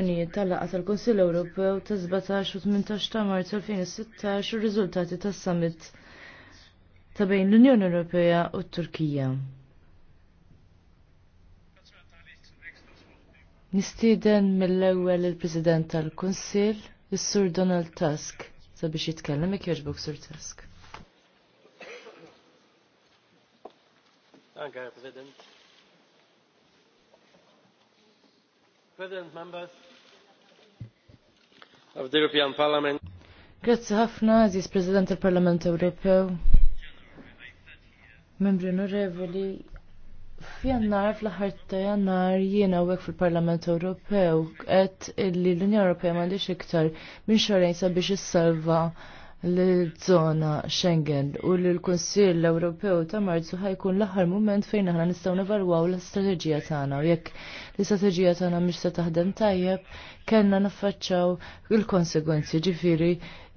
Unijiet tal-laqa tal-Konsil Ewropew ta' 17 u 18 ta' Marzu 2016 u riżultati tas summit ta' bejn l-Unjoni Ewropea u t-Turkija. Nistieden mill-ewwel il-President tal-Kunsill, is-Sur Donald Tusk, sabiex jitkellem jekk jogħġbok Sur Tusk. Danke, President. President, members of the European Parliament. Grazzi ħafna, Aziz President tal parlament Europeo. Membri onorevoli, f'jannar fl-aħħar ta' jannar jiena hawnhekk fil-Parlament Europeo, għed illi l-Unjoni ma' m'għandix iktar minn xorajn sabiex issalva salva l-zona Schengen u l-Konsil Ewropew ta' Marzu ħajkun l-aħħar mument fejn aħna nistgħu nevalwaw l-istrateġija tagħna u jekk l-istrateġija tagħna mhix se taħdem tajjeb kellna naffaċċaw il-konsegwenzi ġifiri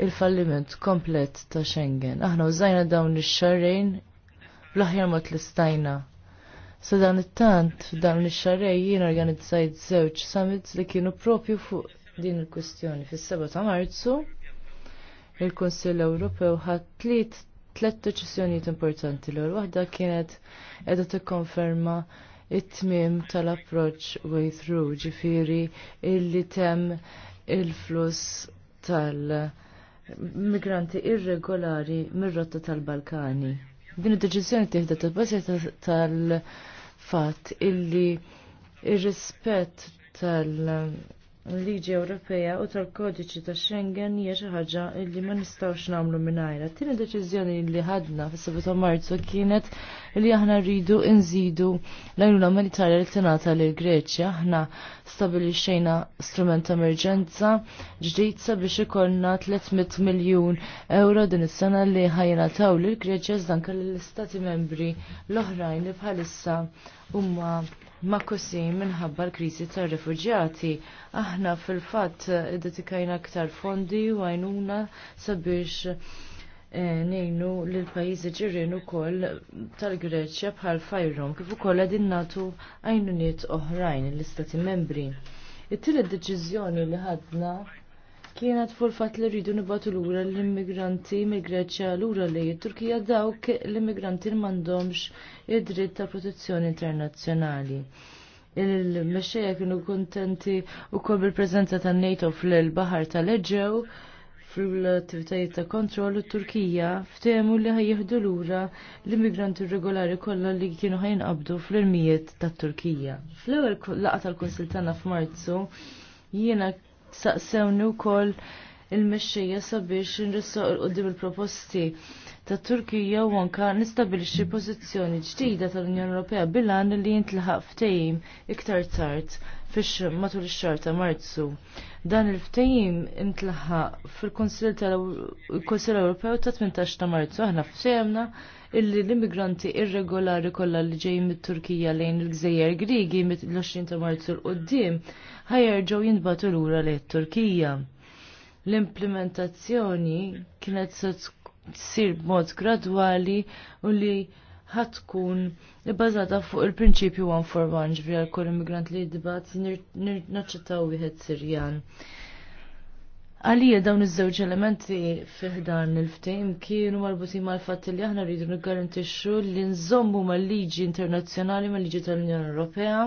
il-falliment komplet ta' Schengen. Aħna użajna dawn ix-xarrejn bl-aħjar mod l-istajna. Sa dan it-tant f'dawn ix-xarrej jien organizzajt żewġ summits li kienu propju fuq din il kwestjoni fis-7 ta' Marzu il-Kunsill Ewropew ħadd tliet tliet deċiżjonijiet importanti l waħda kienet qiegħda tikkonferma it-tmiem tal-approċċ way through ġifieri illi tem il-fluss tal- migranti irregolari mir-rotta tal-Balkani. Din id-deċiżjoni tieħda tal-bażja tal-fatt illi ir-rispett tal balkani din id deċiżjoni tieħda tal bażi tal fatt illi ir rispett tal l-liġi Ewropea u tal-kodiċi ta' Schengen hija xi ħaġa li ma nistgħux nagħmlu mingħajrha. Tieni deċiżjoni li ħadna fis-7 ta' Marzu kienet li aħna rridu nżidu l-għajnuna militarja li tingħata lil Greċja. Aħna stabilixxejna strument ta' emerġenza ġdid sabiex ikollna 300 miljun euro din is-sena li taw lil Greċja żdanka lill-Istati Membri l-oħrajn li bħalissa huma ma' kusi minħabba l-krizi tar refugjati Aħna fil-fat id-detikajna aktar fondi u għajnuna sabiex eh, nejnu l-pajizi ġirinu kol tal-Greċja bħal fajrom kif ukoll għadin natu għajnuniet oħrajn l-istati membri. It-tile deċiżjoni li ħadna kienet fuq fatt li rridu nibatu lura l-immigranti mil greċja lura li Turkija dawk l-immigranti li m'għandhomx id-dritt ta' protezzjoni internazzjonali. Il-mexxejja kienu kontenti wkoll bil-preżenza tan NATO fl-Baħar tal Leġew fl-attivitajiet ta' kontrollu Turkija ftehmu li ħajjieħdu lura l-immigranti regolari kollha li kienu ħajnqabdu fl-irmijiet tat-Turkija. Fl-ewwel laqgħa tal-Kunsil tagħna f'Marzu jiena saqsewni wkoll il-mexxejja sabiex nrissoq il-qudiem il-proposti ta' Turkija u anka nistabilixxi pożizzjoni ġdida tal-Unjoni Ewropea bilan li jintlaħaq ftehim iktar tard fix matul ix xahar ta' Marzu. Dan il-ftehim intlaħħaq fil-Konsil tal-Konsil Ewropew ta' 18 ta' Marzu aħna f'sejemna illi l-immigranti irregolari kollha li ġejjin mit-Turkija lejn il-Gżejjer Grigi mit-20 ta' Marzu l-qoddim ħajjerġgħu jinbatu lura lejn turkija L-implementazzjoni kienet sir b'mod gradwali u li ħatkun ibbażata fuq il-prinċipju one for one ġvija għal kull immigrant li jiddibat naċċettaw wieħed Sirjan. Għalija dawn iż-żewġ elementi fiħdan il-ftejm kienu marbutin mal-fatt li aħna rridu niggarantixxu li nżommu mal-liġi internazzjonali mal-liġi tal-Unjoni Ewropea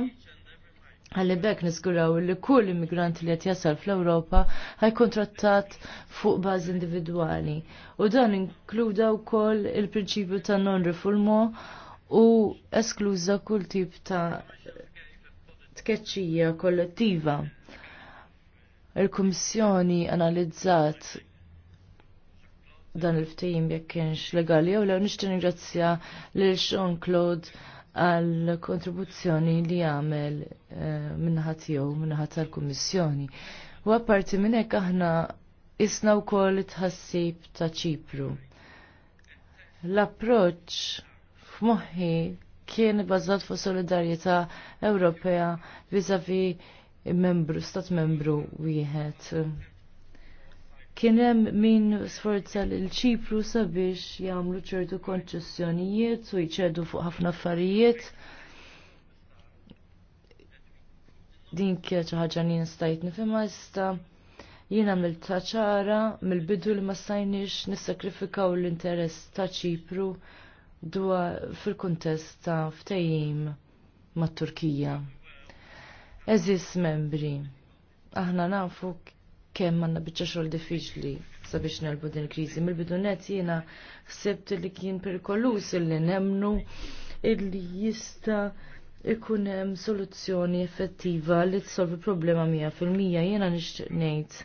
għalli bekk niskuraw li kull immigrant li qed jasal fl-Ewropa għaj kontrattat fuq baz individwali. U dan inkluda wkoll il-prinċipju ta' non reformo u eskluża kull tip ta' tkeċċija kollettiva. Il-Kummissjoni analizzat dan il ftejim jekk kienx legali jew lew nixtieq ningrazzja lil Sean Claude għal kontribuzzjoni li għamel minnaħat jow, minnaħat tal-Kummissjoni. U apparti minn hekk aħna isna wkoll tħassib ta' Ċipru. L-approċċ f'moħħi kien bazzat fuq solidarjetà Ewropea viżavi membru, stat membru wieħed. Kienem min sforza l-ċipru sabiex jamlu ċertu konċessjonijiet u jċedu fuq ħafna affarijiet. Din kienet xi ħaġa li nistajt nifhimha issa jiena mill-taċara mill-bidu li ma stajniex nissakrifikaw l-interess ta' ċipru dwa fil-kuntest ta' ftejim mat-Turkija. Eżis membri, aħna nafu kemm għandna biċċa xogħol diffiċli sabiex nelbu din il-kriżi. Mill-bidunet jiena sebt li kien perikolus illi nemnu illi jista' ikun hemm soluzzjoni effettiva li tsolvi problema mija fil-mija jiena nixtieq ngħid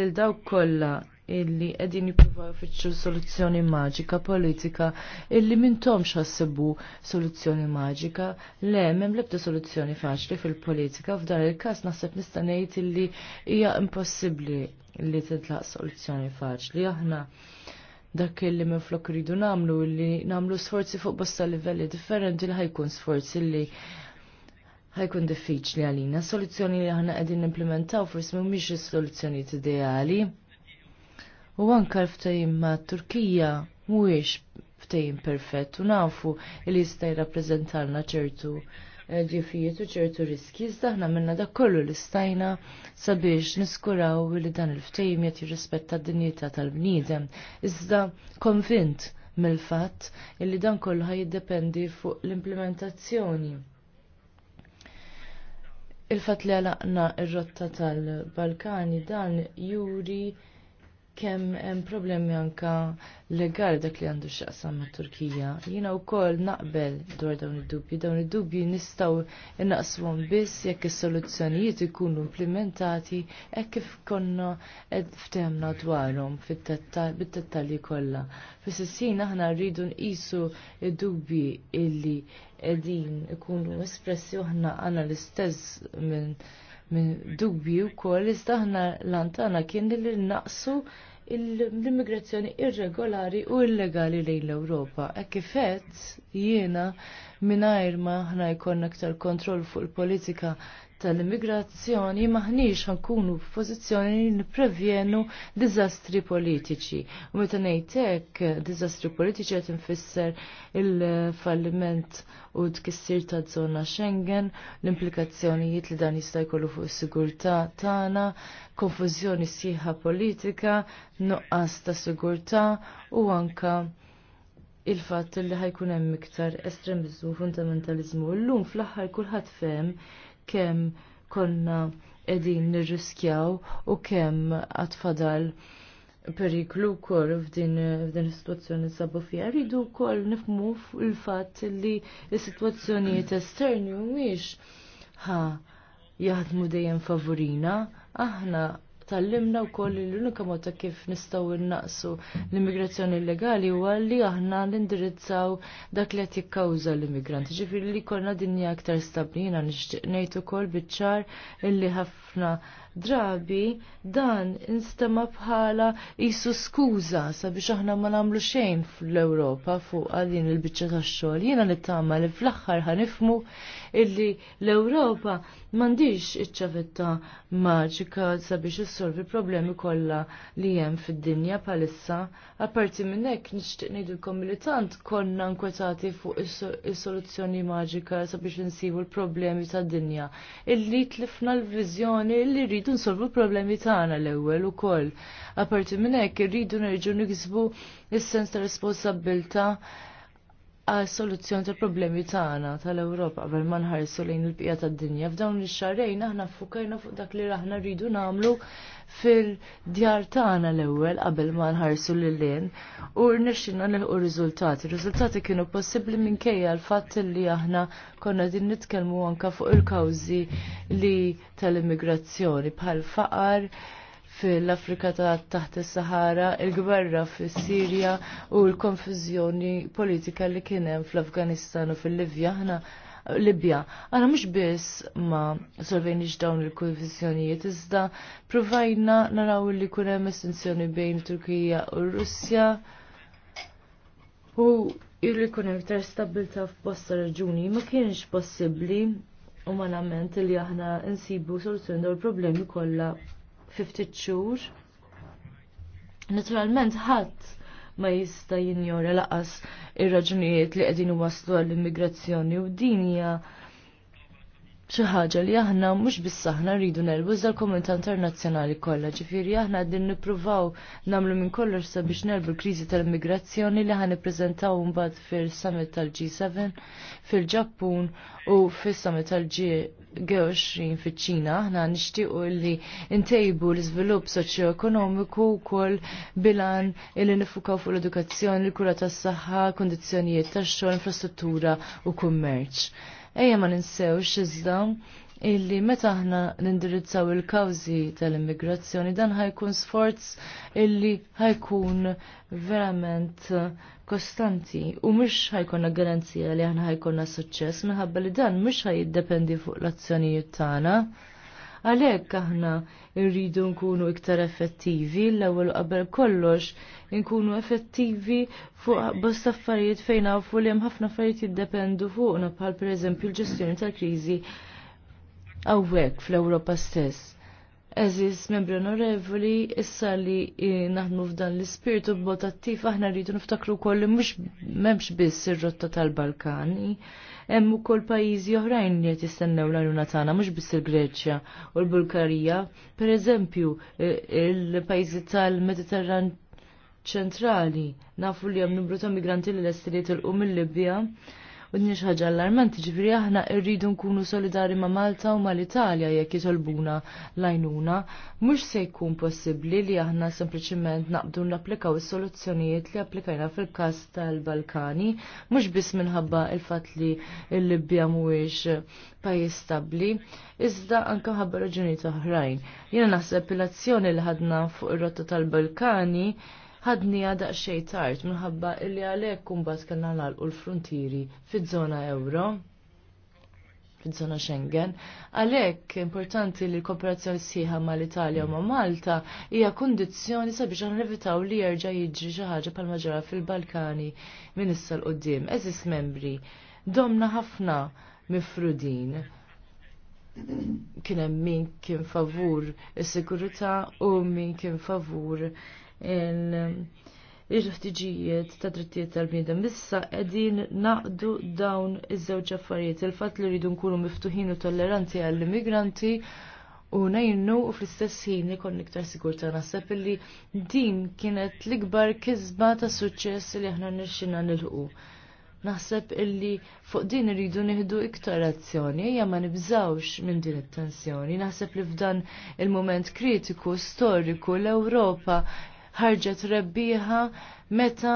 lil dawk kollha illi qegħdin jipruva jfittxu soluzzjoni maġika politika illi m'intomx ħassibu soluzzjoni maġika le m'hemm lebda soluzzjoni faċli fil-politika f'dan il-każ naħseb nista' ngħid illi hija impossibbli li titlaq soluzzjoni faċli aħna dak illi minn flok rridu namlu illi namlu sforzi fuq bosta livelli differenti li ħajkun sforzi illi ħajkun diffiċli għalina. Soluzzjoni li ħana għedin implementaw forse mhumiex is-soluzzjonijiet ideali. U anka l-ftajim ma' Turkija mhuwiex ftajim perfett u nafu li jista' jirrappreżentalna ċertu eh, ġifijiet u ċertu riski. Iżda aħna minna dak kollu li stajna sabiex niskuraw li dan il ftajim qed jirrispetta d-dinjità tal-bniedem. Iżda konvint mill-fatt li dan kollu ħajjiddependi fuq l-implementazzjoni. Il-fatt li għalaqna ir-rotta tal-Balkani dan juri kemm hemm problemi anka legali dak li għandu x'aqsam ma' Turkija. Jiena wkoll naqbel dwar dawn id-dubji, dawn id-dubji nistgħu innaqshom biss jekk is-soluzzjonijiet ikunu implementati hekk kif konna qed ftehmna dwarhom bit-dettalji kollha. Fis-sissin aħna rridu nqisu id-dubji illi qegħdin ikunu espressi aħna għandna l-istess minn min dubju kol iżda l lantana kien li naqsu l-immigrazzjoni irregolari u illegali lejn l-Ewropa. E kifet jiena mingħajr ma ħna jkollna aktar kontroll fuq il-politika tal-immigrazzjoni maħniex ħankunu f'pożizzjoni li nipprevjenu dizastri politiċi. U meta ngħid hekk diżastri politiċi qed infisser il-falliment u tkissir ta' zona Schengen, l-implikazzjonijiet li dan jista' jkollu fuq is-sigurtà tagħna, konfużjoni politika, nuqqas ta' sigurtà u anka il fat li ħajkun hemm iktar estremizmu fundamentalizmu. Llum fl-aħħar kulħadd fehem kemm konna qegħdin nirriskjaw u kemm għatfadal periklu wkoll f'din is-sitwazzjoni sabu fiha. Rridu wkoll nifhmu il fatt li s-sitwazzjonijiet esterni mhumiex ha jaħdmu dejjem favorina, aħna tallimna wkoll li l-unika mod ta' kif nistgħu innaqsu l-immigrazzjoni illegali huwa li aħna nindirizzaw dak li qed jikkawża l-immigranti. Ġifieri li jkollna dinja aktar stabbli jiena nixtieq ngħid ukoll biċ-ċar illi ħafna drabi dan instema bħala jisu skuza sabiex aħna ma namlu xejn fl-Ewropa fuq għadin il-bicċa tax xogħol. Jiena nittama li fl-aħħar ħanifmu illi l-Ewropa mandiġ iċċavetta maġika sabiex issolvi problemi kollha li hemm fid-dinja palissa. Apparti minn hekk nixtieq ngħidilkom li tant konna nkwetati fuq is-soluzzjoni maġika sabiex insibu l-problemi tad-dinja. Illi tlifna l-viżjoni li rridu nsolvu l-problemi tagħna l-ewwel ukoll. Apparti minn hekk irridu nerġgħu niksbu is-sens ta' responsabilta' għal soluzzjoni tal-problemi tagħna tal-Ewropa qabel ma nħarsu lejn il-bqija tad-dinja f'dawn ix-xarrejn aħna ffukajna fuq dak li aħna rridu nagħmlu fil-djar tagħna l-ewwel qabel ma nħarsu lil lejn u rnexxinna nilħu riżultati. Riżultati kienu possibbli minkejja l-fatt li aħna konna din nitkellmu anke fuq il-kawżi li tal-immigrazzjoni bħal faqar fil-Afrika ta' taħt is-Sahara, il-gwerra fis-Sirja u l-konfużjoni politika li kien hemm fl-Afganistan u fil-Libja ħna Libja. Għana mux biss ma solvejniġ dawn il-konfessjonijiet, iżda provajna naraw li hemm estensjoni bejn Turkija u Russja u li hemm ter stabilta f'bosta raġuni ma kienx possibbli umanament li aħna nsibu soluzzjoni dawn il-problemi kollha 50 xhur. Naturalment ħadd ma jista' jinjora laqas ir-raġunijiet li qegħdin waslu għall-immigrazzjoni u din hija xi ħaġa li aħna mhux biss aħna rridu nelbu iżda l-komunità internazzjonali kollha, ġifieri aħna qegħdin nippruvaw nagħmlu minn kollox sabiex nelbu l-kriżi tal-immigrazzjoni li ħan nippreżentaw mbagħad fil-summit tal-G7 fil-Ġappun u fis-summit tal-G20 fiċ-Ċina. Aħna nixtiequ li ntejbu l-iżvilupp soċjoekonomiku wkoll bilan illi nifukaw fuq l-edukazzjoni, l-kura tas-saħħa, kundizzjonijiet tax-xogħol, infrastruttura u kummerċ ejja ma ninsewx iżda illi meta aħna nindirizzaw il-kawzi tal-immigrazzjoni dan ħajkun sforz illi ħajkun verament kostanti u mhux ħajkonna garanzija li aħna ħajkonna suċċess minħabba li dan mhux ħajiddependi fuq l-azzjonijiet tagħna. Għalhekk aħna rridu nkunu iktar effettivi l-ewwel qabel kollox nkunu effettivi fuq bosta affarijiet fejn nafu li hemm ħafna affarijiet jiddependu fuqna bħal pereżempju l-ġestjoni tal-kriżi hawnhekk fl-Ewropa stess. Eżiz membri onorevoli, issa li eh, naħdmu f'dan l-ispirtu b'mod attiv aħna rridu niftakru wkoll li mhux m'hemmx biss ir-rotta tal-Balkani, hemm ukoll pajjiżi oħrajn li qed jistennew l-għajnuna tagħna mhux biss il-Greċja u l-Bulgarija, pereżempju eh, il-pajjiżi tal-Mediterran ċentrali, nafu li hemm numru ta' migranti li lesti li tilqu mill-Libja u din ħaġa allarmanti ġifri aħna rridu nkunu solidari ma' Malta u mal-Italja jekk jitolbuna lajnuna. Mhux se jkun possibbli li aħna sempliċement naqbdu napplikaw is-soluzzjonijiet li applikajna fil-każ tal-Balkani, mhux biss minħabba il-fatt li l-Libja mhuwiex pajjiż stabbli, iżda anke ħabba raġunijiet oħrajn. Jiena naħseb l-azzjoni li ħadna fuq ir-rotta tal-Balkani ħadni għada xej tard minħabba illi għalek kumbat kellna nalqu l-frontieri fiż-żona euro fiż zona Schengen. Għalek importanti li l-kooperazzjoni sħiħa mal italja u ma' Malta hija kundizzjoni sabiex nlevitaw li jerġa' jiġri xi ħaġa bħalma fil-Balkani minn issa l-qudiem. Eżis membri, domna ħafna mifrudin kien hemm min kien favur is-sigurità u min kien favur il-ħtiġijiet ta' drittijiet tal-bniedem. Issa qegħdin naqdu dawn iż-żewġ affarijiet. Il-fatt li rridu nkunu miftuħin u tolleranti għall-immigranti u nejnu u fl-istess ħin ikon iktar sigurta naħseb illi din kienet l-ikbar kisba ta' suċċess li aħna nirxinna nilħu. Naħseb illi fuq din irridu nieħdu iktar azzjoni, ejja ma nibżawx minn din it-tensjoni. Naħseb li f'dan il-moment kritiku, storiku, l-Ewropa ħarġet rebbieħa meta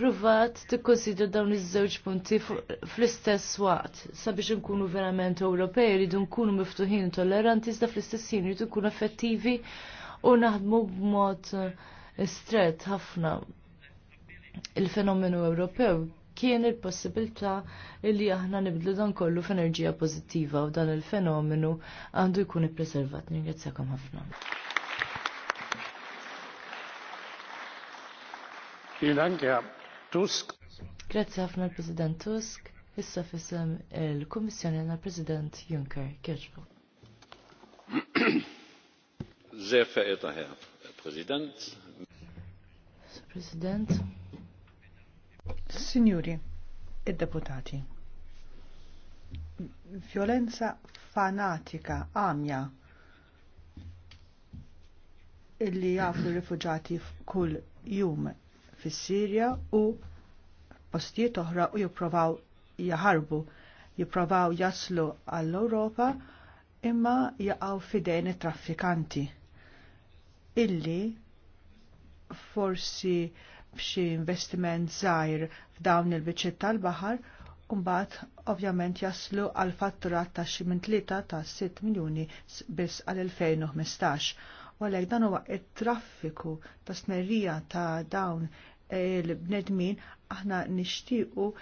Provat tikkonsidra dawn iż-żewġ punti fl-istess waqt sabiex nkunu verament Ewropej rridu nkunu miftuħin tolleranti iżda fl-istess ħin rridu nkunu effettivi u naħdmu b'mod eh, stret ħafna. Il-fenomenu Ewropew kien il-possibilità li aħna nibdlu dan kollu f'enerġija pożittiva u dan il-fenomenu għandu jkun ippreservat. Ningrazzjakom ħafna. Grazie ħafna l-President Tusk. Issa fissem il-Kummissjoni għal President Juncker. Kirchhoff. Sehr President. Signori e deputati. Violenza fanatika amia illi jafu rifugjati kull jum fis-Sirja u postijiet oħra u jipprovaw jaħarbu, Jippruvaw jaslu għall-Ewropa imma jaqgħu fidejn it-traffikanti illi forsi b'xi investiment żgħir f'dawn il-biċċiet tal-baħar mbagħad ovvjament jaslu għal fatturat ta' xi minn tlieta ta' 6 miljuni biss għal 2015. U għalhekk dan huwa it-traffiku ta' snerrija ta' dawn l-bnedmin aħna nixtiequ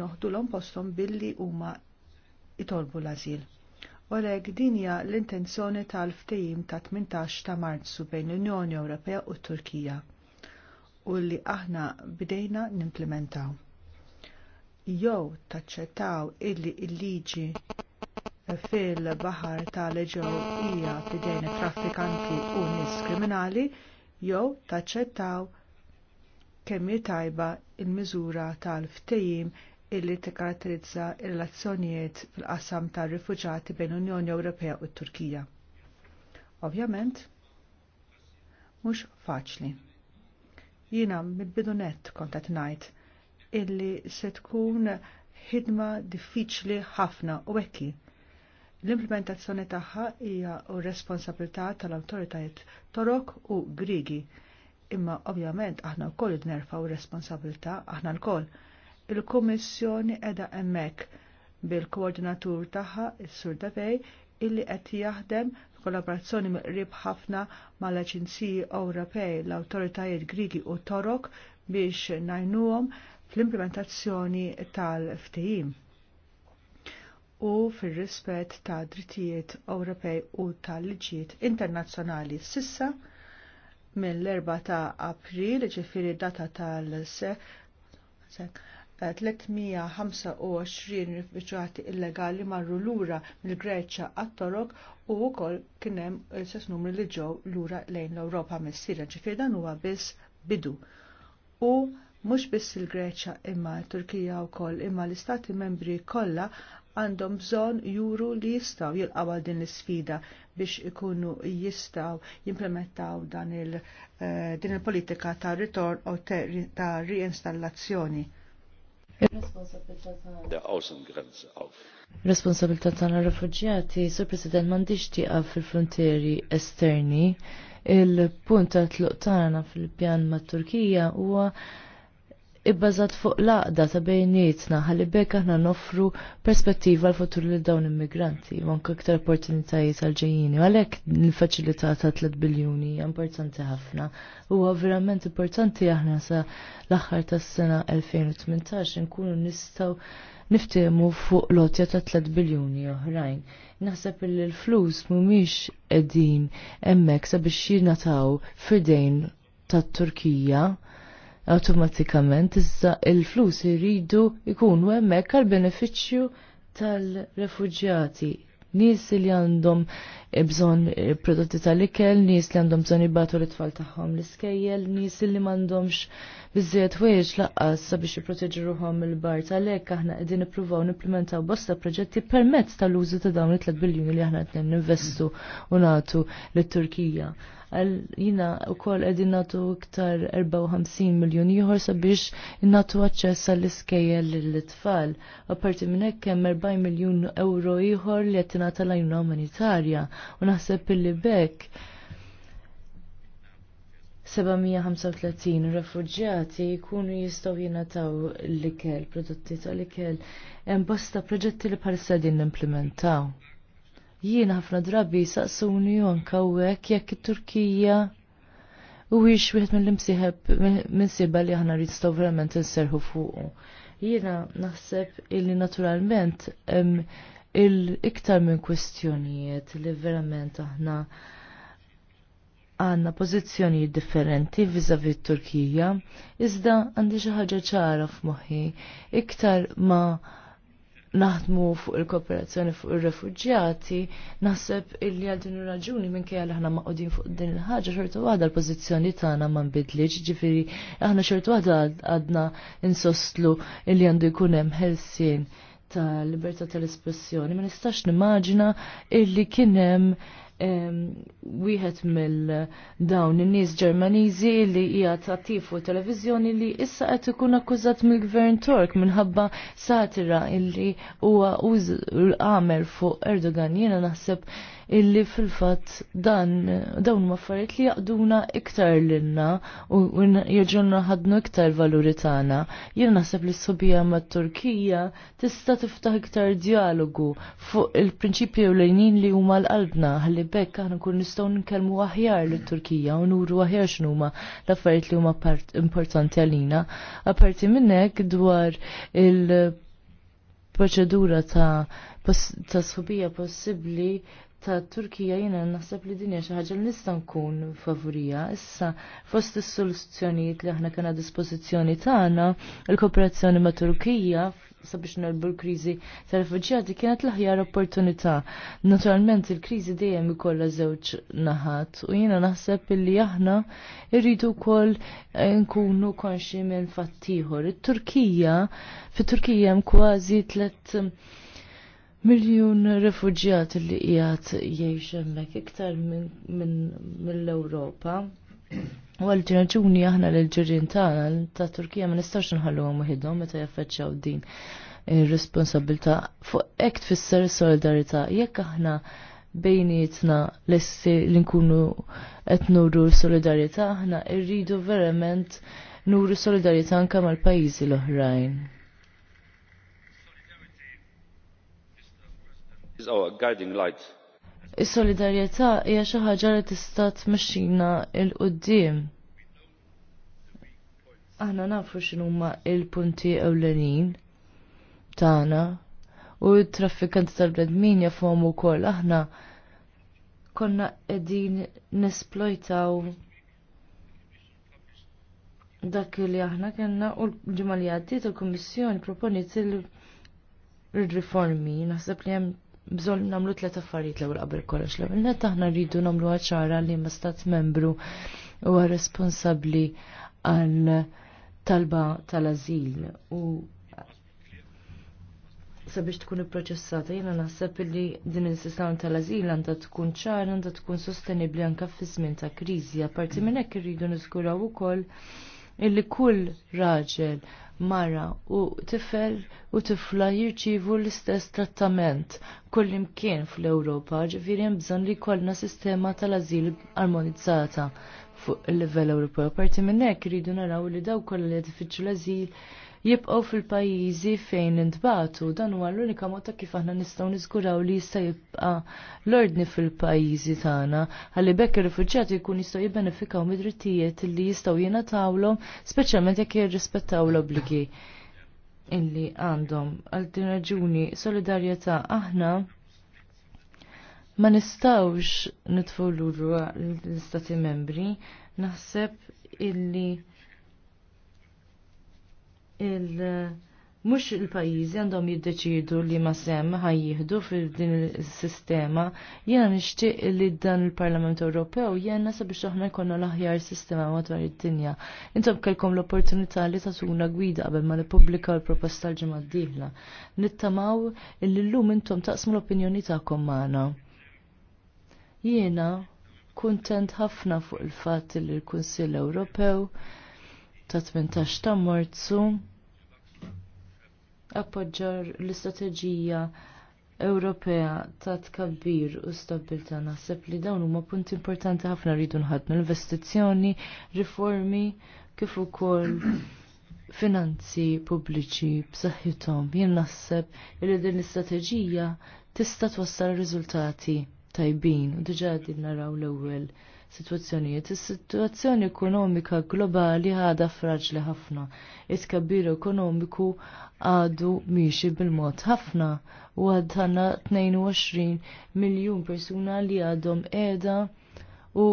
noħdulhom posthom billi huma itolbu l-azil. Olek dinja l-intenzjoni tal-ftejim ta' 18 ta' Marzu bejn l-Unjoni Ewropea u Turkija u li aħna bdejna nimplementaw. Jow taċċettaw illi il-liġi fil-baħar tal-ġew hija fidejn traffikanti u niskriminali, kriminali, jew taċċettaw kemm tajba l miżura tal ftehim illi tikkaratterizza r relazzjonijiet fil-qasam tar-rifuġati bejn Unjoni Ewropea u t-Turkija. Ovvjament, mhux faċli. Jiena mill nett kont qed ngħid illi se tkun ħidma diffiċli ħafna u hekki. L-implementazzjoni tagħha hija u responsabilità tal-awtoritajiet Torok u Grigi Imma ovvjament aħna wkoll id-nerfaw responsabilta, aħna l-koll. Il-Kummissjoni edha emmek bil-koordinatur taħħa, il-Sur Davej, illi qed jaħdem f'kollaborazzjoni mit-qrib ħafna mal-Aġenziji Ewropej, l-Awtoritajiet Grigi u Torok biex najnuhom fl-implementazzjoni tal-ftehim u fir-rispett ta' drittijiet Ewropej u tal-liġijiet internazzjonali sissa mill-4 ta' april, ġifiri data tal-se, 325 rifuġati illegali marru lura mill-Greċja għat-Torok u wkoll kien hemm istess numri li ġew lura lejn l-Ewropa mis-Sirja. Ġifier dan huwa biss bidu. U mhux biss il-Greċja imma t turkija wkoll imma l-Istati membri kollha għandhom bżon juru li jistaw jilqaw din l-sfida biex ikunu jistaw jimplementaw dan il, uh, din il-politika ta' ritorn u ta' reinstallazzjoni. Responsabilità tagħna rifuġjati, Sur President m'għandix tieqaf fil-frontieri esterni. Il-punt ta' tluq tagħna fil-pjan mat-Turkija huwa ibbażat fuq laqda ta' bejnietna ħalli bekk aħna noffru perspettiva għal futur li dawn immigranti u iktar opportunitajiet għal ġejjini. Għalhekk l-faċilità ta' 3 biljuni importanti ħafna. Huwa verament importanti aħna sa l-aħħar tas-sena 2018 nkunu nistgħu niftehmu fuq lotja ta' 3 biljuni oħrajn. Naħseb li l-flus mhumiex qegħdin hemmhekk sabiex jingħataw fidejn tat-Turkija awtomatikament iżda il-flus iridu jkunu hemmhekk għal benefiċċju tal-refuġjati. Nies li għandhom bżonn prodotti tal-ikel, nies li għandhom bżonn jibatu l-tfal tagħhom l-iskejjel, nies li m'għandhomx biżżejjed wejġ laqqas sabiex jipproteġu ruħhom il-bar tal-hekk aħna qegħdin ippruvaw nipplementaw bosta proġetti permezz tal-użu ta' dawn it-3 biljuni li aħna qed ninvestu u nagħtu lit-Turkija jina u koll edin natu iktar 54 miljon jħor sabiex natu għacċess għall iskeja l-tfal. parti minnek kem 4 miljon euro jħor li għattina tal-ajuna umanitarja. U naħseb illi bekk 735 refugjati jkunu jistaw jinataw l-ikel, prodotti tal-ikel, bosta proġetti li parissa din implementaw. Jien ħafna drabi saqsuni u hekk jekk it-Turkija u wiex wieħed mill-imsieħeb minsiba li aħna ristgħu verament inserħu fuqu. Jiena naħseb illi naturalment il-iktar minn kwestjonijiet li verament aħna għanna pozizjoni differenti vizavi Turkija, iżda għandi xi ħaġa ċara f'moħħi iktar ma' naħdmu fuq il-kooperazzjoni fuq ir-refuġjati, naħseb illi għal din ir-raġuni minkejja li aħna maqudin fuq din il-ħaġa xorta waħda l-pożizzjoni tagħna ma nbidlix, ġifieri aħna xorta waħda għadna insostlu illi għandu jkun hemm ħelsien ta' libertà tal-espressjoni, ma nistax nimmaġina illi kien hemm wieħed mill-dawn in-nies Ġermaniżi li hija attiv fuq televiżjoni li issa qed ikun akkużat mill-Gvern Tork minħabba satira illi huwa għamel fuq Erdogan. Jiena naħseb illi fil-fatt dan dawn maffariet li jaqduna iktar l-inna u jirġunna ħadnu iktar valuri tagħna. Jien naħseb li s-sobija mat Turkija tista' tiftaħ iktar dialogu fuq il prinċipju u lejnin li huma l-qalbna għalli bekk aħna kun nistgħu nkellmu aħjar l turkija u nuru aħjar x'numa l-affarijiet li huma importanti għalina. Aparti minn hekk dwar il- proċedura ta' ta' sħubija possibbli ta' Turkija jena naħseb li dinja xi ħaġa li nista' nkun favorija. Issa fost is-soluzzjonijiet li aħna kena dispożizzjoni tagħna, il-kooperazzjoni ma' Turkija sabiex nelbu l-kriżi tal-rifuġjati kienet l-aħjar opportunità. Naturalment il-kriżi dejjem ikollha żewġ naħat u jiena naħseb illi aħna irridu wkoll eh, nkunu konxi minn ieħor. It-Turkija fit-Turkija hemm kważi tliet miljun refugjat li jgħat jgħix hemmhekk iktar minn mill-Ewropa. U għal ġirraġuni aħna l-ġirrin tagħna ta' Turkija ma nistax nħalluhom waħedhom meta jaffeċċjaw din ir-responsabilità fuq hekk tfisser solidarità jekk aħna bejnietna lessi li nkunu qed nuru solidarità aħna rridu verament nuru solidarità anke mal-pajjiżi l-oħrajn. is our guiding light. Is-solidarjetà hija xi ħaġa li tista' tmexxina il qudiem Aħna nafu x'inhuma l punti ewlenin tagħna u t-traffikanti tal-bnedmin jafhom ukoll aħna konna qegħdin nesplojtaw dak li aħna kellna u l-ġimgħa li għaddiet il-Kummissjoni proponiet il-riformi naħseb li hemm bżon namlu tlet affarijiet l-ewwel qabel kollox l-ewwel net aħna rridu namlu ċara li ma stat membru huwa responsabbli għal talba tal-azil u sabiex tkun ipproċessata jiena naħseb li din il-sistema tal-azil għandha tkun ċara għandha tkun sostenibbli anke fi żmien ta' kriżi apparti minn hekk irridu niżguraw ukoll illi kull raġel mara u tifel u tifla jirċivu l-istess trattament kullimkien fl-Ewropa ġifiri bżonn li kollna sistema tal-azil armonizzata fuq il-livell Ewropew. Parti minn hekk naraw li daw kollha li l-azil jibqgħu fil-pajjiżi fejn intbatu. Dan huwa l-unika mod ta' kif aħna nistgħu niżguraw li jista' jibqa' l-ordni fil-pajjiżi tagħna ħalli bekk ir-rifuġġjati jkun jistgħu jibbenefikaw mid-drittijiet li jistgħu jingħatawhom speċjalment jekk jirrispettaw l-obbligi illi għandhom. Għal din raġuni solidarjetà aħna ma nistawx nitfullu l-istati membri, naħseb illi il- mux il-pajizi għandhom jiddeċidu li ma sem ħajjihdu fil-din il-sistema, jena nishtiq li dan il-Parlament Ewropew jena sabiex aħna jkollna l-aħjar sistema madwar id-dinja. Intom kelkom l-opportunità li tatuna gwida qabel ma l-pubblika l-proposta l-ġimgħa d-dieħla. Nittamaw li intom taqsmu l-opinjoni ta' kommana. Jiena kuntent ħafna fuq il-fatt li l-Kunsill Ewropew ta' 18 ta' Marzu appoġġar l-istrateġija Ewropea ta' tkabbir u stabilta naħseb li dawn huma punti importanti ħafna rridu nħadmu investizzjoni, riformi kif ukoll finanzi pubbliċi b'saħħithom. Jien naħseb li din l-istrateġija tista' twassal riżultati tajbin u diġà din naraw l-ewwel situazzjonijiet. Is-situazzjoni ekonomika globali għadha fraġli ħafna. is kabir ekonomiku għadu miexi bil-mod ħafna u għadħanna 22 miljon persuna li għadhom edha u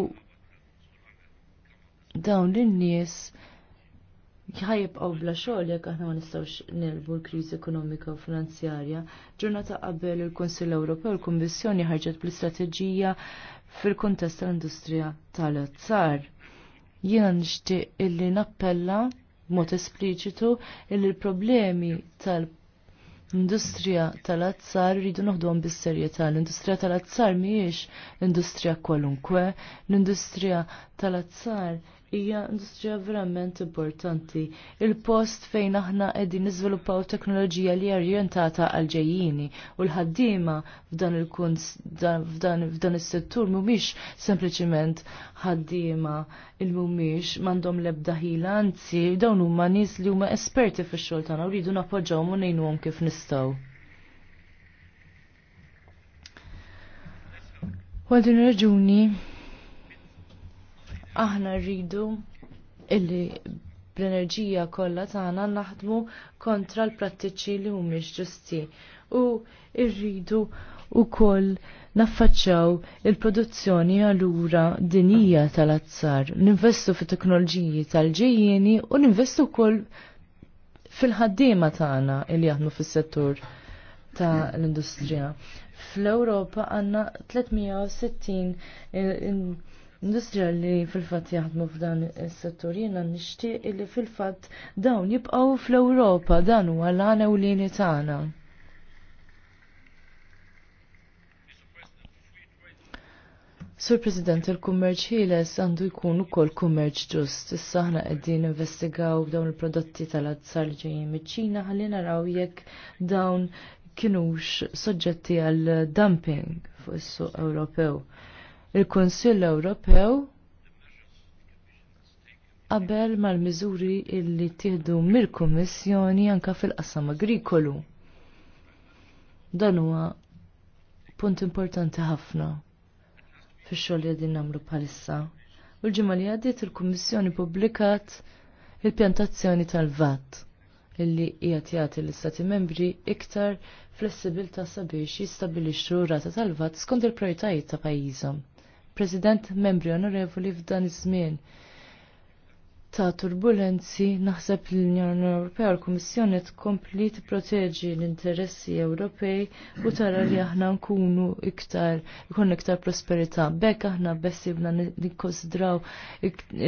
dawn l-nies għaw bla xogħol jekk aħna ma nistgħux nelbu l-kriżi ekonomika u finanzjarja. Ġurnata qabel il-Kunsill Ewropew il-Kummissjoni ħarġet bl-istrateġija fil-kuntest tal-industrija tal-azzar. Jiena nixtieq illi nappella mod espliċitu illi l-problemi tal-industrija tal-azzar rridu noħduhom bis-serjetà. L-industrija tal-azzar mhijiex industrija kwalunkwe, l-industrija tal-azzar hija industrija verament importanti. Il-post fejn aħna qegħdin niżviluppaw teknoloġija li orjentata għal ġejjini u l-ħaddiema f'dan il-kuns f'dan is-settur mhumiex sempliċiment ħaddiema il mhumiex m'għandhom l-ebda ħila anzi dawn huma nies li huma esperti fix-xogħol tagħna u rridu nappoġġawhom u ngħinuhom kif nistgħu. Għal din raġuni aħna rridu illi bl-enerġija kollha tagħna naħdmu kontra l-prattiċi li mhumiex ġusti u rridu wkoll naffaċċaw il-produzzjoni għalura dinija tal-azzar, ninvestu fit teknoloġiji tal-ġejjieni u ninvestu wkoll fil-ħaddiema tagħna li jaħdmu fis-settur ta' l-industrija. Fl-Ewropa għandna 360 industrija li fil-fat jaħdmu f'dan is-settur jiena nixtieq li fil-fatt dawn jibqgħu fl-Ewropa dan huwa l-għana u lini tagħna. Sur President, il-kummerċ ħieles għandu jkun ukoll kummerċ ġust. Issa aħna qegħdin investigaw dawn il-prodotti tal-azzar li ġejjin miċ-Ċina ħalli naraw jekk dawn kienux soġġetti għal dumping fuq is-suq Ewropew il-Kunsill Ewropew qabel mal-miżuri illi tieħdu mill-Kummissjoni anka fil-qasam agrikolu. Dan huwa punt importanti ħafna fix-xogħol li qegħdin nagħmlu bħalissa. U l-ġimgħa li għaddiet il-Kummissjoni pubblikat il-pjantazzjoni tal-VAT illi qiegħed jagħti l-Istati Membri iktar flessibilta sabiex jistabilixxu rata tal-VAT skont il-prijoritajiet ta' pajjiżhom. President membri onorevoli f'dan iż-żmien ta' turbulenzi naħseb l-Unjoni Ewropea u l-Kummissjoni tkompli tipproteġi l-interessi Ewropej u tara li aħna nkunu iktar ikun iktar prosperità. Bekk aħna bessibna nikkonsidraw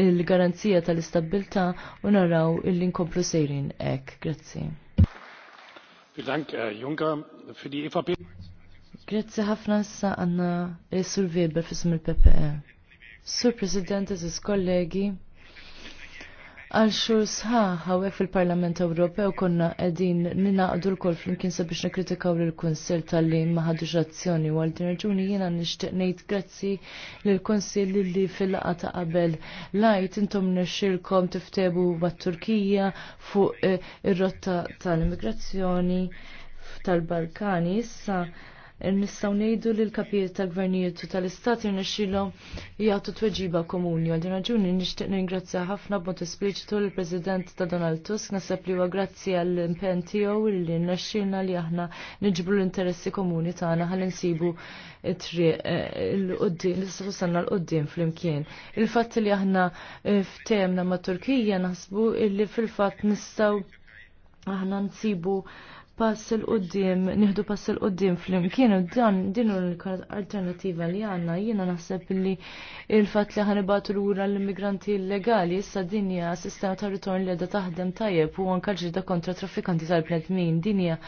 il-garanzija tal-istabilità u naraw illi nkomplu sejrin hekk. Grazzi. Vielen Dank, Herr Juncker. Für die EVP. Grazzi ħafna sa għanna Sur Weber fissim il-PPE. Sur President, eżis kollegi, għal xur sħaħ għawek fil-Parlament Ewropew konna edin ninaqdu l-kol flimkien sabiex nekritikaw l-Konsil tal-li maħadux azzjoni u għal-din raġuni jena nishtiqnejt grazzi l-Konsil li fil-laqa ta' qabel lajt intom nirxilkom tiftebu mat-Turkija fuq eh, ir-rotta tal-immigrazzjoni tal-Balkani issa nistgħu ngħidu li l-kapijiet ta' gvernijiet u tal-istat irnexxilhom jagħtu tweġiba komuni. Għal għagġuni nishtiq nixtieq ningrazzja ħafna b'mod espliċitu l-President ta' Donald Tusk Nasab li huwa grazzi għall impenn tiegħu li li aħna niġbru l-interessi komuni tagħna ħalli nsibu triq eh, l-qoddim, nistgħu sanna l qudiem flimkien. Il-fatt li aħna eh, ftemna ma' Turkija naħsbu illi fil-fatt nistgħu aħna nsibu pass il-qoddim, nieħdu pass il-qoddim fl-imkien u dan din l-alternativa li għanna jiena naħseb li il-fat li ħanibatu lura l-immigranti illegali issa dinja sistema ta' ritorn li qiegħda taħdem tajjeb u anke ġrida kontra traffikanti tal-bnedmin dinja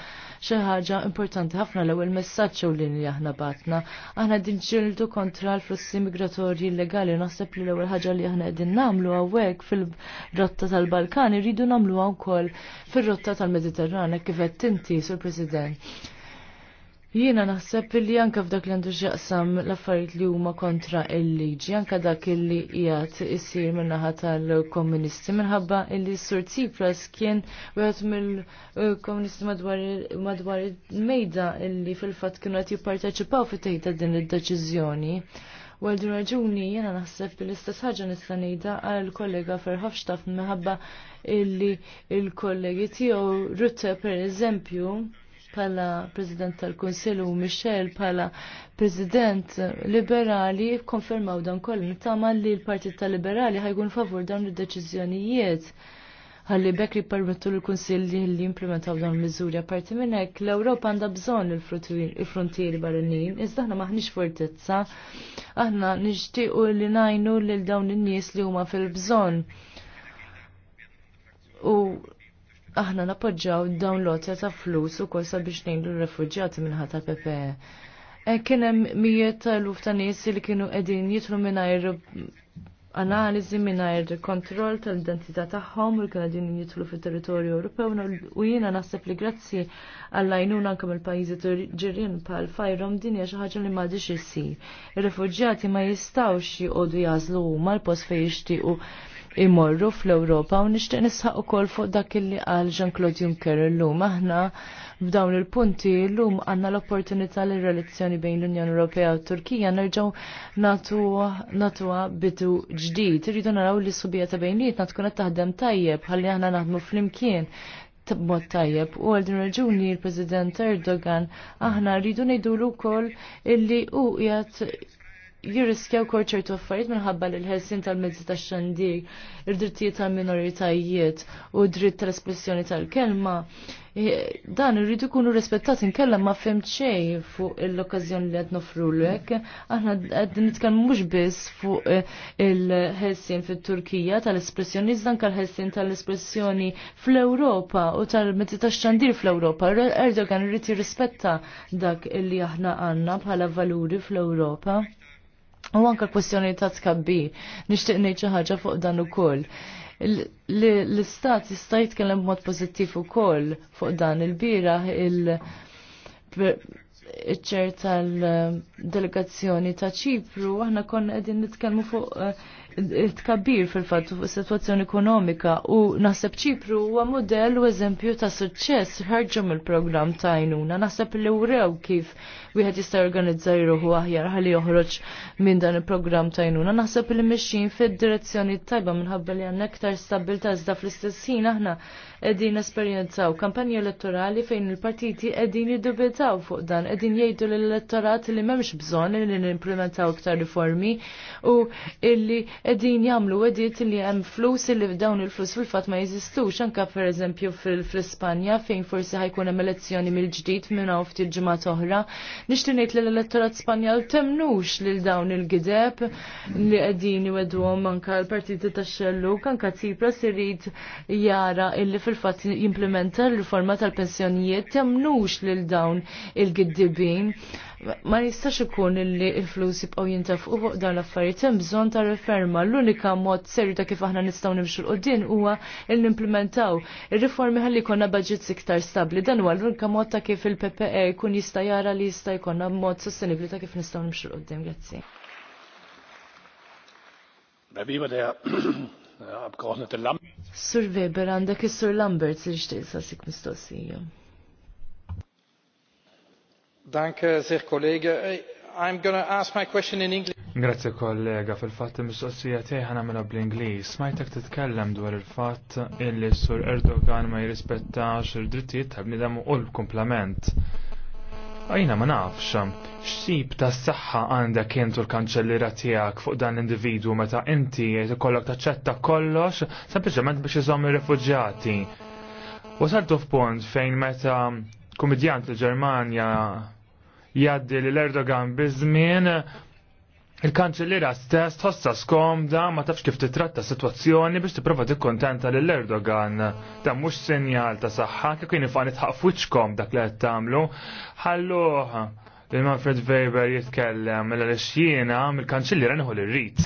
xi ħaġa importanti ħafna l-ewwel messaġġ ewlien li aħna batna. Aħna din ġildu kontra l-flussi migratorji illegali naħseb li l-ewwel ħaġa li aħna qegħdin nagħmlu hawnhekk fil-rotta tal-Balkani rridu nagħmluha wkoll fir-rotta tal-Mediterran kif qed inti, Sur President. Jiena naħseb illi anka f'dak li għandu x'jaqsam l-affarijiet li huma kontra il-liġi, anka dak illi qiegħed isir min-naħa tal-komunisti minħabba illi sur Tsipras kien wieħed mill-komunisti madwar il-mejda illi fil-fatt kienu qed jipparteċipaw fit-tejta din id-deċiżjoni. U għal raġuni jena naħseb li l-istess ħaġa nista' ngħidha għal kollega Ferħofstaf minħabba illi il-kollegi tiegħu Rutte pereżempju bħala President tal-Kunsill u Michel bħala President Liberali konfermaw dan kollu. Nittama li l-Partit tal-Liberali ħajkun favur dawn id-deċiżjonijiet ħalli bekk permettu l-Kunsilli li jimplementaw dan miżuri. Apparti minn hekk l-Ewropa għandha bżonn il-frontieri barranin, iżda aħna maħniex fortezza. Aħna nixtiequ li ngħinu lil dawn in-nies li huma fil-bżonn. U aħna napoġġaw dawn lotja ta' flus u kol biex ngħidu l refugġati minnħata PPE. E kien hemm mijiet ta' luf ta' nies li kienu qegħdin jitlu mingħajr analiżi mingħajr kontroll tal-identità tagħhom u l-Kanadin din jidħlu fit-territorju Ewropew u jiena naħseb li grazzi għall-għajnuna anke mill-pajjiżi ġirien bħal fajrom din hija xi ħaġa li m'għadix issir. Ir-refuġjati ma jistgħux jgħodu jażlu huma l-post fejn jixtiequ imorru fl-Ewropa u nixtieq nisħaq ukoll fuq dak illi qal Jean-Claude Juncker illum aħna b'dawn il-punti llum għandna l-opportunità li relazzjoni bejn l-Unjoni Ewropea u Turkija nerġgħu natuwa bidu ġdid. Irridu naraw li subija ta' bejnietna tkun qed taħdem tajjeb għalli aħna naħdmu flimkien mod tajjeb u għaldin raġuni l-President Erdogan aħna rridu nejdu l illi u jgħat jirriskjaw korċer ċertu affarijiet minħabba l ħelsin tal-mezzi ta' xandir, il-drittijiet tal minoritajiet u dritt tal-espressjoni tal-kelma, eh, dan irridu kunu rispettati nkella ma' femċej fuq l-okkazjoni li l-ek. Aħna għad nitkellmu mhux biss fuq eh, il-ħelsin fit-Turkija tal-espressjoni, iżda kal ħelsin tal-espressjoni fl-Ewropa u tal-mezzi ta' xandir fl-Ewropa. Erdogan irrid jirrispetta dak li aħna għandna bħala valuri fl-Ewropa. U anka kwestjoni ta' tkabbi, nixtieq ngħid xi ħaġa fuq dan ukoll. L-istat jista' jitkellem b'mod u ukoll fuq dan il-bira il ċer tal-delegazzjoni ta' ċipru, aħna konna qegħdin nitkellmu fuq eh, tkabbir fil-fatt fuq situazzjoni ekonomika u naħseb ċipru huwa modell u eżempju ta' suċċess ħarġu mill-programm ta' għajnuna. Naħseb li ewrew kif wieħed jista' jorganizza jruħu aħjar ħalli joħroġ minn dan il-programm tajnuna. Naħseb li mixin fid-direzzjoni tajba minħabba li għandna aktar stabilta iżda fl-istess ħin aħna qegħdin nesperjenzaw kampanja elettorali fejn il-partiti qegħdin jiddubitaw fuq dan, qegħdin jgħidu l-elettorat li m'hemmx bżonn li nimplementaw iktar riformi u illi qegħdin jagħmlu għediet li hemm flus illi dawn il-flus fil-fatt ma jeżistux anke pereżempju fil-Ispanja fejn forsi ħajkun hemm elezzjoni mill-ġdid minn hawn ftit ġimgħa oħra Nishtu ngħid li l-elettorat Spanjal temnux lil dawn il-gideb li qegħdin għom anke l-partiti tax xellu anke tsipra irid jara illi fil-fatt jimplementa l-riforma tal-pensjonijiet temnux lil dawn il-giddibin ma jistax ikun illi il-flus jibqgħu jintafqu fuq dan l-affarijiet hemm bżonn ta' riferma. L-unika mod serju ta' kif aħna nistgħu nimxu l-qudien huwa l nimplementaw ir-riformi ħalli jkollna budgets iktar stabbli. Dan huwa l-unika mod ta' kif il-PPE jkun jista' jara li jista' jkollna mod sostenibbli ta' kif nistgħu nimxu l-qudiem. Grazzi. Sur Weber għandek is-Sur Lambert li xtieq sasik mistoqsija. Danke, sehr kollege. I'm going to ask my question in English. Grazie kollega, fil-fat mistoqsija tiegħi ħana mela bl-Ingliż. Smajtek titkellem dwar il-fatt illi sur Erdogan ma jirrispettax il drittijiet tal-bniedem u l-kumplament. Ajna ma nafx, xsib ta' s-saxħa għandek jentu l-kanċellira tijak fuq dan l-individu meta inti kollok taċċetta kollox, sempliciment biex jizom il-refugġati. Wasaltu f'punt fejn meta komedjant l-Germania jaddi l-Erdogan bizmin il-kanċellira stess tħossa skomda ma tafx kif titratta situazzjoni biex tipprova tikkontenta l Erdogan. Ta' mhux sinjal ta' saħħa kif kien ifan itħaq f'wiċkom dak li qed tagħmlu. Ħalluh li Manfred Weber jitkellem mela li xjiena mill-kanċellira nieħu l-rit.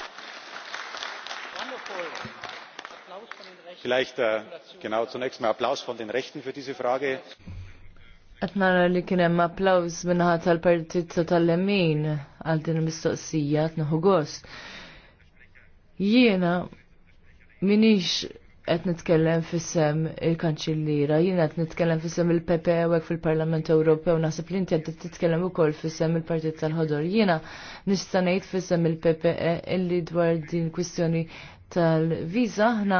Vielleicht äh, genau zunächst mal Applaus von den Rechten für diese Frage nara li kien hemm applaws tal-Partit tal lemmin għal din il-mistoqsija tnaħu gost. Jiena minix qed nitkellem f'issem il-Kanċillira, jiena qed nitkellem fissem il-PP fil-Parlament Ewropew naħseb li inti qed titkellem ukoll fissem il-Partit tal-Ħodor. Jiena nista' ngħid f'issem il-PPE illi dwar din kwistjoni tal-viza ħna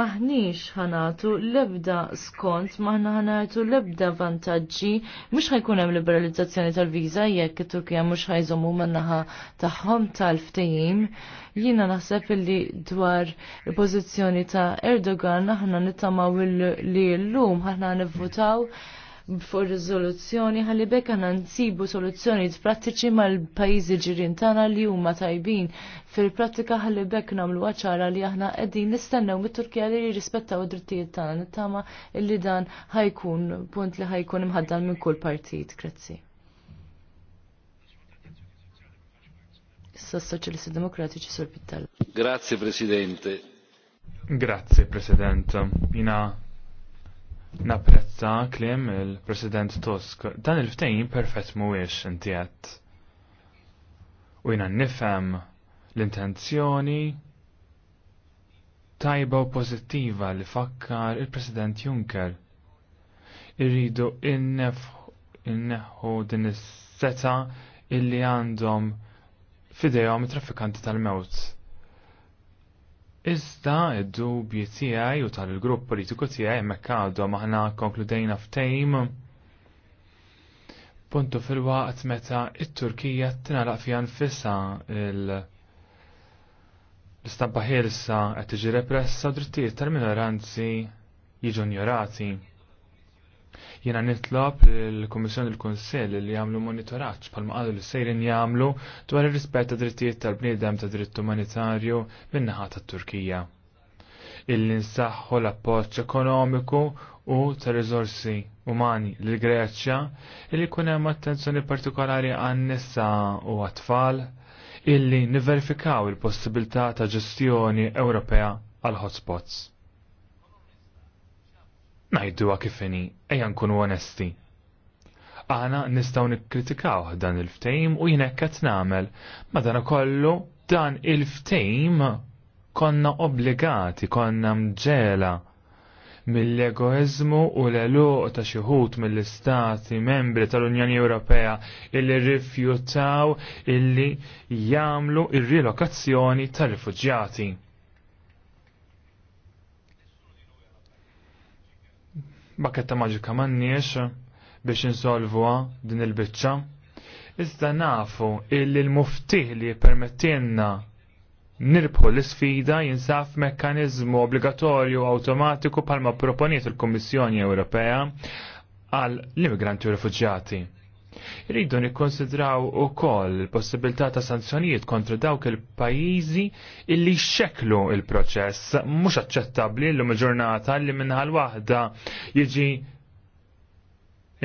maħniex ħanatu lebda skont, maħna ħanatu lebda vantaġġi, mux ħajkun hemm liberalizzazzjoni tal-viza jekk it-Turkija mux ħajżomu mannaħa taħħom tal-ftejim. Jina naħseb li dwar il-pozizjoni ta' Erdogan aħna nittamaw li l-lum ħana nivvutaw for riżoluzzjoni ħalli bekk aħna nsibu soluzzjonijiet prattiċi mal-pajjiżi ġirien tagħna li huma tajbin fil-prattika ħalli bekk nagħmlu ċara li aħna qegħdin nistennew mit-Turkija li jirrispettaw id-drittijiet tagħna nittama illi dan ħajkun punt li ħajkun imħaddan minn kull partit. Grazzi. Issa s-Soċjalisti Demokratiċi Sur Pittal. Grazie Presidente. Grazie President. Ina Napprezza klim il-President Tusk, dan il-ftejn perfett mhuwiex inti U jina nifhem l-intenzjoni tajba u pożittiva li fakkar il-President Juncker. Irridu inneħu din is-seta illi għandhom fidejhom it-traffikanti tal-mewt Iżda id-dubji tiegħi u tal-grupp politiku tiegħi hemmhekk għadhom aħna konkludejna f'tejm puntu fil-waqt meta it-Turkija tingħalaq fiha nfisha l istabba ħielsa qed tiġi repressa drittijiet tal-minoranzi jiġu ignorati. Jena nitlob l-Komissjoni l-Konsell li jagħmlu monitoraġġ bħalma qalu li sejrin jagħmlu dwar ir-rispett ta' drittijiet tal-bniedem ta' dritt umanitarju min-naħa tat-Turkija. Illi nsaħħu l-appoġġ ekonomiku u ta' riżorsi umani l greċja li jkun hemm attenzjoni partikolari għan-nisa u għat-tfal illi niverifikaw il-possibilità ta' ġestjoni Ewropea għal-hotspots. Najdu għakifini, ejan kunu onesti. Għana nistaw nikkritikaw dan il-ftejm u jinek qed namel, ma dan kollu dan il-ftejm konna obbligati, konna mġela mill-egoizmu u l-eluq ta' xieħut mill-istati membri tal-Unjoni Ewropea illi rifjutaw illi jamlu il rilokazzjoni tar-rifuġjati. Baketta maġika mannix biex insolvuha din il-biċċa. Iżda nafu illi l-muftih li permettilna nirbħu l-sfida jinsaf mekkanizmu obbligatorju awtomatiku palma proponiet il-Kommissjoni Ewropea għal l-immigranti u rifugġati. Irridu nikkonsidraw ukoll il-possibilità ta' sanzjonijiet kontra dawk il-pajjiżi illi xeklu il-proċess mhux aċċettabbli llum il-ġurnata li minħal waħda jiġi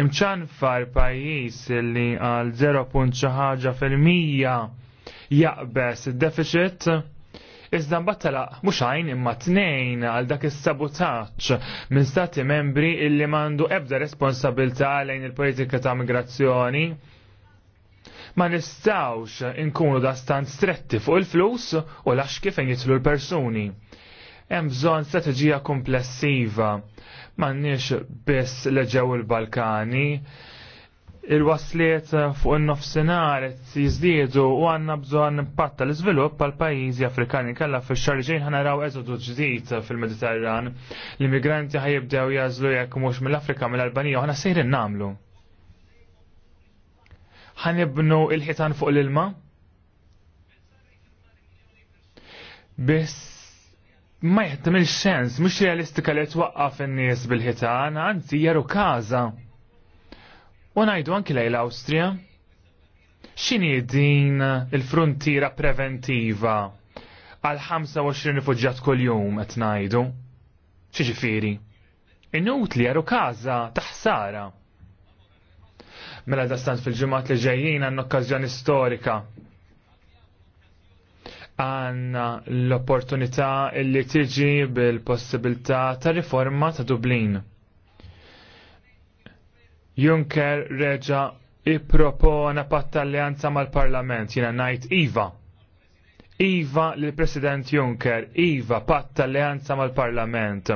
imċan far pajjiż li għal 0.ħaġa fil-mija jaqbes id-deficit iżda mbagħad talaq mhux għajn imma tnejn għal dak is-sabotaġġ minn stati membri illi m'għandu ebda responsabilità lejn il-politika ta' migrazzjoni. Ma nistawx inkunu da stant stretti fuq il-flus u lax fejn jitlu l-persuni. Hemm bżonn strateġija komplessiva m'għandniex biss leġew il-Balkani, il-wasliet fuq il-nofsenar jizdiedu u għanna bżon impatt l izvilupp pal pajjiżi Afrikani kalla fix xarġejn raw eżodu ġdid fil-Mediterran. L-immigranti ħajibdew jażlu jekk mhux mill-Afrika mill-Albanija u ħana sejrin namlu. Ħanibnu il-ħitan fuq l-ilma? Biss ma jħetamil xens, mux realistika li twaqqaf fin nies bil-ħitan, għanti jaru kaza. U ngħidu anki lejn l austria x'inhi din il-frontiera preventiva għal 25 rifuġġat kuljum qed ngħidu. Xiġifieri? li għaru kaza taħsara. Mela dastant fil-ġimgħat li ġejjin għan okkazjoni storika. Għanna l-opportunità li tiġi bil-possibilità ta' riforma ta' Dublin. Juncker reġa i-propona pattaljanza mal-parlament, jina najt Iva. Iva li president Juncker, Iva pattaljanza mal-parlament.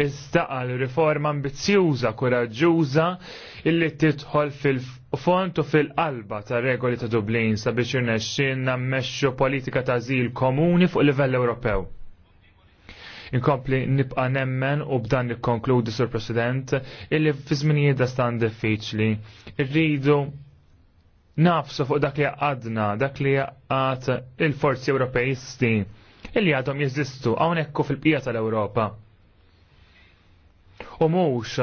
Istaqa l-riforma ambizjuża, koraġġuża, illi titħol fil-font u fil-qalba ta' regoli ta' Dublin sabiex irnexxin nammexxu politika ta' żil komuni fuq livell Ewropew. Inkompli nibqa' nemmen u b'dan nikkonkludi sur President illi fi żminijiet da stan diffiċli. Irridu nafsu fuq dak li għadna, dak li għad il-forzi Ewropejisti illi għadhom jeżistu hawnhekk fil-bqija tal-Ewropa. U mhux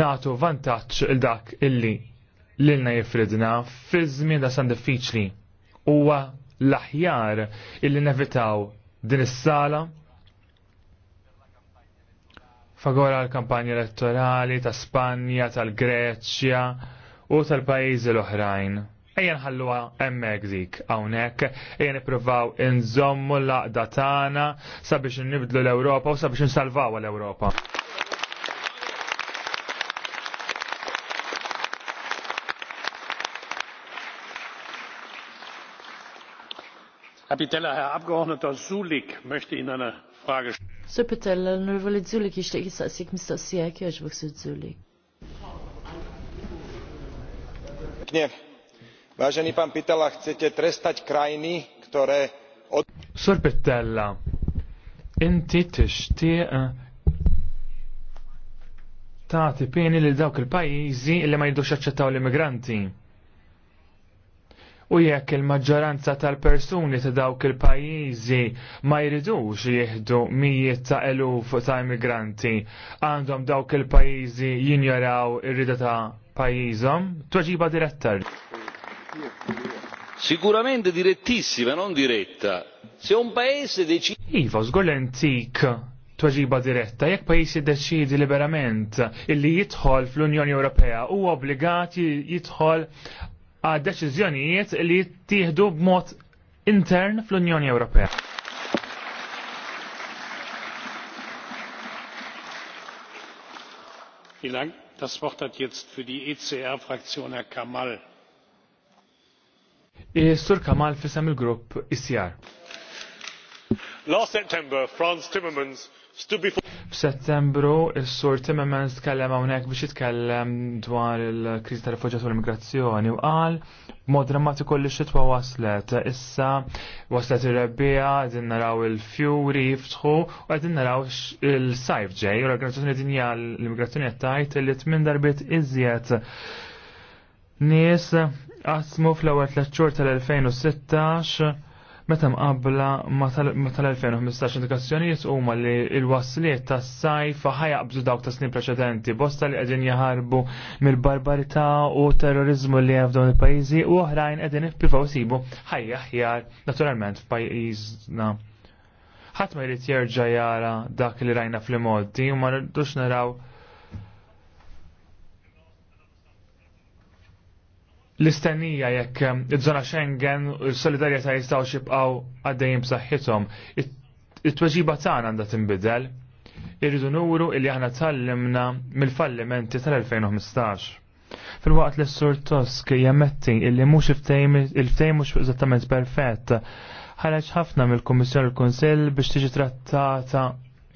nagħtu vantaġġ il dak illi lilna jifridna fi żmien da san diffiċli. Huwa l-aħjar illi nevitaw din is-sala fagora l-kampanja elettorali ta' Spanja, tal-Greċja u tal-pajjiżi l-oħrajn. Ejjen nħalluha hemmhekk dik hawnhekk, ejjen nippruvaw inżommu l-aqda tagħna sabiex innibdlu l-Ewropa u sabiex insalvaw l-Ewropa. herr abgeordneter sulik möchte ihnen eine Frage. Sir Pitella, l-Onorevoli Zulik jixtieq jistaqsik mistoqsija jekk jogħġbok Sir Zulik. Pekne. Vážený pán Pitella, chcete trestať krajiny, ktoré od... Sir Pitella, inti tixtieq eh, tagħti pieni lil dawk il-pajjiżi li ma jidux jaċċettaw l-immigranti. U jekk il-maġġoranza tal-persuni ta' dawk il-pajjiżi ma jridux jieħdu mijiet ta' eluf ta' immigranti, għandhom dawk il-pajjiżi jinjoraw ir-rida ta' pajjiżhom, tweġiba diretta. Sicuramente direttissima, non diretta. Se un paese decide... Iva, zgolentik tweġiba diretta jekk pajjiż jiddeċidi liberament illi jidħol fl-Unjoni Ewropea u obbligati jidħol għad deċiżjonijiet li jittieħdu b'mod intern fl-Unjoni Ewropea. Vielen Dank. Das Wort hat jetzt für die ECR-Fraktion Herr Kamal. Sir Kamal für Samuel Group, ECR. Last September, Franz Timmermans F'Settembru is-Sur Timmermans tkellem hawnhekk biex jitkellem dwar il-kriżi ta' rifuġjat u l-immigrazzjoni u qal mod drammatiku li xitwa waslet. Issa waslet ir-rebbieħa qegħdin naraw il-fjuri jiftħu u qegħdin naraw il-sajf ġej u l-Organizzazzjoni Dinja l-Immigrazzjoni qed tgħid li tmien darbiet iżjed nies qasmu fl-ewwel tliet xhur tal-2016 meta mqabla ma tal-2015 indikazzjonijiet huma li l-wasliet tas-sajf ħajaqbżu dawk ta' snin preċedenti, bosta li qegħdin jaħarbu mill-barbarità u terrorizmu li hemm f'dawn il-pajjiżi u oħrajn qegħdin ippruvaw isibu ħajja aħjar naturalment f'pajjiżna ħadd ma jrid jerġa' jara dak li rajna fl-modi u ma rridux naraw l-istennija jekk um, iż-żona Schengen u s-solidarjetà jistgħu xibqgħu għaddejjin b'saħħithom. It-tweġiba tagħna għandha tinbidel. Irridu nuru li aħna tallimna mill-fallimenti tal-2015. Fil-waqt li s-sur Tusk jammetti illi mhux il-ftejm mhux eżattament perfett, ħareġ ħafna mill-Kummissjoni l-Kunsill biex tiġi trattata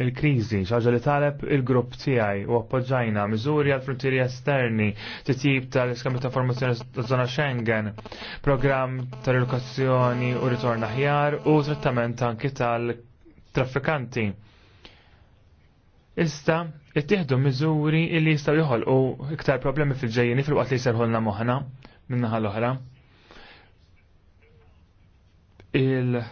il-kriżi, xaġa li taleb il-grupp tiegħi u appoġġajna miżuri għal frontieri esterni, titjib tal iskambi ta' formazzjoni ta' zona Schengen, programm tal-edukazzjoni u ritorn aħjar u trattament anki tal-traffikanti. Ista, ittieħdu miżuri illi jistaw joħolqu iktar problemi fil-ġejjeni fil-waqt li jserħolna moħna minnaħa l-oħra. Il-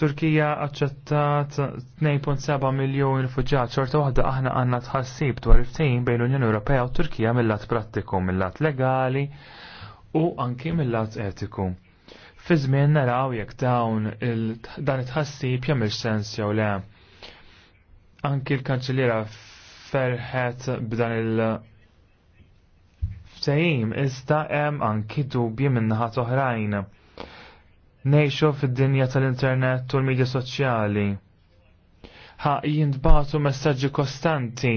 Turkija aċċettat 2.7 miljoni rifuġġat xorta waħda aħna għandna tħassib dwar il-ftehim bejn l-Unjoni Ewropea u Turkija mill-lat prattiku, mill-lat legali u anki mill-lat etiku. Fi żmien naraw jekk dawn dan it-tħassib jagħmel sens jew le. Anki l-kanċelliera ferħet b'dan il- ftehim iżda hemm anki dubji minnaħat oħrajn. Nejxu fid-dinja tal-internet u l-medja soċjali. Ħaq jintbatu messaġġi kostanti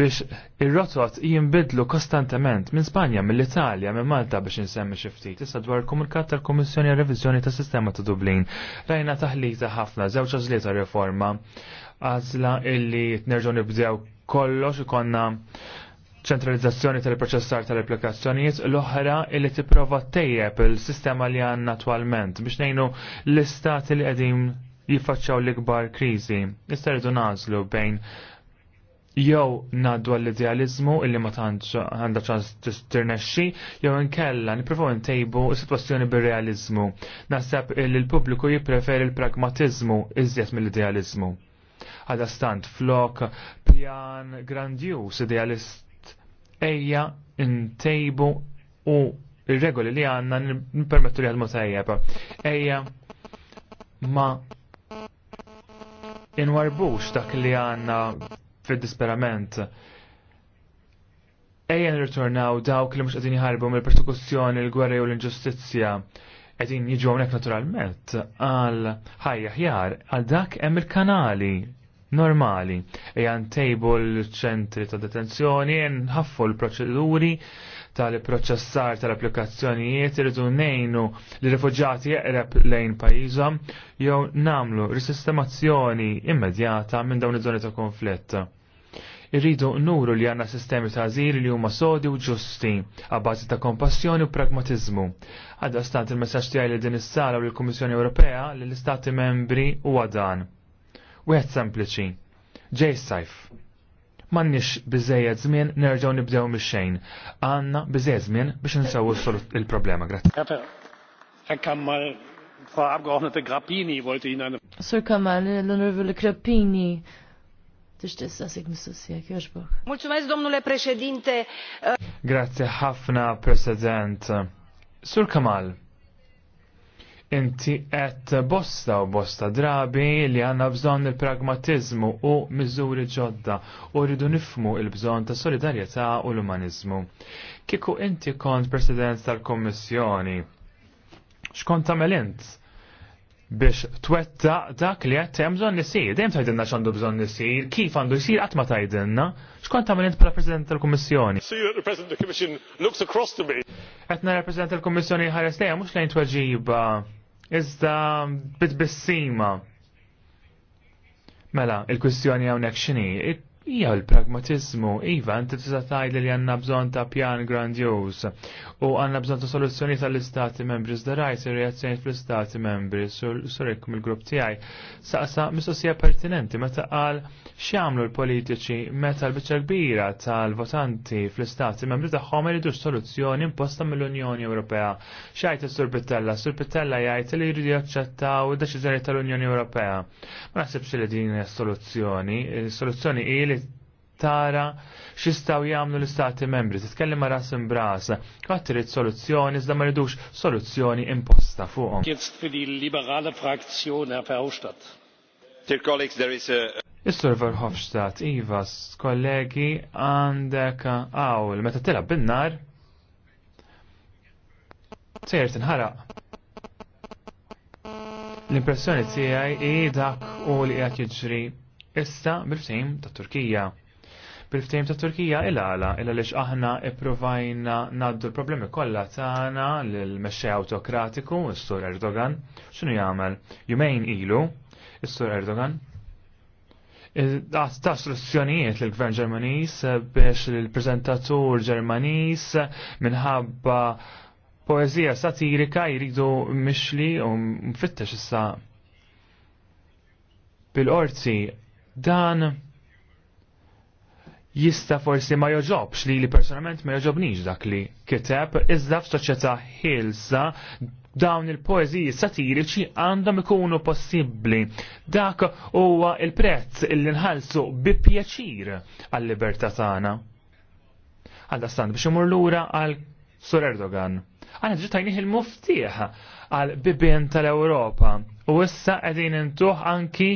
biex ir-rotot jinbidlu kostantement minn Spanja, mill-Italja, minn Malta biex insemmi xi ftit. Issa dwar komunikat tal-Kummissjoni Revizjoni tas Sistema ta' Dublin. Rajna taħlita ħafna, żewġ ta' riforma għażla illi nerġgħu nibdew kollox ikonna ċentralizzazzjoni tal-proċessar tal-applikazzjonijiet, l-oħra illi tipprova tejjeb il-sistema li għanna attualment biex nejnu l-istati li qegħdin jiffaċċaw l-ikbar kriżi. Issa rridu nażlu bejn jew naddu għall-idealizmu illi ma tantx għandha ċans tirnexxi, jew inkella nippruvaw ntejbu s-sitwazzjoni bir-realizmu. Naħseb illi l-pubbliku jippreferi l-pragmatiżmu iżjed mill-idealizmu. Għada stant flok pjan grandjus idealist ejja ntejbu u il-regoli li għanna n-permettu li għadmu tajjeb. Ejja ma inwarbux dak li għanna fil-disperament. Ejja nirritornaw dawk li mux għadin jħarbu mill persekuzzjoni l-gwerra u l-inġustizja. Għadin jiġu għonek naturalment għal ħajja ħjar, għal dak hemm il-kanali normali. Ejan ntejbu l-ċentri ta' detenzjoni, nħaffu l-proċeduri tal-proċessar tal-applikazzjonijiet irridu nejnu li rifugġati jaqreb lejn pajizom jew namlu risistemazzjoni immedjata minn dawn iż-żoni ta' konflitt. Irridu nuru li għanna sistemi ta' azil li huma sodi u ġusti, għabbażi ta' kompassjoni u pragmatizmu. Għadda stant il-messaġġ tiegħi li din is-sala u l-Kummissjoni Ewropea li l-Istati membri huwa dan Wieħed sempliċi. Ġej sajf. Mannix bizzejed żmien nerġgħu nibdew mis xejn Għanna bizzejed żmien biex insewu il-problema. Grazie. Sur Sir Kamal, l-Onorevole Grappini, tixtieq mis mistoqsijak, jogħġbok. Mulțumesc, domnule președinte. Grazie ħafna, President. Sur Kamal, Inti qed bosta u bosta drabi li għanna bżonn il-pragmatizmu u miżuri ġodda u rridu nifmu il-bżonn ta' solidarjetà u l-umanizmu. Kiku inti kont President tal-Kommissjoni, xkont tagħmel int? biex twetta dak li għed hemm bżonn nisir, dejjem tajdinna x'għandu bżonn nisir, kif għandu jsir qatt ma tajdinna. Xkont tagħmel int bħala President tal-Kummissjoni? Qed nara President tal-Kummissjoni ħares lejha mhux lejn tweġiba iżda bit-bissima. Mela, il-kwistjoni għawnek xini, Ija l-pragmatizmu, iva, inti tista' tgħidli li għandna bżonn ta' pjan grandjuż u għandna bżonn ta' soluzzjoni tal-istati membri żdarajt ir-reazzjoni fl-istati membri surek il grupp tiegħi. Saqsa sija pertinenti meta qal x'jagħmlu l-politiċi meta l-biċċa kbira tal-votanti fl-istati membri tagħhom iridux soluzzjoni imposta mill-Unjoni Ewropea. Xajt is-Sur Pittella, Sur Pittella jgħid li jridu jaċċettaw id-deċiżjoni tal-Unjoni Ewropea. Ma nasibx li din soluzzjoni, soluzzjoni il li tara xistaw jagħmlu l-istati membri, titkellem ma' ras imbras, qatt irid soluzzjoni iżda ma rridux soluzzjoni imposta fuqhom. is sur Verhofstadt, Ivas, kollegi, għandek għawl, meta tilab bin sejr t tinħaraq. L-impressjoni tiegħi hi dak u li għat jiġri issa bil-ftehim tat-Turkija bil-ftejm ta' Turkija il-għala il-għalix aħna i-provajna naddu l-problemi kollha tagħna lill mesċe autokratiku, s-sur Erdogan. X'inhu jagħmel? Jumejn ilu is-sur Erdogan ta' istruzzjonijiet l gvern Ġermanis biex l-prezentatur Ġermanis minħabba poezija satirika jridu mixli u mfittex issa bil-orzi dan jista forsi ma joġobx li li personalment ma joġobnix dak li kiteb, iżda f'soċjetà ħilsa dawn il-poeziji satiriċi għandhom ikunu possibbli. Dak huwa il-prezz illi nħallsu bi pjaċir għall-libertà tagħna. Għalda stand biex imur lura għal Sur Erdogan. Għana ġitajnih il-muftiħ għal bibien tal-Ewropa u issa qegħdin intuħ anki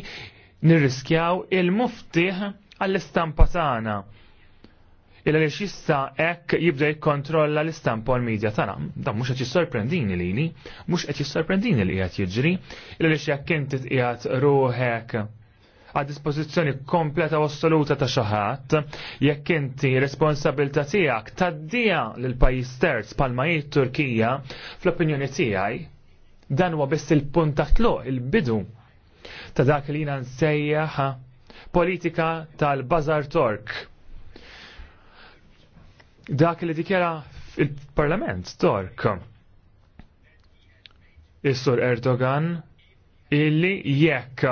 nirriskjaw il-muftiħ għall-istampa tagħna. Illa li xissa ekk jibda jikkontrolla l-istampa u l-medja tana. Dan mux għet jissorprendini li li, mux għet jissorprendini li għet jġri, illa li xek inti għet ruħek għad dispozizjoni kompleta u assoluta ta' xaħat, jekk inti responsabilta tijak taddija l-pajis terz palma Turkija fl-opinjoni tijaj, dan huwa biss il-punt ta' tluq, il-bidu ta' dak li jina nsejjaħ politika tal-Bazar Tork. Dak li dikjera il-Parlament Tork. Is-Sur Erdogan illi jekk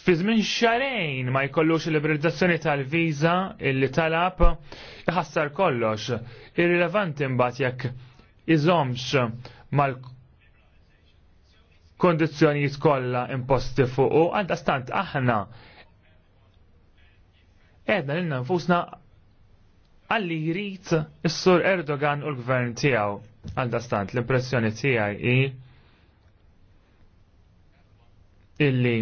fi żmien xarejn ma jkollux il-liberalizzazzjoni tal-viża illi talab iħassar kollox. Irrilevanti mbagħad jekk iżomx mal kondizjoni kollha imposti fuq u stant aħna edna l-inna nfusna għalli jrit s-sur Erdogan u l-gvern tijaw. Għaldastant, l-impressjoni tijaj i illi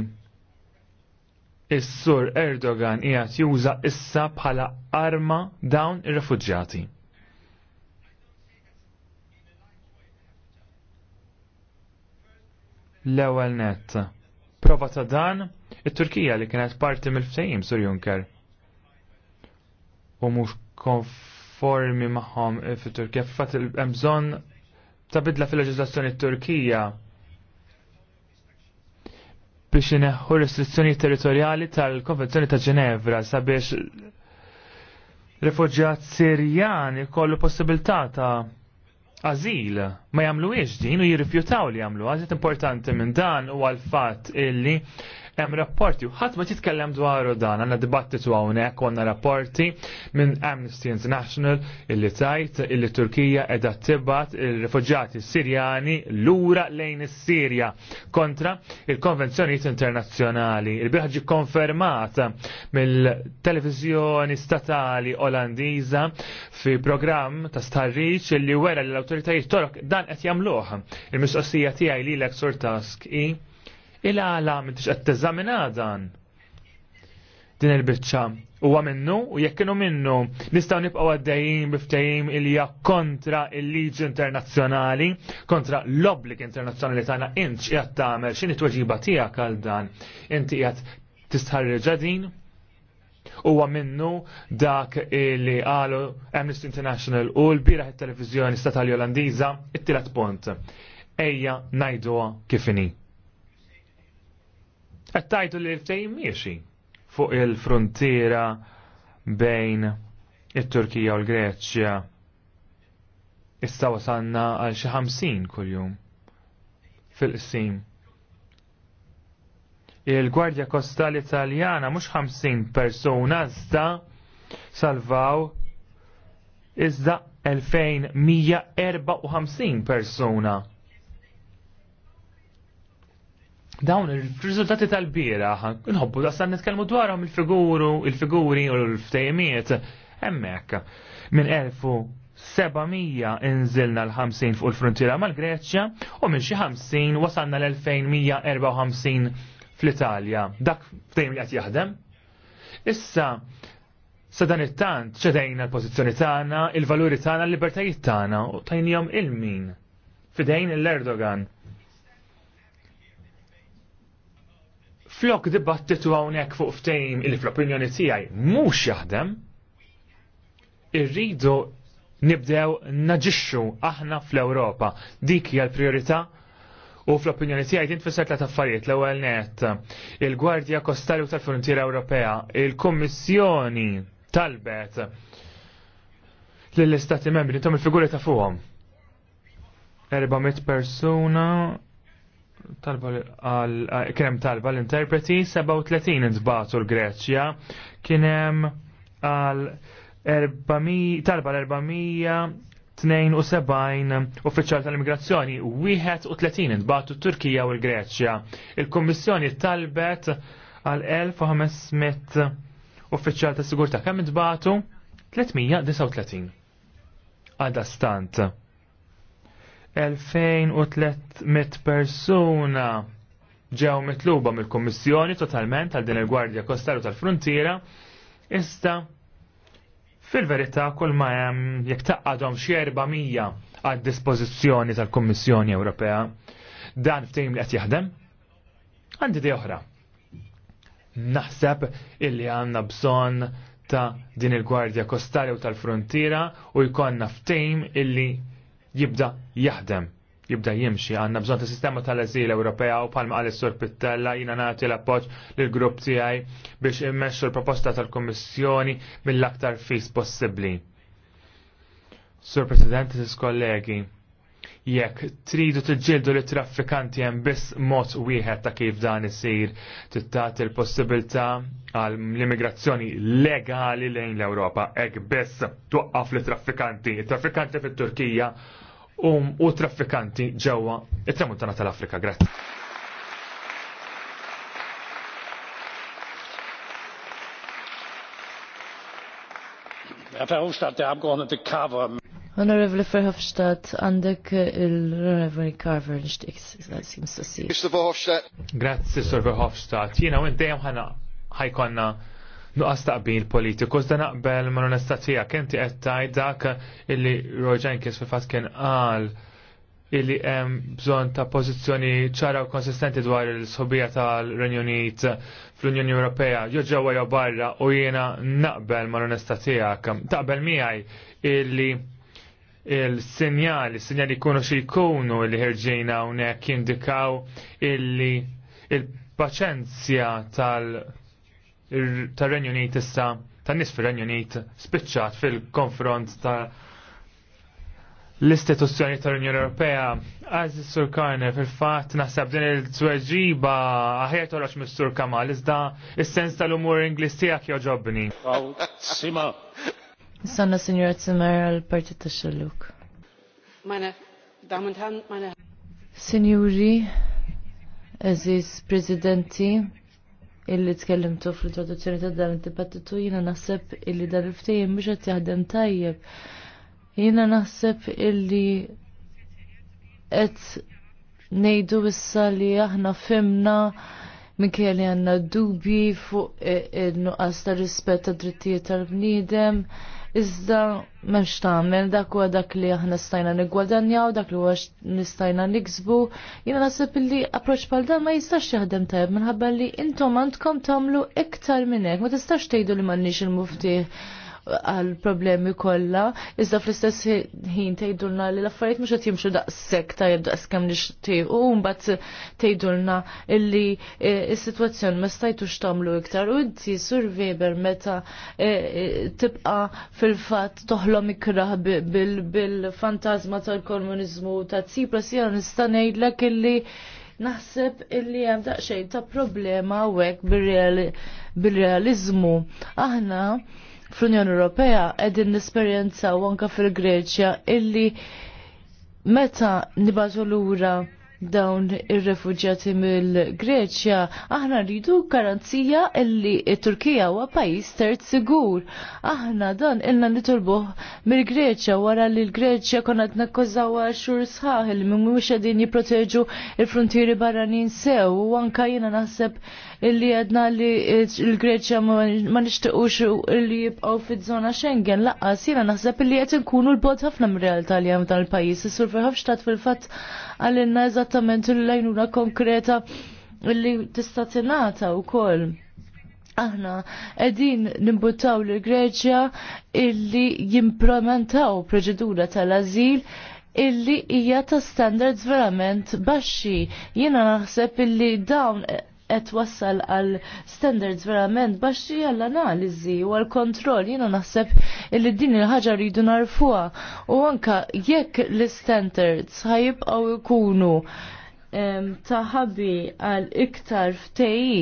s-sur Erdogan għat juża issa bħala arma dawn ir-refugġati. L-ewel net. Prova ta' dan, it-Turkija li kienet parti mill-ftejim, Sur Juncker u mhux konformi magħhom fit-Turkija. Fat hemm bżonn ta' bidla fil-leġiżlazzjoni Turkija biex ineħħu restrizzjoni territorjali tal-Konvenzjoni ta' Ġenevra sabiex refuġjat Sirjan kollu possibilità ta' azil ma jamlu din u jirrifjutaw li jagħmlu. Għazit importanti minn dan u għal fat illi hemm rapporti u ħadd ma titkellem dwaru dan għandna dibattitu hawnhekk għandna rapporti minn Amnesty International illi tajt illi Turkija qiegħda tibgħat ir rifuġjati Sirjani lura lejn is-Sirja kontra il-konvenzjonijiet internazzjonali. il bieħa ġi konfermat mill televiżjoni statali Olandiża fi programm ta' starriċ illi wera l-awtoritajiet torok dan qed jagħmluh. Il-mistoqsija tiegħi lilek sur task i Il-għala m'intix qed teżamina dan. Din il-biċċa huwa minnu u jekk kienu minnu nistgħu nibqgħu għaddejjim biftejjim il kontra il-liġi internazzjonali, kontra l-obbligi internazzjonali tagħna inċ qiegħed tagħmel x'inhi tweġiba tiegħek għal dan. Inti qiegħed tistħarriġa din? Huwa minnu dak li għalu Amnesty International u l bira it televizjoni statali Olandiża it-tielet punt. Ejja ngħiduha kif inhi. Għattajtu tajtu li ftejn miexi fuq il-frontiera bejn it-Turkija u l-Greċja. Issa wasanna għal xi ħamsin kuljum fil-qsim. Il-Gwardja Kostali Italjana mhux 50 persuna iżda salvaw iżda 2154 persuna. Dawn ir-riżultati tal-bieraħ, nħobbu da san nitkellmu dwarhom il-figuru, il-figuri u l-ftejmiet hemmhekk. Minn 1700 inżilna l-50 fuq il-frontiera mal-Greċja u minn xi 50 wasalna l-2154 fl-Italja. Dak ftejm li qed jaħdem. Issa Sa dan it-tant ċedejna l-pozizjoni tagħna, il-valuri tagħna, l-libertajiet tagħna u tajnihom il-min fidejn l-Erdogan. flok dibattitu hawnhekk fuq ftejm il fl-opinjoni tiegħi mhux jaħdem, irridu nibdew naġixxu aħna fl-Ewropa. Dik hija l-priorità u fl-opinjoni tiegħi din tfisser affarijiet l-ewwel net il-Gwardja Kostali u tal-Frontiera Ewropea, il-Kummissjoni talbet lill istati membri intom il-figuri ta' fuqhom. 400 persuna talba kienem talba l-interpreti 37 intbatu l-Greċja kienem għal talba l-472 uffiċjal tal-immigrazzjoni 31 t Turkija u l-Greċja. Il-Kommissjoni talbet għal 1500 uffiċjal tas sigurta kemm intbatu 339. għadastant. stant. 2300 persuna ġew mitluba mill kummissjoni totalment għal din il-Gwardja Kostaru tal-Frontiera, issa fil-verità kull ma hemm jekk taqqadhom xi 400 għad dispożizzjoni tal kummissjoni Ewropea. Dan ftehim li qed jaħdem? Għandi di oħra. Naħseb illi għandna bżonn ta' din il-Gwardja Kostali u tal-Frontiera u jkollna ftehim illi jibda jaħdem jibda jimxi għanna bżon ta' sistema tal-azil Ewropea u palma għal sur Pittella jina nati l-appoġġ l grupp tiegħi biex immexxu l-proposta tal komissjoni mill-aktar fis possibbli. Sur President, kollegi, jekk tridu tiġġieldu li traffikanti hemm biss mod wieħed ta' kif dan isir tittat il-possibilità għal l-immigrazzjoni legali lejn l-Ewropa hekk biss twaqqaf li traffikanti, traffikanti fit-Turkija um, u traffikanti ġewwa it-tramuntana tal-Afrika. Grazzi. Herr Verhofstadt, der Abgeordnete Kaver. Honorable Verhofstadt, għandek il reverend Carver nishtiq mistoqsija. Mr. Verhofstadt. Grazie, Sir Verhofstadt. Jina, u dejjem ħana ħajkonna nuqqas taqbil politiku, zda naqbel ma l-onestatija, kenti għettaj dak illi Roġan kis fil-fat kien għal illi hemm bżonn ta' pożizzjoni ċara u konsistenti dwar il-sobija tal-Renju Unit fl-Unjoni Ewropea, jew ġewwa jew barra u jiena naqbel mal-onesta tiegħek. Taqbel miegħi illi il-sinjali, sinjali jkunu xi jkunu li ħerġina hawnhekk jindikaw illi il-paċenzja tal- renjonit renju Unit issa tan-nies fir-Renju Unit spiċċat fil-konfront ta' l-istituzzjoni tal-Unjoni Ewropea. Aziz Sur Karner, fil-fatt naħseb din il-tweġiba għahiet toroċ mis-Sur Kamal, iżda il sens tal-umur Ingliż tiegħek joġobni. Sima, Sanna Signora Zimmer għal-Partit ta' Xelluk. Mana. Damen und Signori, Aziz Presidenti, illi tkellimtu fl-introduzzjoni ta' dan il dibattitu jiena naħseb illi dan il ftejim biex qed jaħdem tajjeb. Jiena naħseb illi qed ngħidu issa li aħna fimna minkejja li għandna dubji fuq il-nuqqas ta' rispett ta' drittijiet tal-bniedem. tal bnidem tal bniedem Iżda m'hemmx tagħmel dak huwa dak li aħna stajna u dak li huwa nistajna niksbu. Jiena naħseb li approċċ bħal dan ma jistax jaħdem tajb minħabba li intom għandkom tagħmlu iktar minn hekk, ma tistax tgħidu li m'għandniex il-muftih għal problemi kollha, iżda fl-istess ħin tgħidulna li l-affarijiet mhux qed jimxu daqshekk tajjeb daqskemm nixtiequ u mbagħad tgħidulna illi e, s sitwazzjoni ma stajtux tagħmlu iktar u inti Sur Weber meta e, e, tibqa' fil-fatt toħlom ikraħ bil-fantażma tal-komuniżmu ta' Tsipras jiena nista' ngħidlek illi naħseb illi hemm daqsxejn ta' problema hekk bir-realizmu. Aħna fl-Unjoni Ewropea qegħdin nesperjenzaw anke fil-Greċja illi meta nibatu lura dawn ir-refuġjati mill-Greċja, aħna rridu garanzija illi Turkija huwa pajjiż terz sigur. Aħna dan ilna nitolbuh mill-Greċja wara li l-Greċja konna qed nakkużawha xhur sħaħ li mhumiex qegħdin jipproteġu l-frontieri barranin sew u anke jiena naħseb illi għedna li l-Greċja ma nixtiqux illi jibqaw fil-żona Schengen laqqas jiena naħseb illi qed inkunu l-bod ħafna mir-realtà li hemm dan il-pajjiż. Is-Sur Verhofstadt fil-fatt għalilna eżattament l-lajnuna konkreta illi tista' tingħata wkoll aħna edin nimbuttaw l greċja illi jimplementaw proċedura tal-azil illi hija ta' standards verament baxxi. Jiena naħseb illi dawn qed wassal għal standards verament baxxi għall analiżi u għal kontroll jiena naħseb li din il-ħaġa rridu narfuha u anka jekk l-standards ħajibqgħu jkunu taħabi għal iktar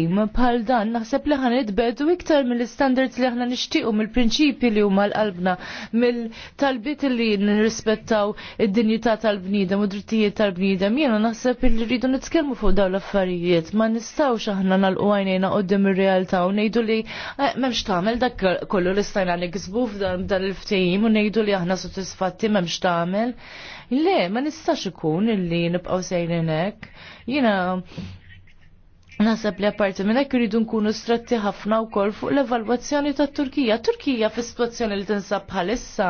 ma bħal dan naħseb li ħan idbedu iktar mill-standards li ħna nixtiequ mill-prinċipi li huma l-qalbna mill-talbiet li nirrispettaw id-dinjità tal-bniedem u drittijiet tal-bniedem jiena naħseb li rridu nitkellmu fuq dawn l-affarijiet ma nistgħux aħna nalqu għajnejna qudiem ir-realtà u ngħidu li eh, m'hemmx tagħmel dak kollu li stajna nikzbu f'dan il-ftehim u ngħidu li aħna sodisfatti m'hemmx tagħmel. Le, ma nistax ikun illi nibqaw sejrin hekk. Jiena Nasab li apparti minn hekk iridu nkunu stretti ħafna wkoll fuq l-evalwazzjoni ta' Turkija. Turkija fi situazzjoni li tinsab bħalissa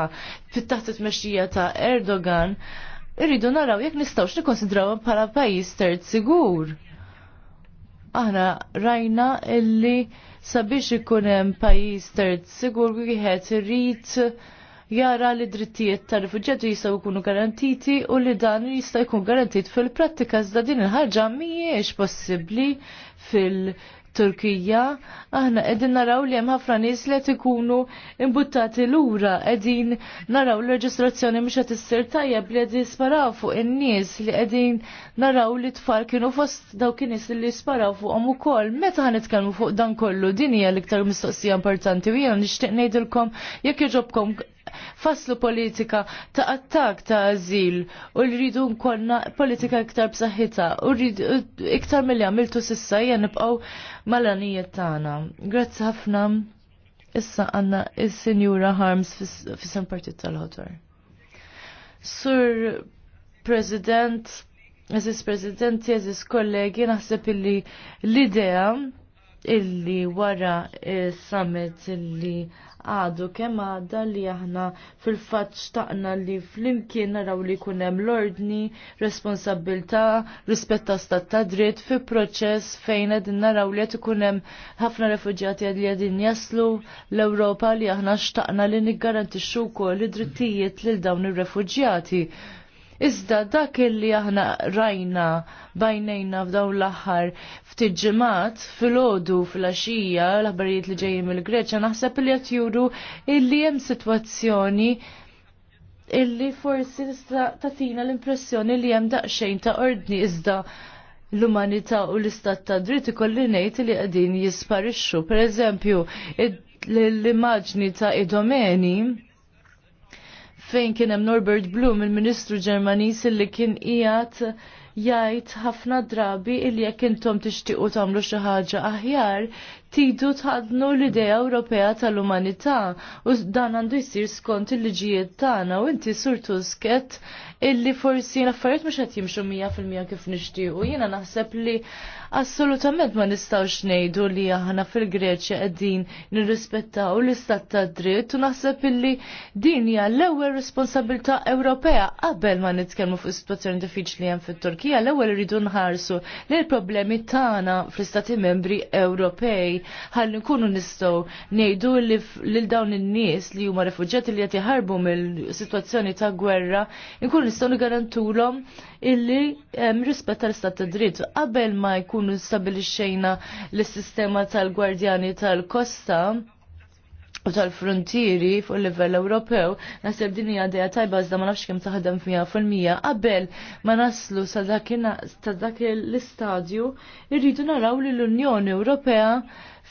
fit-taħt it-mexxija ta' Erdogan, irridu naraw jekk nistgħux nikkonsidrawha bħala pajjiż terz sigur. Aħna rajna illi sabiex ikun hemm pajjiż terz sigur wieħed irid jara li drittijiet ta' rifuġġjati jistgħu jkunu garantiti u li dan jista' jkun garantit fil-prattika iżda din il ħarġa mhijiex possibbli fil- Turkija, aħna edin naraw li hemm ħafna nies li qed ikunu imbuttati lura, qegħdin naraw l-reġistrazzjoni mhux qed issir tajjeb li qegħdin jisparaw fuq in-nies li qegħdin naraw li tfal kienu fost dawk in-nies li jisparaw fuqhom ukoll. Meta ħa nitkellmu fuq dan kollu din hija l-iktar mistoqsija importanti u jiena nixtieq ngħidilkom jekk jogħġobkom faslu politika ta' attak ta' azil u rridu nkonna politika iktar b'saħħita u rridu iktar mill għamiltu sissa jgħan nibqgħu mal-għanijiet tagħna. Grazzi ħafna. Issa għandna il sinjura Harms fis partit tal-ħotor. Sur President, Eżis Presidenti, eżis kollegi, naħseb illi l-idea illi wara summit illi għadu kemm għadda li aħna fil-fatt xtaqna li flimkien naraw li jkun hemm l-ordni, responsabilità, rispetta stat ta' dritt fi proċess fejn qegħdin naraw li qed ikun hemm ħafna refuġjati li għedin jaslu l-Ewropa li aħna xtaqna li niggarantixxu wkoll id-drittijiet lil dawn ir-refuġjati Iżda dak illi aħna rajna bajnejna f'daw l-aħħar ftit ġimgħat fil-ħodu fil axija l-aħbarijiet li ġejjin mill-Greċja naħseb li qed juru illi hemm sitwazzjoni illi forsi tista' tagħtina l-impressjoni li hemm daqsxejn ta' ordni iżda l-umanità u l-istat ta' dritti ikolli ngħid li qegħdin jisparixxu. Pereżempju, l-immaġni ta' idomeni fejn kien hemm Norbert Blum, il-Ministru Ġermaniż illi kien qiegħed jgħid ħafna drabi illi jekk intom tixtiequ tagħmlu xi ħaġa aħjar tidu tħadnu l-idea Ewropea tal-umanità u dan għandu jisir skont il-liġijiet tagħna u inti surtu sket illi forsi l-affarijiet mhux qed jimxu mija fil-mija kif nixtiequ. Jiena naħseb li assolutament ma nistgħux ngħidu li aħna fil-Greċja qegħdin nirrispettaw l-istat ta' dritt u naħseb illi din hija l-ewwel responsabilità Ewropea qabel ma nitkellmu fuq is-sitwazzjoni diffiċli hemm fit-Turkija l-ewwel irridu nħarsu li l-problemi tagħna fl-istati membri Ewropej Ewropej ħalli nkunu nistgħu ngħidu lil dawn in-nies li huma refuġġjati li qed jaħarbu mill-sitwazzjoni ta' gwerra, nkunu nistgħu nigarantulhom illi hemm rispett tal-istat ta' dritt. Qabel ma jkunu stabilixxejna l-sistema tal-gwardjani tal-kosta, u tal-frontieri fuq livell Ewropew, naħseb din hija dejja tajba iżda ma nafx kemm taħdem fiha fil-mija qabel ma naslu sa dak l-istadju irridu naraw li l-Unjoni Ewropea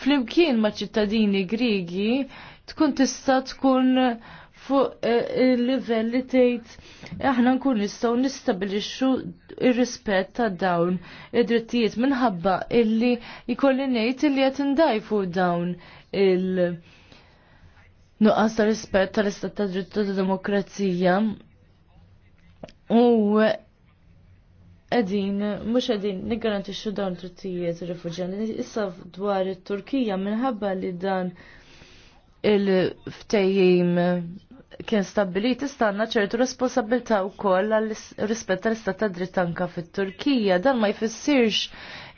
flimkien ma' ċittadini Grigi tkun tista' tkun fuq eh, il-livell li tgħid eh, aħna nkun nistgħu nistabilixxu ir-rispett ta' dawn id-drittijiet minħabba illi jkolli ngħid illi qed indajfu dawn il- nuqqas ta' rispett tal-istat ta' dritt ta' demokrazija u Edin, mux edin, xo dawn trittijiet rifugjani. Issa dwar il-Turkija minħabba li dan il-ftejjim kien stabbilit istanna ċertu responsabilta u koll rispet l istat ta' drittanka fit-Turkija. Dan ma jfissirx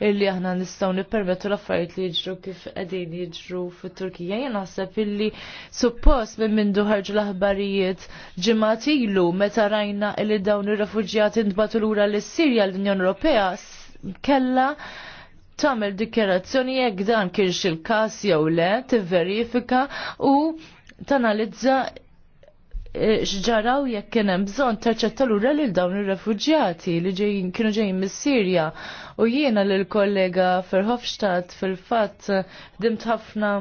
illi aħna nistaw nippermettu l-affarijiet li jiġru kif qegħdin jiġru fit-Turkija. Jien naħseb illi suppost minn mindu duħarġu l-aħbarijiet ġimgħat ilu meta rajna illi dawn ir-refuġjati ntbatu lura lis-Sirja l-Unjoni Ewropea kella tagħmel dikjerazzjoni jekk dan kienx il-każ jew le, tivverifika u tanalizza xġaraw jekk kien hemm bżonn terċetta lura lil dawn ir-refuġjati li ġejjin kienu ġejjin mis-Sirja u jiena lil kollega Verhofstadt fil-fatt dimt ħafna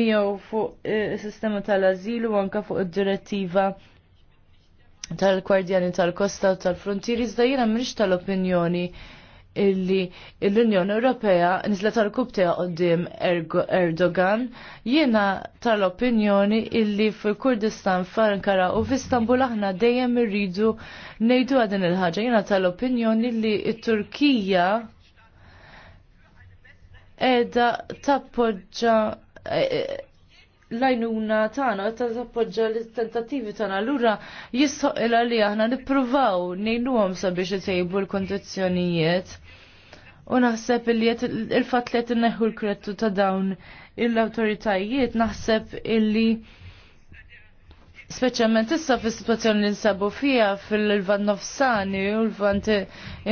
miegħu fuq eh, is-sistema tal-ażilu u anke fuq id-direttiva tal-Gwardjani tal-Kosta u tal-Frontieri iżda jiena mhix tal-opinjoni tal opinjoni illi l-Unjoni Ewropea nizlet tal-kub qudiem Erdogan, jiena tal-opinjoni illi fil-Kurdistan f'Ankara u f'Istanbul aħna dejjem irridu ngħidu għadin il-ħaġa. Jiena tal-opinjoni li t-Turkija qiegħda tappoġġa e, e, l-għajnuna tagħna ta' tappoġġa l-tentattivi tagħna allura jissoqilha li aħna nippruvaw ngħinuhom sabiex itejbu l-kondizzjonijiet. U naħseb li il-fatt li qed inneħħu l-krettu ta' dawn l-awtoritajiet naħseb illi Speċjalment issa fis-sitwazzjoni li nsabu fiha fil vant Nofsani u l-Vant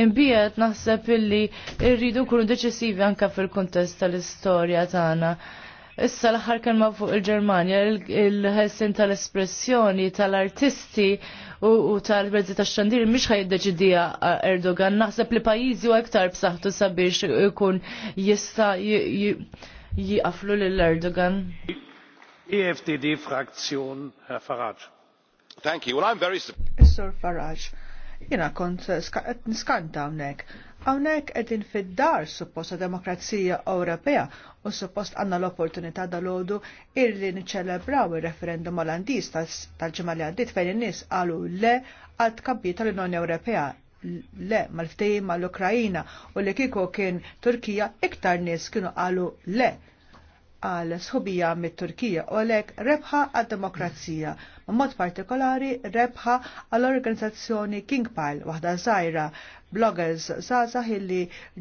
imbiet naħseb illi rridu nkunu deċisivi anke fil-kuntest tal-istorja tagħna. Issa l ħar kelma fuq il-Ġermanja, il-ħessin tal-espressjoni tal-artisti u tal-Rezzi ta' Xandir mhix ħajdeċidija Erdogan. Naħseb li pajizi u aktar b'saħtu sabiex ikun jista' jiqaflu l Erdogan. EFTD fraktion Herr Farage. Thank you. Well, I'm very Sir Farage. jina kont niskanta hawnhekk Hawnhekk qegħdin fid-dar supposta demokrazija Ewropea u suppost għandna l-opportunità dal-ħodu irri niċċelebraw ir-referendum Olandiż tal-ġimgħa li għaddiet fejn in-nies qalu le għad kabbi tal-Unjoni Ewropea le mal ftejim mal-Ukrajina u li kieku kien Turkija iktar nies kienu qalu le għal sħubija mit-Turkija u għalek rebħa għad-demokrazija, ma mod partikolari rebħa għall-organizzazzjoni King Pile, waħda zaħira bloggers zazah illi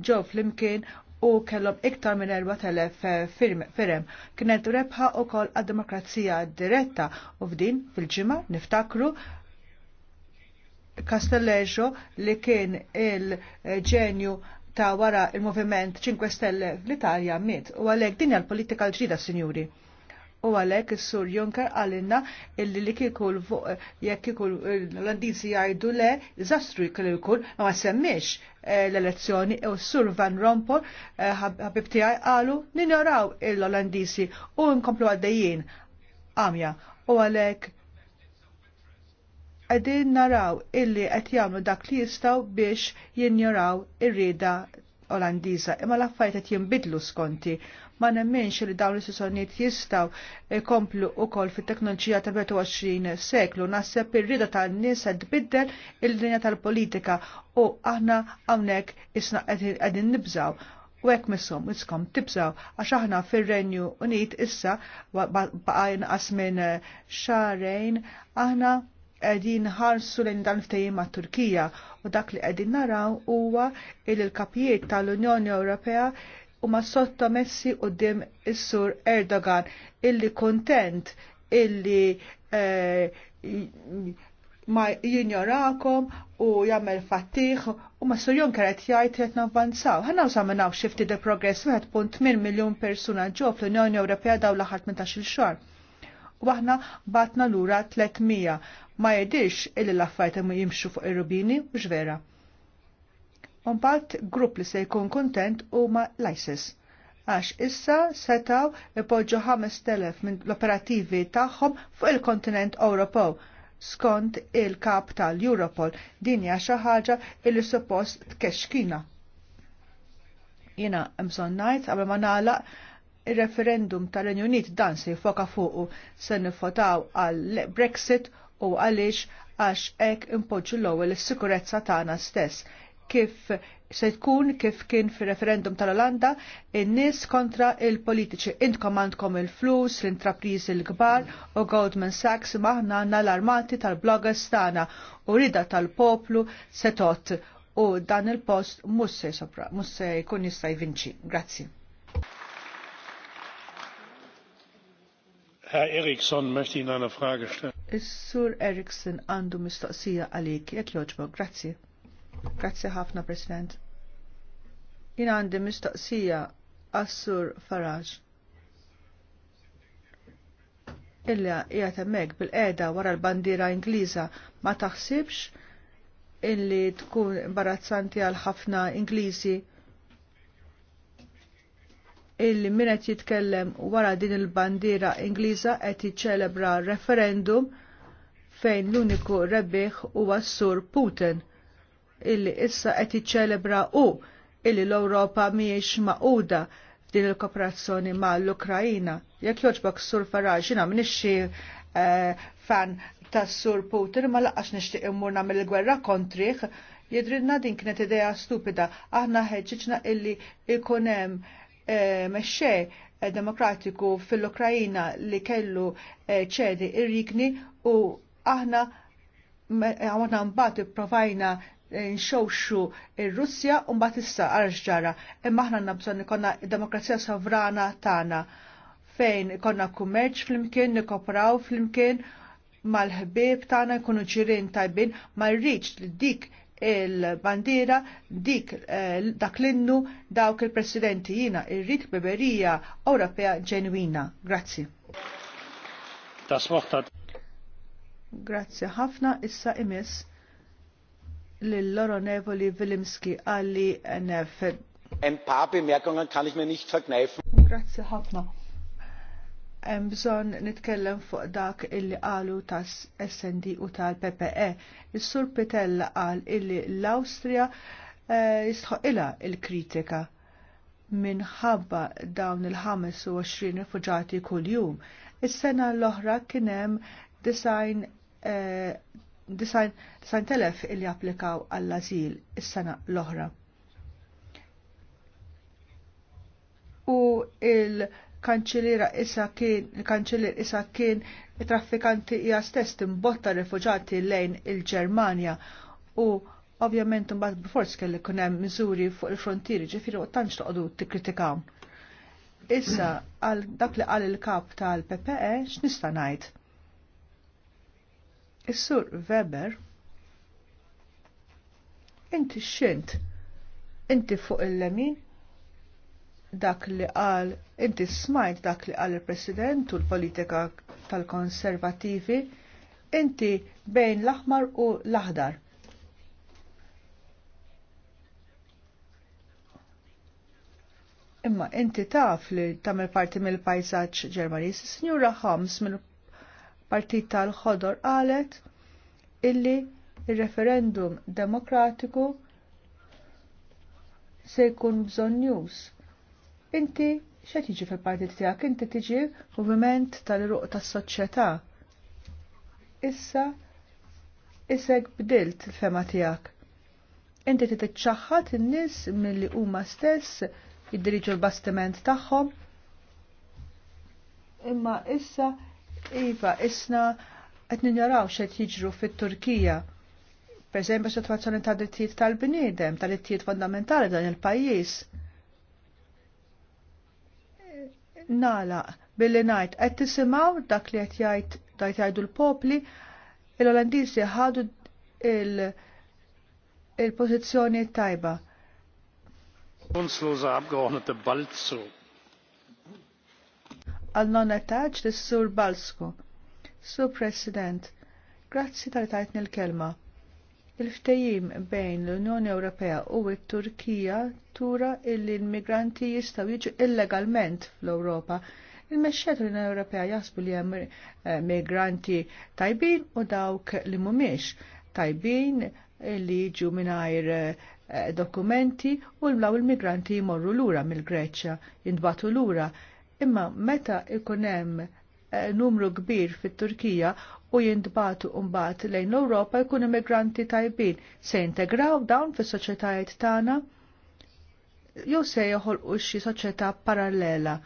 ġew flimkien u kellhom iktar minn 4000 eh, firem. Kienet rebħa wkoll għad-demokrazija diretta u f'din fil-ġimgħa niftakru Castelleggio li kien il-ġenju ta' wara il-moviment 5 Stelle fl-Italja miet u għalhekk din hija l-politika l ġida sinjuri u għalek il-sur Junker għalinna illi li kikul eh, jekk kikul l-Olandizi jgħidu le, dizastru jkun kul ma semmix eh, l-elezzjoni u sur Van Rompol eh, ħabib tiegħi qalu ninjoraw l-Olandizi u nkomplu għaddejjin għamja u għalek għedin naraw illi qed jagħmlu dak li jistgħu biex jinjoraw ir-rieda Olandiża imma laffajt affarijiet qed jinbidlu skonti ma nemmenx li dawn l-istituzzjonijiet jistgħu jkomplu wkoll fit-teknoloġija tal-21 seklu. Naħseb ir-rida tan-nies qed tbiddel il-linja tal-politika u aħna hawnhekk isna qegħdin nibżgħu u hekk missom iskom tibżaw għax aħna fir-Renju Unit issa baqa' inqas minn eh, xarejn aħna qegħdin ħarsu lejn dan ftehim mat Turkija u dak li qegħdin naraw huwa il kapijiet tal-Unjoni Ewropea u ma sottomessi u dim il-sur Erdogan illi kontent illi eh, ma jignorakom u jammel fattiħ u ma sur Juncker qed jgħid qed navvanzaw. Ħa nawsa ma nafx fifti de progress 1.1 miljon persuna ġo fl-Unjoni Ewropea daw l-aħħar taċ il xahar. U aħna batna lura 300 ma jedix illi l-affarijiet jimxu fuq ir-rubini u vera unbat grupp li se jkun kontent huma ma isis għax issa setaw ipoġġu 5.000 minn l-operativi tagħhom fuq il-kontinent Ewropew skont il-kap tal-Europol din hija xi ħaġa li suppost tkexxkina. Jiena mson ngħid qabel ma nagħlaq ir-referendum tal-Renju Unit dan se jfoka fuqu se nifotaw għal Brexit u għaliex għax hekk impoġġu l-ewwel is-sikurezza tagħna stess kif se tkun kif kien fir referendum tal-Olanda in-nies kontra il-politiċi. Intkom għandkom il-flus, l-intrapriżi l-kbar u Goldman Sachs maħna għandna l-armati tal-bloggers tagħna u rida tal-poplu se tot u dan il-post mhux se sopra, mhux se jkun jista' jvinċi. Grazzi. Herr Eriksson möchte Ihnen eine Frage stellen. Is-Sur Eriksson għandu mistoqsija għalik, jekk joġbok, grazzi. Grazzi ħafna, President. Jina għandi mistoqsija għassur Faraj. Illa jgħat emmek bil-qeda wara l-bandira Ingliża ma taħsibx illi tkun imbarazzanti għal ħafna Ingliżi illi min qed jitkellem wara din il-bandiera Ingliża qed jiċċelebra referendum fejn l-uniku rebbieħ huwa s-sur Putin illi issa qed iċċelebra u illi l-Ewropa mhijiex maquda din il-kooperazzjoni ma' l-Ukrajina. Jekk joġbok sur Farage, jina minixxi eh, fan tas sur Putin ma laqax nixtieq immurna mill gwerra kontriħ, jidrinna din kienet idea stupida. Aħna ħeġġiġna illi ikun hemm uh, demokratiku fil-Ukrajina li kellu ċedi uh, irrikni u aħna għamotna mbagħad ipprovajna nxowxu il-Russja un bat issa għarx ġara. Imma aħna nabżon ikonna demokrazija sovrana tagħna fejn ikonna kummerċ flimkien, fl flimkien mal-ħbib tagħna jkunu ġirien tajbin, ma rridx li dik il-bandira dik eh, dak l-innu dawk il-presidenti jina il il beberija Ewropea ġenwina. Grazzi. Grazzi ħafna issa imis l-Loronevoli Vilimski għalli NF. Ein paar Bemerkungen kann ich mir nicht verkneifen. Grazie ħafna. Hemm bżonn nitkellem fuq dak illi qalu tas SND u tal-PPE. Is-Sur Pitella qal illi l-Awstrija eh, jistħoqilha il-kritika minħabba dawn il-25 rifuġati kuljum. Is-sena l-oħra kien hemm design eh, telef illi applikaw għall-azil is-sena l-oħra. U il-kanċilira isa kien, il-kanċilir isa kien traffikanti hija stess timbotta rifuġati lejn il-Ġermanja u ovvjament mbagħad fors kelli kun hemm miżuri fuq il-frontieri ġifieri u tantx toqgħdu tikkritikaw. Issa għal dak li qal il-kap tal-PPE x'nista' ngħid? Is-sur Weber, inti xint, inti fuq il-lemin, dak li qal, inti smajt dak li qal il-President u l-politika tal-konservativi, inti bejn l-aħmar u l-aħdar. Imma inti taf li tamil parti mill pajsaċ Ġermanis, Signora Homs mill partit tal-ħodor qalet illi il-referendum demokratiku se jkun bżonjus. Inti xa tiġi fil-partit tijak, inti tiġi moviment tal-ruq tas soċjetà Issa, isek bdilt il-fema tijak. Inti titċaħħat in-nis mill-li huma stess jiddiriġu l-bastiment tagħhom. Imma issa Iva, isna qed ninjaraw xed jiġru fit-Turkija. Per eżempju, situazzjoni ta' drittijiet tal-bniedem, ta' drittijiet fondamentali dan il-pajjiż. Nala, billi ngħid qed tisimgħu dak li qed jgħid tajt jgħidu l-popli, il-Olandiżi ħadu il-pożizzjoni tajba. Kunstloser Abgeordnete balzu għal non attached is-Sur Balsku. Sur President, grazzi tal-tajtni l-kelma. Il-ftejim bejn l-Unjoni Ewropea u t-Turkija tura illi l-migranti jistaw jiġu illegalment fl-Ewropa. Il-mexxet l-Unjoni Ewropea jasbu li hemm eh, migranti tajbin u dawk li mhumiex tajbin li jiġu mingħajr eh, dokumenti u l il-migranti jmorru lura mill-Greċja, jintbatu lura. Imma meta ikunem hemm eh, numru kbir fit-Turkija u jintbatu umbat lejn l-Ewropa jkun immigranti tajbin se integraw dawn fis soċjetajiet tagħna jew se joħolqu xi soċjetà parallela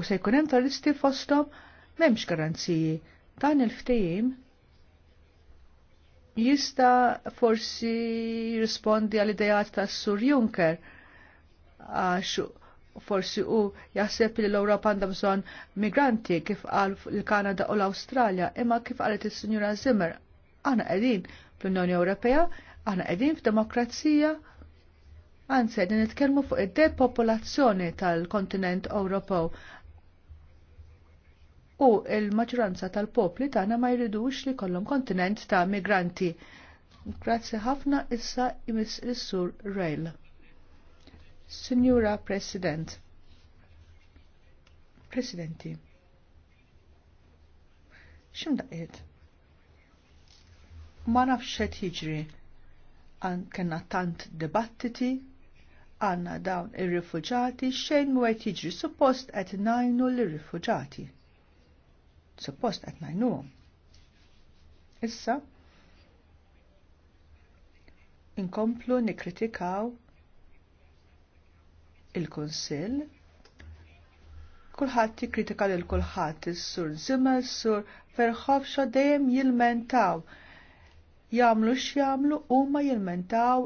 u se jkun hemm turisti fosthom m'hemmx garanziji. Dan il-ftehim jista' forsi jirrispondi għal idejat tas Sur Juncker għax forsi u jaħseb li l-Ewropa għandha bżonn migranti kif qal il-Kanada u l-Awstralja, imma kif għalet is-Sinjura Zimmer, għana għedin fl-Unjoni Ewropea, aħna qegħdin f'demokrazija, għedin it nitkellmu fuq id-depopolazzjoni tal-kontinent Ewropew. U il-maġranza tal-popli tagħna ma jridux li kollhom kontinent ta' migranti. Grazzi ħafna issa imis is-sur Rail. Signora President, Presidenti, ximdaqiet? Ma nafx jiġri, għan kena tant dibattiti, għanna dawn ir-rifuġati xejn mu għet jiġri suppost għet najnu l-rifuġati. Suppost għet najnu. Issa, inkomplu nikritikaw il-Konsil. Kulħadd jikkritika lil kulħadd is-Sur Zimmer, sur Ferħofxa dejjem jilmentaw. Jagħmlu x'jagħmlu huma jilmentaw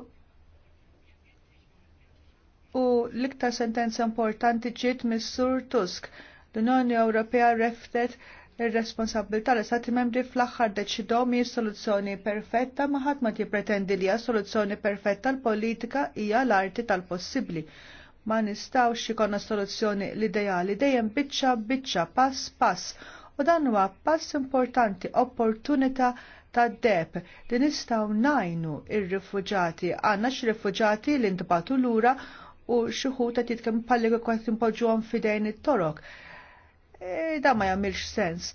u l-iktar sentenza importanti ġiet mis-Sur Tusk. L-Unjoni Ewropea reftet ir-responsabilità li stati membri fl-aħħar deċidew mi soluzzjoni perfetta ma ħadd ma tippretendi li hija soluzzjoni perfetta l-politika hija l-arti tal-possibbli ma nistawx ikonna soluzzjoni l-ideali dejjem biċċa biċċa pass pass u dan huwa pass importanti opportunità ta' deb li nistaw najnu ir-rifuġati għandna x-rifuġati li ntbatu lura u xuħuta titkem palli kwa għom fidejn it-torok. E, da ma jagħmilx sens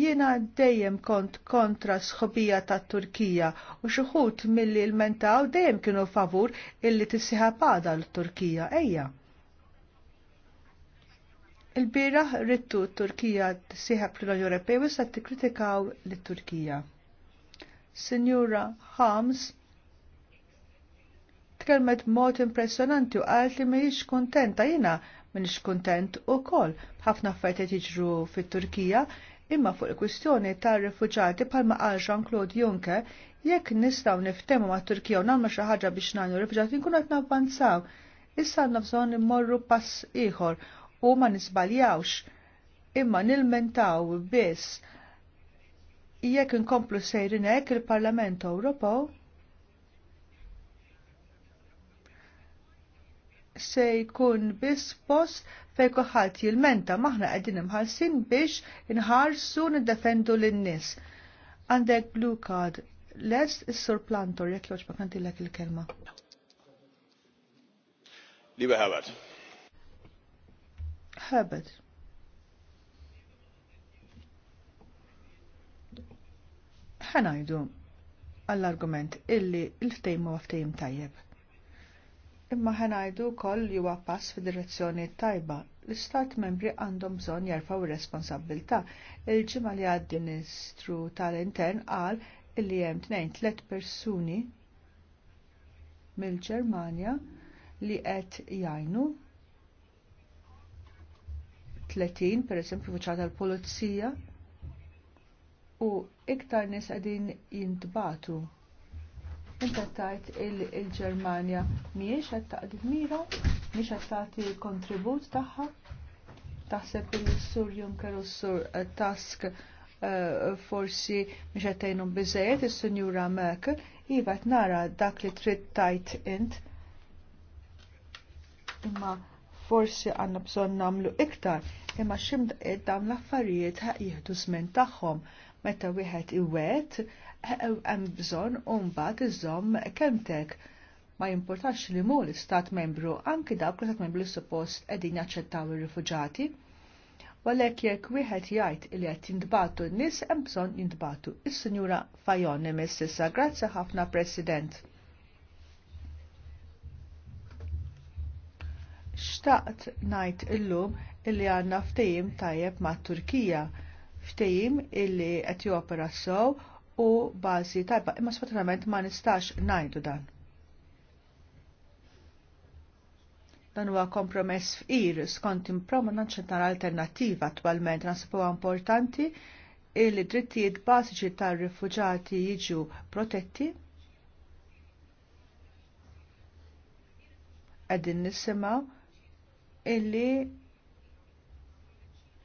Jiena dejjem kont kontra sħobija ta' Turkija u xuħut mill-li l mentaw dejjem kienu favur illi tissiħapada l-Turkija ejja. il bira rittu Turkija tissiħab l-Unjoni Ewropea u sa' tikkritikaw l-Turkija. Sinjura Hams tkellmet mod impressjonanti u qalt li mhijiex kontenta jiena minix kontent u kol. ħafna affarijiet jiġru fit-Turkija Imma fuq il-kwistjoni tar-rifuġati palma qal Jean-Claude Juncker, jekk nistgħu niftemu mat Turkija u nagħmlu xi ħaġa biex nagħmlu rifuġati nkunu qed navvanzaw. Issa għandna bżonn immorru pass ieħor u ma nisbaljawx imma nilmentaw biss jekk inkomplu sejrin hekk il-Parlament Ewropew se jkun biss post fej kuħat jilmenta maħna qegħdin imħallsin biex inħarsu niddefendu lin-nies. Għandek blue card. less is surplantor Plantor jekk jogħġbok għandilek il-kelma. Liebe Herbert. Herbert. ħanajdu għall-argument illi il-ftejmu għaftejm tajjeb imma ħanajdu koll li huwa pass fid-direzzjoni tajba. L-Istat membri għandhom bżonn jarfaw responsabilta. Il-ġimgħa li għad ministru tal-Intern qal illi hemm tnejn tliet persuni mill-Ġermanja li qed jgħinu 30 pereżempju fuċċata tal-Pulizija u iktar nies qegħdin jintbatu Inta tajt il-Ġermanja miex qed taqdi mira, miex qed tagħti kontribut tagħha. Taħseb il-Sur Juncker u s-Sur eh, Task eh, forsi miex qed tgħinhom biżejjed is-Sinjura Merkel, iva qed nara dak li trid tajt int. Imma forsi għanna bżon namlu iktar, imma ximdaqiet dawn l-affarijiet jihdu żmien tagħhom meta wieħed iwet hemm bżonn u mbagħad iżomm kemtek ma jimportax li mu l-istat membru anki dawk l-istat membru li suppost qegħdin jaċċettaw ir-rifuġati. Walek jekk wieħed jgħid li qed jintbatu n-nies hemm bżonn jintbatu. Is-Sinjura Fajon imiss grazzi ħafna President. Xtaqt ngħid illum illi għandna ftehim tajjeb mat Turkija, ftehim illi qed jopera sew u bazi tajba, imma sfortunatament ma nistax ngħidu dan. dan huwa kompromess fqir skont improminanċ nar alternattiva attwalment nasib huwa importanti li drittijiet bażiċi tar-rifuġati jiġu protetti. Qegħdin nisimgħu illi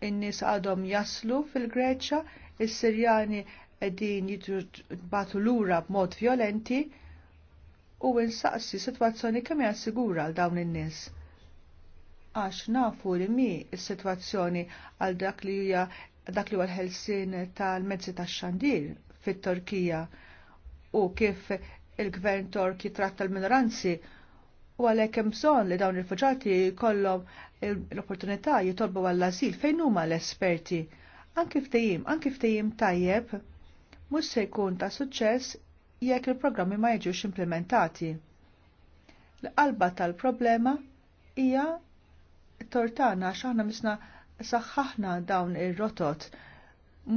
n nies għadhom jaslu fil-Greċja, is-Sirjani edin jitbatu lura b'mod violenti u insaqsi situazzjoni kemm hija sigura għal dawn in-nies. Għax nafu li mi s-situazzjoni għal dak li huwa dak li huwa l-ħelsien tal-mezzi tax-xandir fit-Turkija u kif il-gvern Torki tratta l-minoranzi u għalhekk hemm bżonn li dawn ir-rifuġati jkollhom l-opportunità jitolbu għall-asil fejn huma l-esperti. Anki ftehim, anki ftehim tajjeb mhux se jkun ta' suċċess jekk il-programmi ma jiġux implementati. L-qalba tal-problema hija tortana għax aħna misna saħħaħna dawn ir-rotot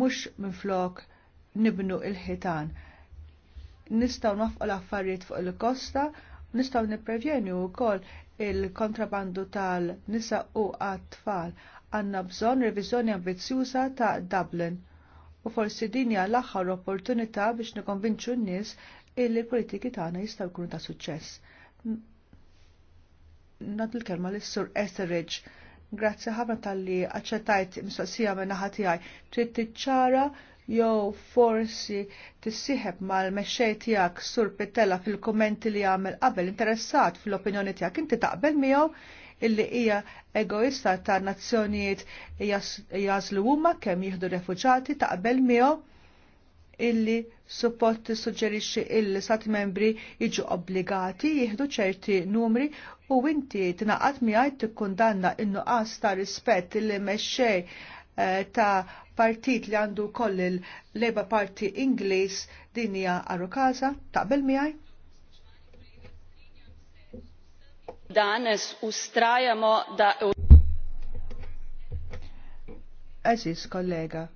mhux minflok nibnu il-ħitan. Nistgħu nafqu l-affarijiet fuq il-kosta, nistgħu nipprevjeni wkoll il-kontrabandu tal-nisa u għat-tfal. Għandna bżonn reviżjoni ambizzjuża ta' Dublin u forsi din hija l-aħħar opportunità biex nikonvinċu n-nies illi l-politiki tagħna jistgħu jkunu ta' suċċess. Nad l kelma lis sur Etheridge. Grazzi ħafna tal-li aċċettajt mistoqsija minn naħa tiegħi. Trid tiċċara jew forsi tissieħeb mal-mexxej tiegħek sur Pittella fil-kummenti li għamel qabel interessat fil-opinjoni tiegħek inti taqbel miegħu illi hija egoista ta' nazzjonijiet jażlu huma kemm jieħdu refuġati qabel miegħu illi suppost suġġerixxi il sat membri jiġu obbligati jieħdu ċerti numri u inti tinaqat miegħi tikkundanna in-nuqqas ta' rispett illi mexxej eh, ta' partit li għandu koll il-Leba Party Inglis dinja Arrokaza, taqbel miħaj? Danes ustrajamo da. Eżis, kollega,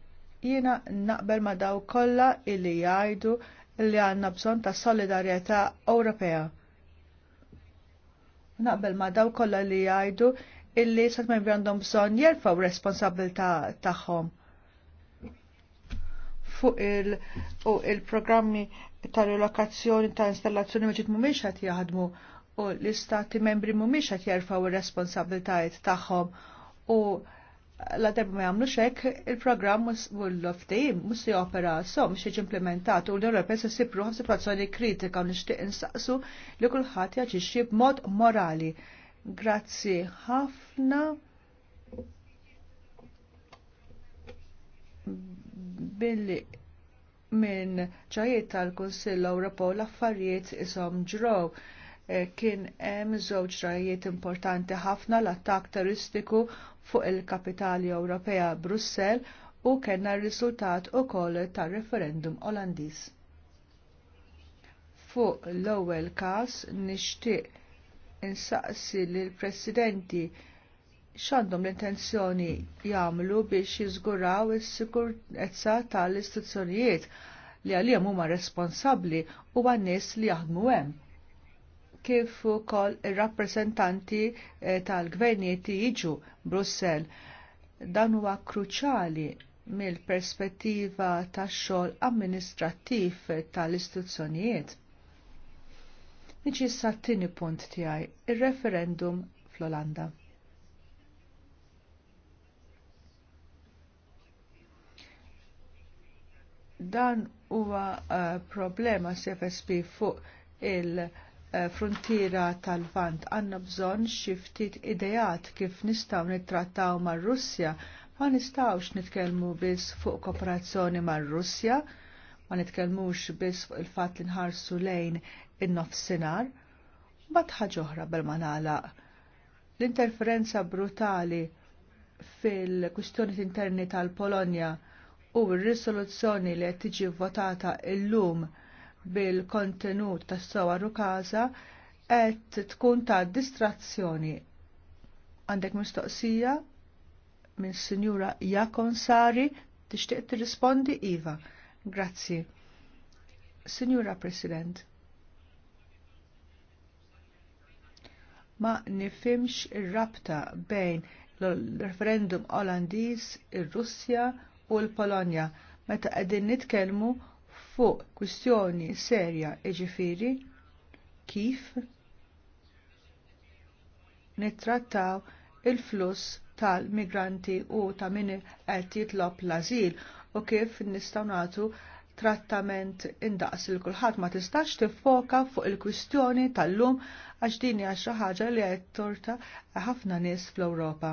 jiena naqbel ma daw kollha illi jgħidu li għandna bżonn ta' solidarjetà Ewropea. Naqbel ma daw kollha li jgħidu illi sat membri għandhom bżonn jerfgħu responsabilità tagħhom fuq il-programmi il ta' relokazzjoni ta' installazzjoni meġit mhumiex qed jaħdmu u l-istati membri mhumiex qed jerfgħu il responsabbiltajiet tagħhom u la darba ma jamlu hekk il-programm u l-ftehim mhux se jopera som xi implementat u l europa se sibru situazzjoni kritika u nixtieq insaqsu li kulħadd jaġixxi b'mod morali. Grazzi ħafna billi minn ċajiet tal-Kunsill Ewropew l-affarijiet ishom ġrow. Eh, kien hemm żewġ rajiet importanti ħafna l-attak terroristiku fuq il-Kapitali Ewropea Brussell u kellna r-riżultat ukoll tar-referendum Olandiż. Fuq l-ewwel każ nixtieq insaqsi lill presidenti x'għandhom l-intenzjoni jagħmlu biex jiżguraw is-sikurezza tal-istituzzjonijiet li għalihom huma responsabbli u għan-nies li jaħdmu hemm kif ukoll ir-rappreżentanti eh, tal-gvernijiet jiġu Brussell. Dan huwa kruċjali mill-perspettiva tax-xogħol amministrattiv tal-istituzzjonijiet. Niġi issa t-tieni punt tiegħi, ir-referendum fl-Olanda. Dan huwa uh, problema CFSP fuq il- frontiera tal għandna għanna bżon xiftit idejat kif nistaw nittrattaw mar russja ma nistawx nitkelmu biss fuq kooperazzjoni mar russja ma nitkelmux biss fuq il-fat li nħarsu lejn in-nofsinar, bat ħagħoħra bel-ma nagħlaq. L-interferenza brutali fil-kwistjoni interni tal-Polonja u r-risoluzzjoni li qed tiġi vvotata llum. lum bil-kontenut tas sowa rukaza qed tkun ta' distrazzjoni. Għandek mistoqsija minn Sinjura Jakon Sari tixtieq tirrispondi Iva. Grazzi. Sinjura President. Ma nifimx ir-rabta bejn l-referendum Olandiż, ir-Russja u l-Polonja meta qegħdin nitkellmu fuq kwistjoni serja iġifiri kif nittrattaw il-fluss tal-migranti u ta' min qed jitlob l-azil u kif nistgħu nagħtu trattament indaqs il kulħadd ma tistax tiffoka fuq il-kwistjoni tal-lum għax din hija xi ħaġa li qed torta ħafna nies fl-Ewropa.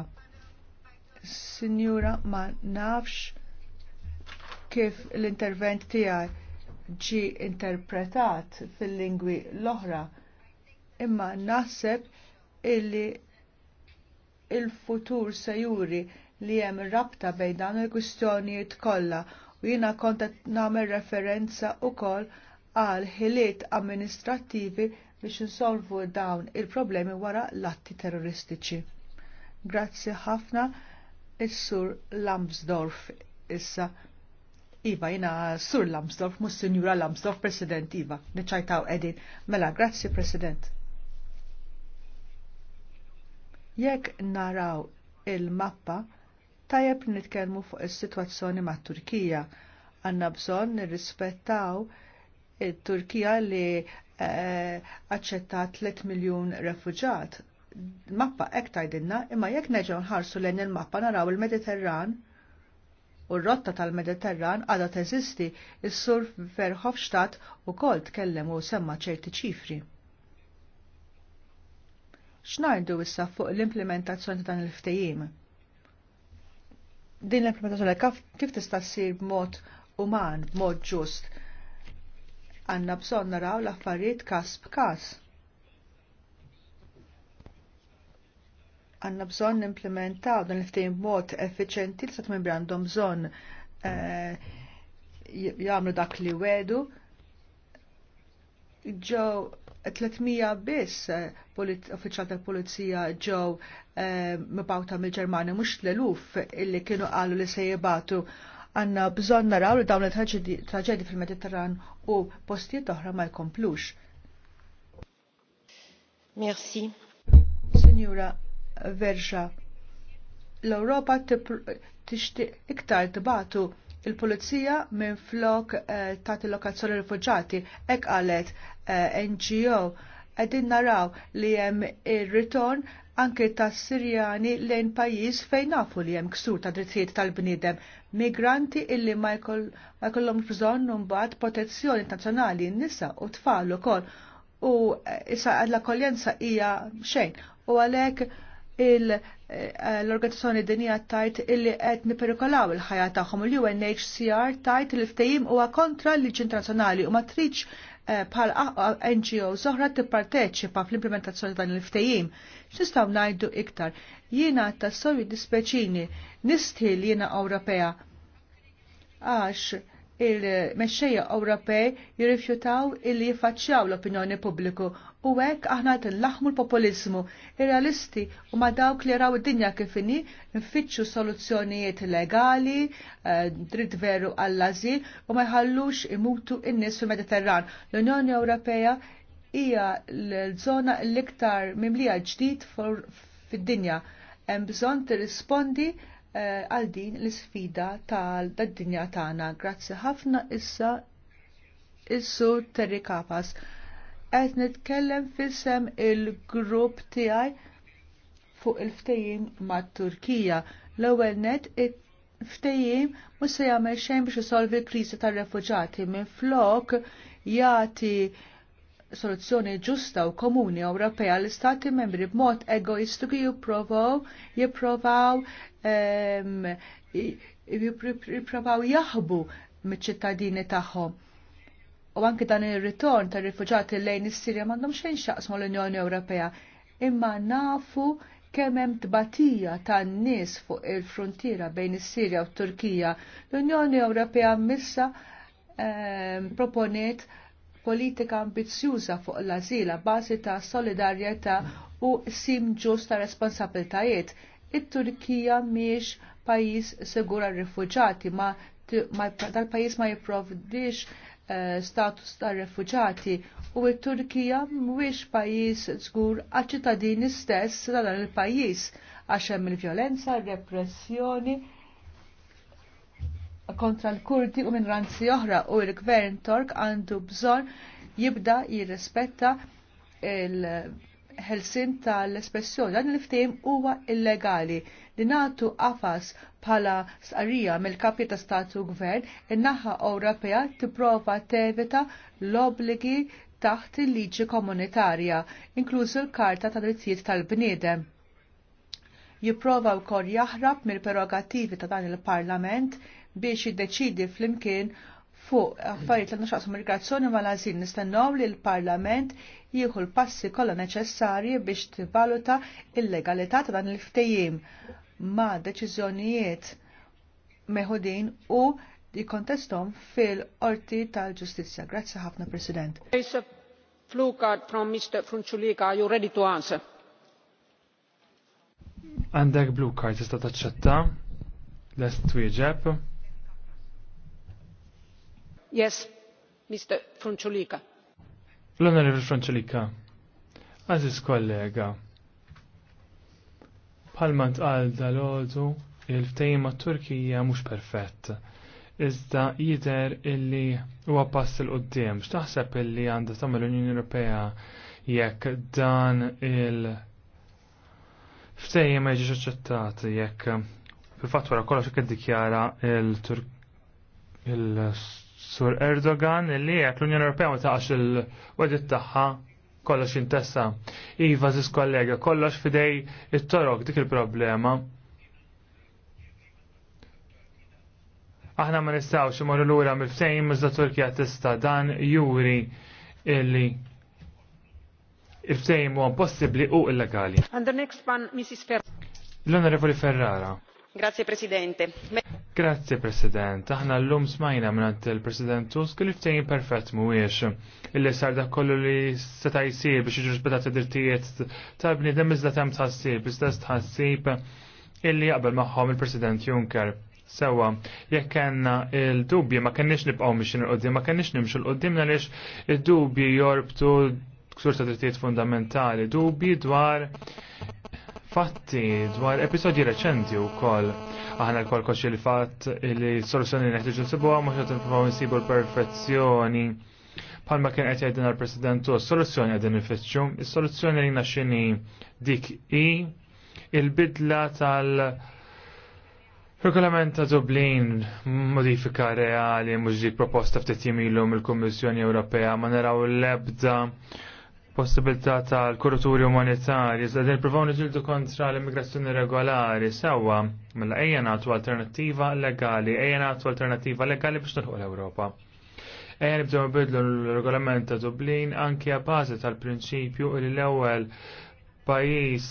Sinjura ma nafx kif l-intervent tiegħi ġi interpretat fil-lingwi l-oħra imma naħseb illi il-futur se juri li hemm rabta bejn dawn il-kwistjonijiet kollha u jiena kont qed nagħmel referenza wkoll għal ħiliet amministrattivi biex insolvu dawn il-problemi wara l-atti terroristiċi. Grazzi ħafna is-sur Lambsdorff issa. Iva, jina Sur Lamsdorf, mus Lamsdorf, President Iva, neċajtaw edin. Mela, grazzi, President. Jekk naraw il-mappa, tajjeb nitkellmu fuq is-sitwazzjoni mat Turkija. Għanna bżonn nirrispettaw il-Turkija li eh, aċċettat 3 miljun refuġat. Mappa ek tajdinna, imma jekk neġgħu nħarsu lejn il-mappa naraw il-Mediterran, il mediterran u r-rotta tal-Mediterran għadha teżisti is-sur Verhofstadt u kol tkellem u semma ċerti ċifri. Xnajdu issa fuq l-implementazzjoni dan il ftejim Din l-implementazzjoni kif tista' ssir b'mod uman, b'mod ġust? Għanna bżonn naraw l-affarijiet każ b'każ għanna bżon implementaw dan il-ftejn mod effiċenti li satmen għandhom bżon eh, jagħmlu dak li wedu. Ġew 300 biss eh, uffiċjal tal-Pulizija ġew eh, mibawta mill ġermani mhux l-eluf illi kienu qalu li se jibatu għanna bżon naraw li dawn il-traġedi fil-Mediterran u postijiet oħra ma jkomplux. Merci. Signora verxa. L-Europa tixtieq iktar tibatu il-pulizija minn flok eh, tagħti lokazzjoni rifugġati, hekk qalet eh, NGO għedin naraw li hemm ir-ritorn anke tas Sirjani lejn pajjiż fejn nafu li hemm ksur ta' drittijiet tal-bniedem, migranti illi ma jkollhom bżonn mbagħad protezzjoni nazzjonali n-nisa u tfal ukoll u eh, issa l-akkoljenza hija xejn u għalhekk l-organizzazzjoni dinija tajt illi qed niperikolaw il-ħajja tagħhom l-UNHCR tajt li ftehim huwa kontra l-liġi internazzjonali u ma tridx eh, bħal NGO oħra tipparteċipa fl-implementazzjoni dan il-ftehim. X'nistgħu ngħidu iktar? Jiena sorri dispeċini nisti jiena Ewropea għax il-mexxejja Ewropej jirrifjutaw illi jiffaċċjaw l-opinjoni pubbliku u hekk aħna qed l-populizmu ir-realisti u ma dawk li raw id-dinja kif inhi nfittxu soluzzjonijiet legali, eh, dritt veru għall-ażil u ma jħallux imutu in-nies fil-Mediterran. L-Unjoni Ewropea hija l-żona l-iktar mimlija ġdid fid-dinja. Hemm bżonn tirrispondi Eh, għal din l-sfida tal-dinja tagħna. Grazzi ħafna issa issu Terry Kapas. Qed nitkellem fissem il-grupp tiegħi fuq il-ftejim mat Turkija. L-ewwel net ftejim mhux se jagħmel xejn biex isolvi l-kriżi tar-refuġati minflok jagħti soluzzjoni ġusta u komuni Ewropea l istati membri b'mod egoistiku jipprovaw jipprovaw jipprovaw jaħbu mit-ċittadini tagħhom. U anke dan ir-ritorn tar rifuġati lejn is-Sirja m'għandhom xejn xaqsmu l-Unjoni Ewropea, imma nafu kemm hemm tbatija tan-nies fuq il-frontiera bejn is-Sirja u t-Turkija. L-Unjoni Ewropea missa eh, proponiet politika ambizzjuża fuq l-azila bażi ta' solidarjetà u sim ġust ta' responsabiltajiet it-Turkija miex pajis segura rifuġati, ma, ma dal-pajis ma jiprovdix eh, status ta' rifuġati u it-Turkija mhuwiex pajis żgur għaċ-ċittadini stess ta' dan il-pajis għax hemm il-vjolenza, repressjoni kontra l-Kurdi u minranzi oħra u l-gvern Tork għandu bżonn jibda jirrespetta il- ħelsin tal-espressjoni dan il-ftehim huwa illegali li natu qafas bħala sqarrija mill kapi ta' statu gvern in-naħa Ewropea tipprova tevita l-obligi taħt il-liġi komunitarja, inklużu l karta ta' Drittijiet tal-Bniedem. Jipprova wkoll jaħrab mill-prerogattivi ta' dan il-Parlament biex jiddeċidi flimkien fuq affarijiet li naxaqsu migrazzjoni ma l-azil nistennew li l-Parlament jieħu l-passi kollha neċessarji biex tivaluta l legalità ta' dan il-ftejjim ma' deċiżjonijiet meħudin u jikontestom fil-qorti tal-ġustizzja. Grazzi ħafna, President. Blue card from Mr. Frunzulika, are you ready to answer? Għandek blue card tista' taċċetta lest twieġeb. Yes, Mr. Frunzulika. L-Onorevole Frunzulika, Aziz kollega, palmant għal dal-ħodu il-ftejim Turkija mhux perfett. Iżda jidher illi huwa pass il qoddim x'taħseb illi għandha tagħmel l-Unjoni Ewropea jekk dan il- ftejjem ma jiġix aċċettat jekk fil fat wara kollox iddikjara il-Turk il Sur Erdogan li jek l-Unjoni Ewropea ma taqax il-wedit tagħha kollox intessa. Iva ziz kollega, kollox fidej it-torok dik il-problema. Aħna ma nistgħux imorru lura mill-ftejn Turkija tista' dan juri illi il-ftejn huwa possibbli u illegali. And the next one, Mrs. Ferrara. L-Onorevoli Ferrara. Grazie Presidente. President. Aħna l-lum smajna minnant il-President Tusk li ftejn perfett mhuwiex. Illi sar dak kollu li seta' jsir biex jiġu t dirtijiet ta' bniedem iżda hemm tħassib, iżda tħassib illi jaqbel magħhom il-President Juncker. Sewa, jekk kena il-dubji ma kennix nibqaw miex il-qoddim, ma kennix nimx l-qoddim għaliex il dubji jorbtu ksur ta' drittijiet fundamentali, dubji dwar fatti dwar episodji reċenti u koll. Aħna l-koll koċi li fatt li soluzzjoni neħtiġu nsibuha mhux qed nipprovaw nsibu l-perfezzjoni. Palma kien qed jgħidin għall presidentu u s-soluzzjoni qegħdin nifittxu, is-soluzzjoni li naxxini dik i il-bidla tal- Regolament ta' Dublin modifika reali mhux proposta ftit jimilhom il-Kummissjoni Ewropea ma naraw l-ebda possibilità tal-kuraturi umanitarji, iżda din provaw niġildu kontra l-immigrazzjoni regolari, sewa, mela ejja nagħtu alternattiva legali, ejja nagħtu alternattiva legali biex nilħu l-Ewropa. Ejja nibdew bidlu l-regolament ta' Dublin anki għabażi tal-prinċipju li l-ewwel pajis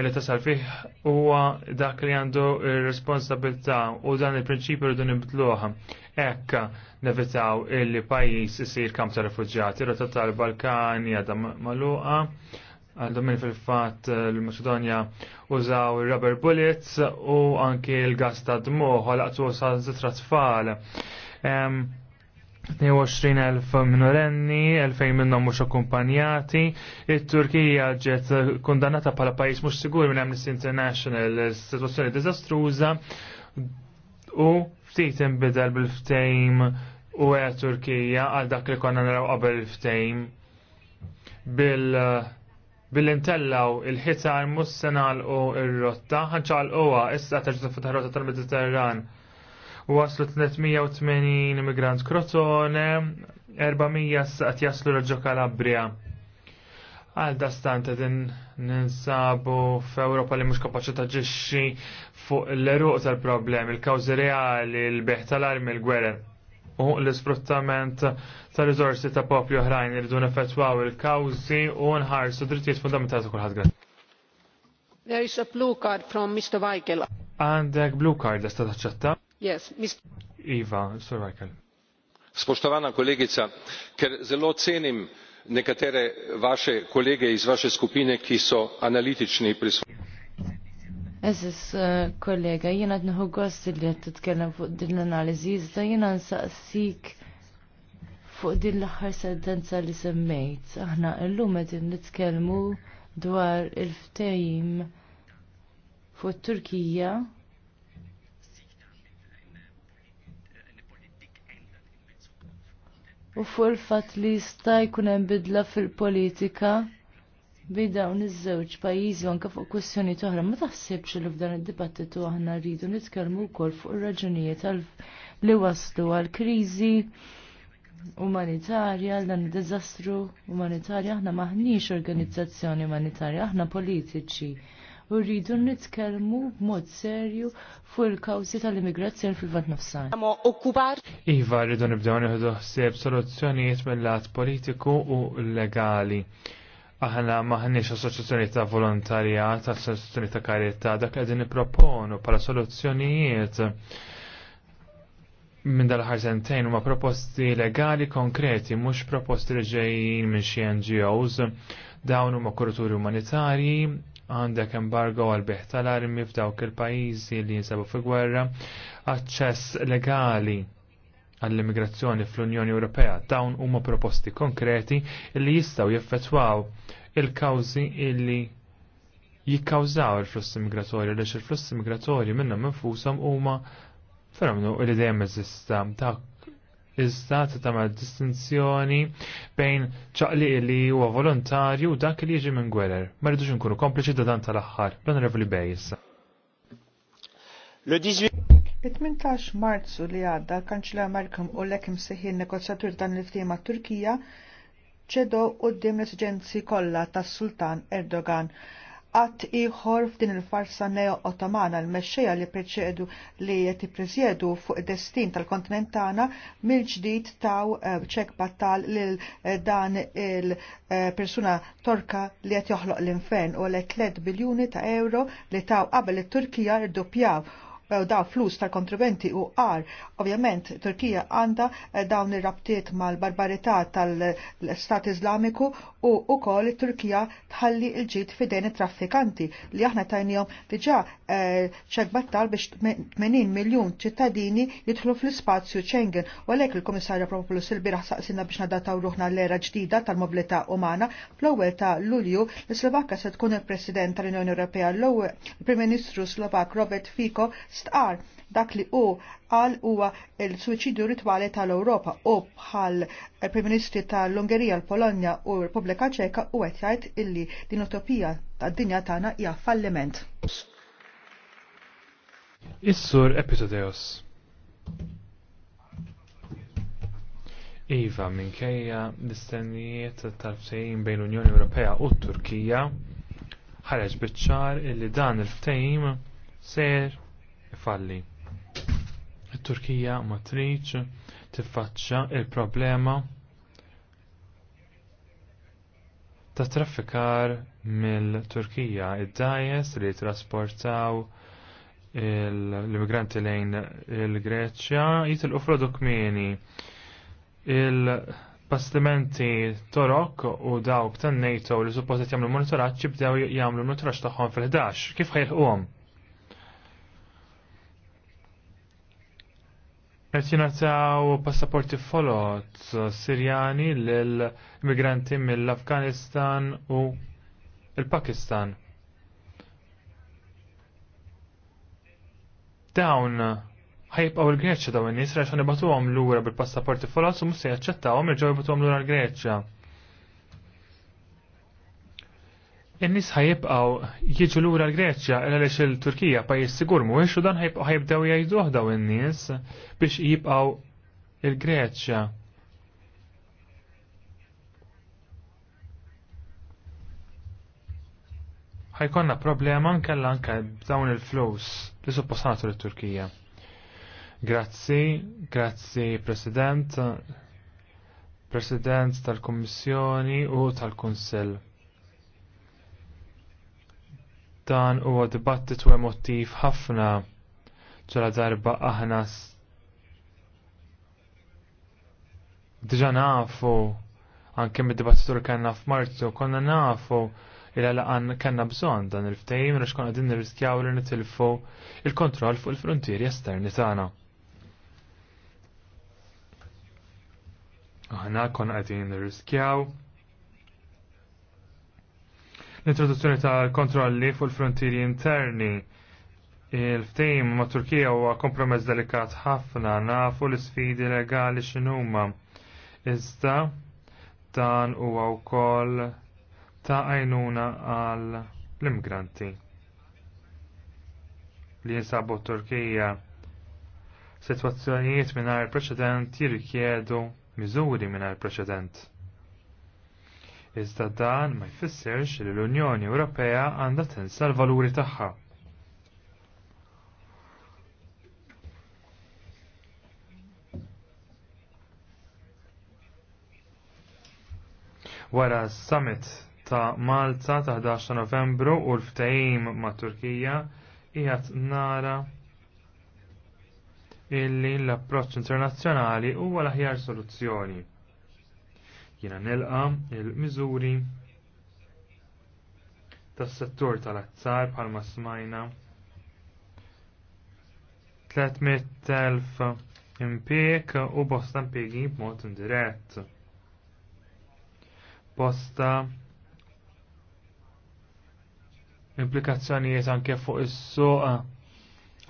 li tasal fih huwa dak li għandu responsabilità u dan il-prinċipju rridu nibdluħ. Ekk nevitaw illi pajis isir kam ta' refugġati, rota tal-Balkani għadha maluqa, għandhom minn fil-fat l-Macedonia użaw il rubber bullets u anki l-gas ta' dmuħ għal-għatu sa' zitra tfal. 22.000 minorenni, 2000 minnhom mhux akkumpanjati. il turkija ġiet kundannata bħala pajjiż mhux sigur minn Amnesty International situazzjoni diżastruża u ftit inbidel bil-ftejm u għed Turkija għal dak li konna naraw qabel ftejm bil bil-intellaw il-ħitar mus senal u il-rotta ħanċal uwa issa terġu fil-rotta tal-Mediterran waslu 380 immigrant krotone, 400 saqt jaslu l Kalabria. Għal stant din ninsabu f'Ewropa li mhux kapaċi taġixxi fuq l-eruq tal problem il-kawżi reali, l-beħ tal-armi, l-gwerer u l-isfruttament ta' rizorsi ta' popju oħrajn irridu neffettwaw il-kawżi u nħarsu drittijiet fundamentali ta' kulħadd There is a blue card from Mr. Weigel. Għandek blue card lesta taċċetta. Yes, Mr. Iva, Sorajkel. Spoštovana kolegica, ker zelo cenim nekatere vaše kolege iz vaše skupine, ki so analitični pri svojem. Eżis eh, kollega, jena t-nħu għost li t-tkellem fuq din l-analizi, iżda jena nsaqsik fuq din l-axar sentenza li semmejt. Aħna l-lum għedin nitkellmu dwar il-ftejim fuq Turkija u fuq il-fatt li jista' jkun hemm bidla fil-politika bejn dawn iż-żewġ pajjiżi anke fuq kwistjoni oħra ma taħsibx li f'dan id-dibattitu aħna rridu nitkellmu wkoll fuq ir-raġunijiet li waslu għal kriżi umanitarja għal dan id-diżastru umanitarja aħna maħniex organizzazzjoni umanitarja aħna politiċi u rridu nitkellmu b'mod serju fuq il-kawżi tal-immigrazzjoni fil Ma okkupar? Iva rridu nibdew nieħdu ħsieb soluzzjonijiet mill-lat politiku u legali. Aħna maħniex assoċjazzjoni ta' volontarjat, assoċjazzjoni ta' karità, dak qegħdin nipproponu bħala soluzzjonijiet minn dal-ħarsentejn huma proposti legali konkreti, mhux proposti li ġejjin minn xi NGOs, dawn huma kuraturi umanitarji, għandek embargo għal biħ tal-armi f'dawk il-pajjiżi li jinsabu fi gwerra, aċċess legali għall-immigrazzjoni fl-Unjoni Ewropea. Dawn huma proposti konkreti li jistgħu jeffettwaw il-kawżi illi jikkawżaw il-flussi migratorji għaliex il-flussi migratorji minnhom infushom huma fenomenu li dejjem eżista ta' iżda tagħmel distinzjoni bejn ċaqli li huwa volontarju u dak li jiġi minn gwerer. Ma rridux inkunu kompliċi da dan tal-aħħar. L-Onorevoli Bej issa. Il-18 Marzu li għadda l-Kanċilar Markham u l-ekim seħin negozjatur dan l-ftijema Turkija ċedo u d-dim l-esigenzi kollha tas-Sultan Erdogan għat iħor f'din il-farsa neo-ottomana l-mexxejja li preċedu li jeti preżjedu fuq destin tal kontinentana tagħna mill-ġdid taw eh, ċek battal lil eh, dan il-persuna eh, torka li qed joħloq l-infern u l-3 biljuni ta' euro li taw qabel it-Turkija rdoppjaw da flus tal-kontribenti u għar. Ovvjament, Turkija għanda eh, dawn ir-rabtiet mal-barbarità tal-Stat Islamiku u kol Turkija tħalli l-ġid fidejn traffikanti li aħna tajnijom diġa eh, ċekbattal biex 80 miljon ċittadini jidħlu fl-spazju Schengen. U għalhekk il-Komissarja Propolus il-biraħ saqsina biex nadataw ruħna l-era ġdida tal-mobilità umana fl-ewwel ta' Lulju l-Slovakka se tkun il-President tal-Unjoni Ewropea l-ewwel il-Prim Ministru Slovak Robert Fico stqar dak li u għal huwa il suċidju ritwali tal-Ewropa u bħal prim ministri tal-Ungerija, l-Polonja u Repubblika Ċeka u qed jgħid illi din utopija tad-dinja tagħna hija falliment. Is-sur Iva, minkejja l-istennijiet tal-ftehim bejn l-Unjoni Ewropea u t Turkija, ħareġ biċ-ċar illi dan il-ftehim ser Falli. Il-Turkija ma triċ tiffaċċa il-problema ta' traffikar mill-Turkija id-dajes li trasportaw l-immigranti lejn il-Greċja jitilqu frodokmini il-bastimenti torok u dawk tan-NATO li suppost jagħmlu monitoraġġ bdew jagħmlu monitoraġġ tagħhom fil-11. Kif ħejħuhom? Qed jingħataw passaporti folot Sirjani lil immigranti mill-Afganistan u l pakistan Dawn ħajbqaw il-Greċċa dawn in-nies għax nibatuhom lura bil-passaporti folot u mhux se jaċċettawhom irġgħu jibatuhom lura l-Greċċa. in-nies ħajibqgħu jiġu lura l-Greċja għaliex il-Turkija pajjiż sigur mhuwiex u dan ħajbdew jgħiduh daw in-nies biex jibqgħu il-Greċja. ħajkonna problema nkella anke dawn il-flus li suppostanatu l-Turkija. Grazzi, grazzi President, President tal-Kommissjoni u tal-Kunsell. Dan huwa dibattitu emottiv ħafna ġala darba aħna diġa nafu anke mid-dibattitu li f f'Marzu konna nafu il għan kanna bżon dan il-ftejim rax konna din nirriskjaw li nitilfu il-kontroll fuq il-frontieri esterni tagħna. Aħna konna qegħdin nirriskjaw l-introduzzjoni ta' kontrolli fuq il-frontieri interni. Il-ftejm ma' Turkija huwa kompromess delikat ħafna nafu l-sfidi legali x'inhuma. Iżda dan huwa wkoll ta' għajnuna għal l-immigranti li jinsabu Turkija situazzjonijiet mingħajr preċedent jirrikjedu miżuri mingħajr preċedent iżda dan ma jfissirx li l-Unjoni Ewropea għandha tinsa l-valuri tagħha. Wara s-summit ta' Malta ta' 11 Novembru u l-ftajim ma' Turkija qiegħed nara illi l-approċċ internazzjonali huwa l-aħjar soluzzjoni jina nelqa il-miżuri tas-settur tal-azzar bħalma smajna 300.000 impiek u bosta impiegi b'mod indirett. Bosta implikazzjonijiet anke fuq is-suq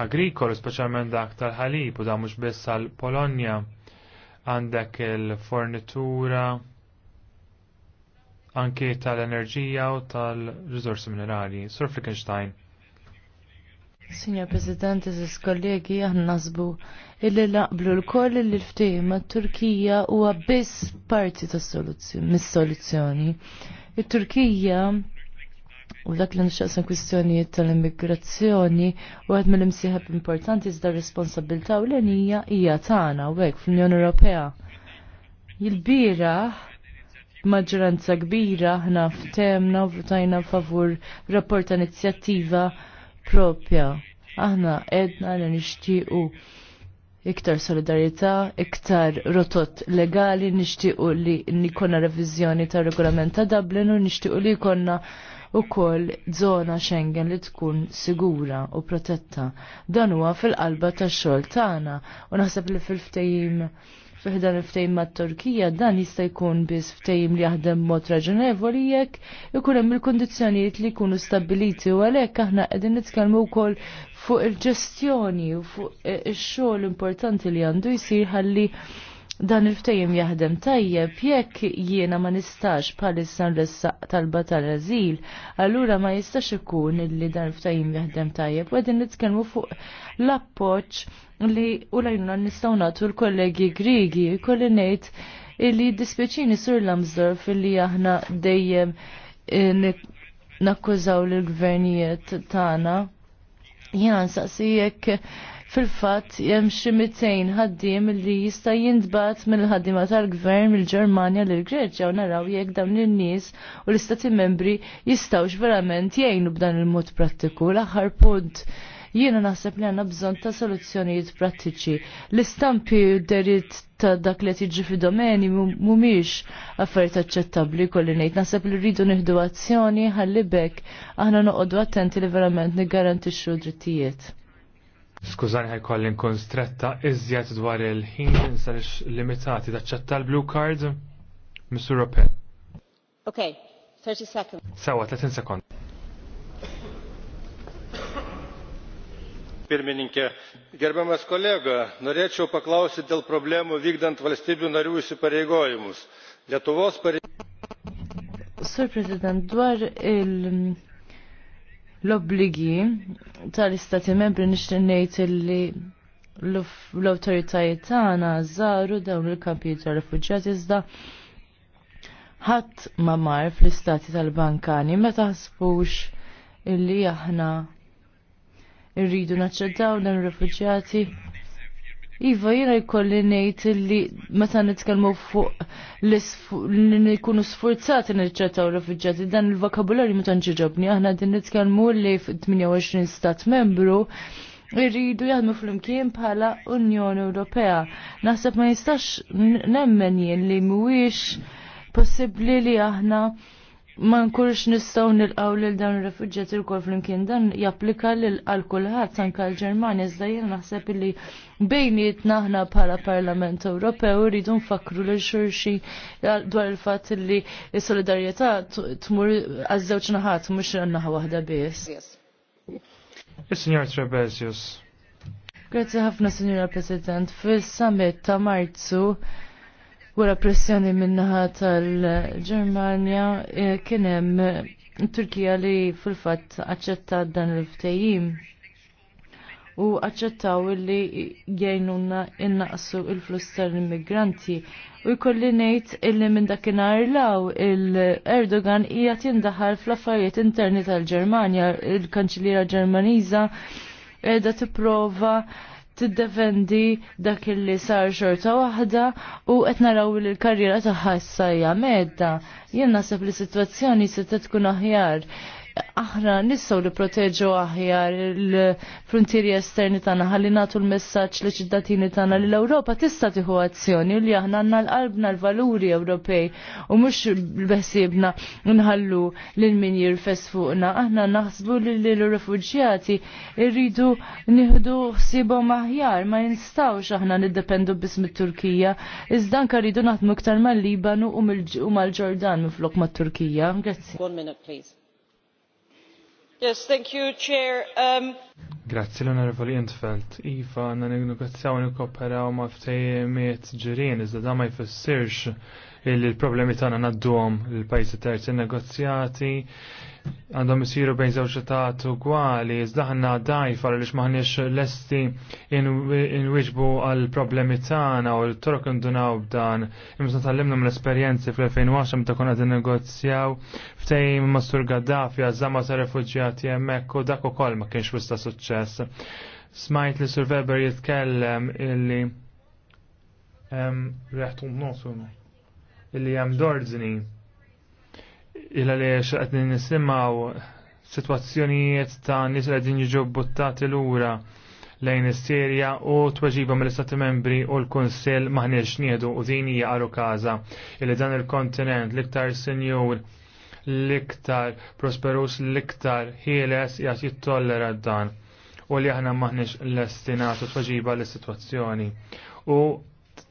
agrikolu, speċjalment dak tal-ħalib u da mhux biss għall polonja għandek il-fornitura Anki tal-enerġija u tal-rizorsi minerali. Sur Flickenstein. Signor President, eżis kollegi, aħna nasbu illi laqblu l-koll li l-ftehim turkija huwa biss parti mis-soluzzjoni. Il-Turkija u dak li nixtaqsan kwistjonijiet tal-immigrazzjoni u għed mill-imsieħab importanti iżda responsabilta u l-enija hija tagħna u hekk fl-Unjoni Ewropea. il bira maġġoranza kbira ħna f'temna u votajna favur rapport ta' inizjattiva propja. Aħna edna li nixtiequ iktar solidarjetà, iktar rotot legali, nixtiequ li nikonna reviżjoni ta' regolament ta' Dublin u nixtiequ li jkollna u żona zona Schengen li tkun sigura u protetta. Dan huwa fil-qalba tax-xogħol tagħna u naħseb li fil-ftehim fiħdan il-ftejm ma' Turkija dan jista' jkun biss ftejm li jaħdem mod raġonevoli jekk ikun hemm il kundizzjonijiet li jkunu stabiliti u għalhekk aħna qegħdin nitkellmu wkoll fuq il-ġestjoni u fuq eh, ix-xogħol importanti li għandu jsir ħalli dan il-ftejjem jaħdem tajjeb jekk jiena ma nistax bħalissa nressaq talba tal razil allura ma jistax ikun illi dan il-ftejjem jaħdem tajjeb. U għedin nitkellmu fuq l-appoċ li u lajnuna nistaw natu l-kollegi Grigi, kolli ngħid illi dispjaċini sur Lamsdorf illi aħna dejjem eh, nakkużaw l-gvernijiet tagħna. Jena nsaqsi jekk fil-fatt hemm xi ħaddim ħaddiem li jista' jintbat mill ħaddima tal-gvern mill-Ġermanja l Greċja u naraw jekk dawn in-nies u l-istati membri jistgħux verament jgħinu b'dan il-mod prattiku. L-aħħar punt jiena naħseb li għanna bżon ta' soluzzjonijiet prattiċi. L-istampi derit ta' dak li tiġi fi domeni mumiex affarijiet aċċettabbli kolli ngħid. Naħseb li rridu nieħdu azzjoni ħalli bekk aħna noqogħdu attenti li verament niggarantixxu drittijiet. Skużani ħaj kolli nkun stretta iżjed dwar il-ħin insarix limitati daċċetta l-blue card Mr. Rope. Ok, 30 seconds. Sawa, 30 sekund. Pirmininkė, gerbiamas kolega, norėčiau paklausyti dėl problemų vykdant valstybių narių įsipareigojimus. Lietuvos pareigojimus. Sir President, dwar il l-obbligi tal-istati membri nixtieq ngħid illi l-awtoritajiet tagħna żaru dawn il-kampijiet tal-rifuġjati iżda ħadd ma mar fl-istati tal-Bankani ma taħsbux illi aħna irridu naċċettaw dawn ir-rifuġjati Iva, jena jkolli nejt li meta nitkellmu fuq li nikunu sforzati nirċettaw rifuġġati, dan il vokabulari ma tantx ġobni, aħna din nitkellmu li f'28 stat membru irridu jgħadmu fl-imkien bħala Unjoni Ewropea. Naħseb ma jistax nemmen jien li mhuwiex possibbli li aħna ma nkunx nistgħu nilqgħu lil dawn ir-refuġġjati wkoll flimkien dan japplika lil għal kulħadd anke l-Ġermanja iżda jien naħseb li bejnietna aħna bħala Parlament Ewropew rridu nfakru lil xurxi dwar il-fatt li s-solidarjetà tmur għaż-żewġ naħat mhux naħa waħda biss. Is-Sinjor Trebesius. Grazzi ħafna, Sinjora President. Fil-summit ta' Marzu wara pressjoni minnaħa tal-Ġermanja eh, kien hemm Turkija li fil fat aċċettat dan il-ftehim u aċċettaw li jgħinuna innaqsu il-flus tal-immigranti. U jkolli ngħid illi minn dakinhar law il-Erdogan hija tindaħal fl-affarijiet interni tal-Ġermanja, il kanċilira Ġermaniża qiegħda tipprova prova tiddefendi dak illi sar xorta waħda u qed naraw li l-karriera tagħha issa medda. Jien naħseb li sitwazzjoni se tkun aħjar aħna nissaw li proteġu aħjar il-frontieri esterni tagħna ħalli nagħtu l-messaġġ li ċittadini tagħna li l-Ewropa tista' tieħu azzjoni li aħna għandna l-qalbna l-valuri Ewropej u mhux beħsiebna nħallu lil min jirfes fuqna. Aħna naħsbu li l rifuġjati irridu nieħdu ħsibhom aħjar ma jinstawx aħna niddependu biss mit-Turkija. Iżda anke rridu naħdmu iktar mal-Libanu u mal-Ġordan miflok mat-Turkija. Grazzi. One minute, please. Yes, thank you, Chair. Um... l-Onorevoli Intfeld. Iva, għanna negozjaw nikoperaw ma' ftejmiet ġirien, iżda da ma' jfessirx il-problemi tagħna naddum il pajjiżi terzi negozjati għandhom isiru bejn żewġ etat ugwali, iżda dajfa li għaliex maħniex lesti inwiġbu għal problemi tagħna u l-torok ndunaw b'dan. Imma tallimna l esperjenzi fl-2010 ta' konna din negozjaw ftej Mastur Gaddafi għazzama ta' refuġjati hemmhekk u dak ukoll ma kienx wista suċċess. Smajt li Sur Weber jitkellem illi reħtu nosu illi hemm dordni il għaliex qed nisimgħu sitwazzjonijiet ta' nies li qegħdin jiġu buttati lura lejn is serja u tweġiba mill-Istati Membri u l-Kunsill maħniex nieħdu u din hija qaru każa illi dan il-kontinent l-iktar sinjur l-iktar prosperus l-iktar ħieles jgħat jittollera dan u li aħna maħniex l-estinat u tweġiba l-situazzjoni. U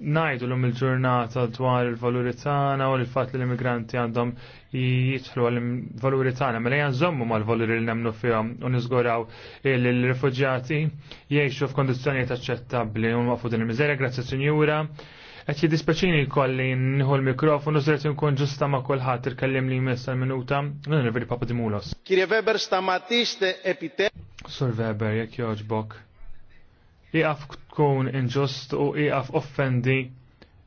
najdu l-um il-ġurnata dwar il-valuri tagħna u l-fatt li l-immigranti għandhom jitħlu għal-valuri tagħna mela ma mal-valuri li nemnu fihom u niżguraw il-rifuġjati jgħixu f'kondizzjonijiet aċċettabbli u nwaqfu din il-miżerja grazzi Sinjura. Qed jiddispjaċini kolli nħu l-mikrofonu żret nkun ġusta ma' kulħadd irkellim li għal minuta minn Riveri Papadimulos. Kirje Weber stamatiste epite. Sur Weber, jekk joġbok iqaf tkun inġust u iqaf offendi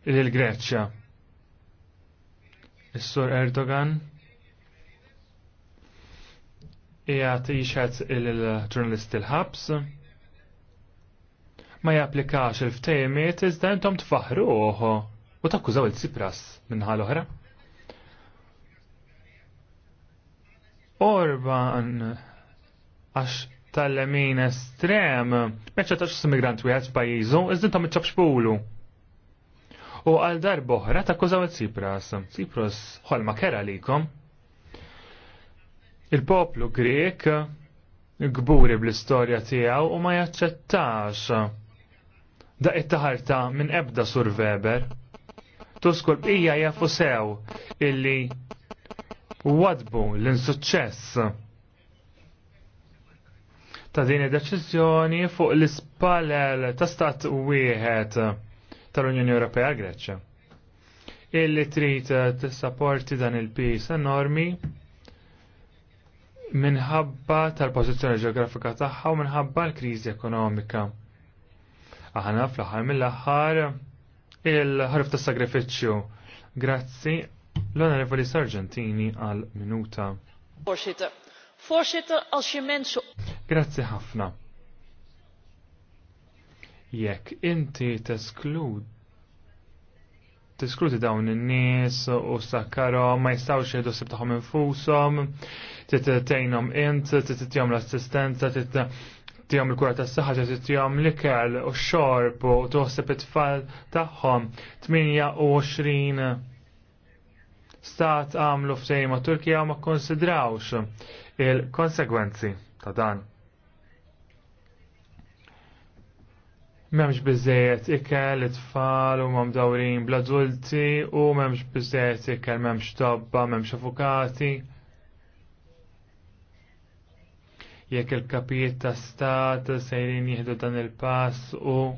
l-Greċja. Is-Sur Erdogan jgħat jixħet il-ġurnalist il-ħabs ma japplikax il-ftejmiet iżda intom tfaħruħ u takkużaw il-Tsipras minnħal oħra. Orban għax tal-lemin estrem, meċċa taċ s-migrant u jħed pajizu, iżdin ta' meċċa pulu. U għal dar boħra ta' kużaw il-Cipras. Cipras, ħolma kera likom. Il-poplu Grek gburi bl-istorja tijaw u ma jaċċettax. Da' it-taħarta minn ebda sur Weber. Tuskur Bija jafu sew illi wadbu l-insuċċess ta' din id-deċiżjoni fuq l-ispallel ta' stat wieħed tal-Unjoni Ewropea Greċċa. Illi trid tissapporti dan il-pis enormi minħabba tal-pożizzjoni ġeografika tagħha u minħabba l-kriżi ekonomika. Aħna fl-aħħar mill-aħħar il-ħarf tas sagrifiċċju Grazzi l-Onorevoli Sargentini għal minuta. Voorzitter, als je mensen. Grazie ħafna. Jekk inti tesklud tiskluti dawn in-nies u sakkarhom ma jistgħux jgħidu sib tagħhom infushom, titejnhom int, titjom l-assistenza, titjom l kura tas-saħħa, titjom l-ikel u x-xorb u toħseb it-tfal tagħhom 28 stat għamlu ftehim ma' Turkija ma konsidrawx il-konsegwenzi ta' dan. memx bizzejet ikel, it-tfal u mam dawrin bladulti u memx bizzejet ikel, memx tobba, memx avukati. Jekk il-kapijiet ta' stat sejrin jihdu dan il-pass u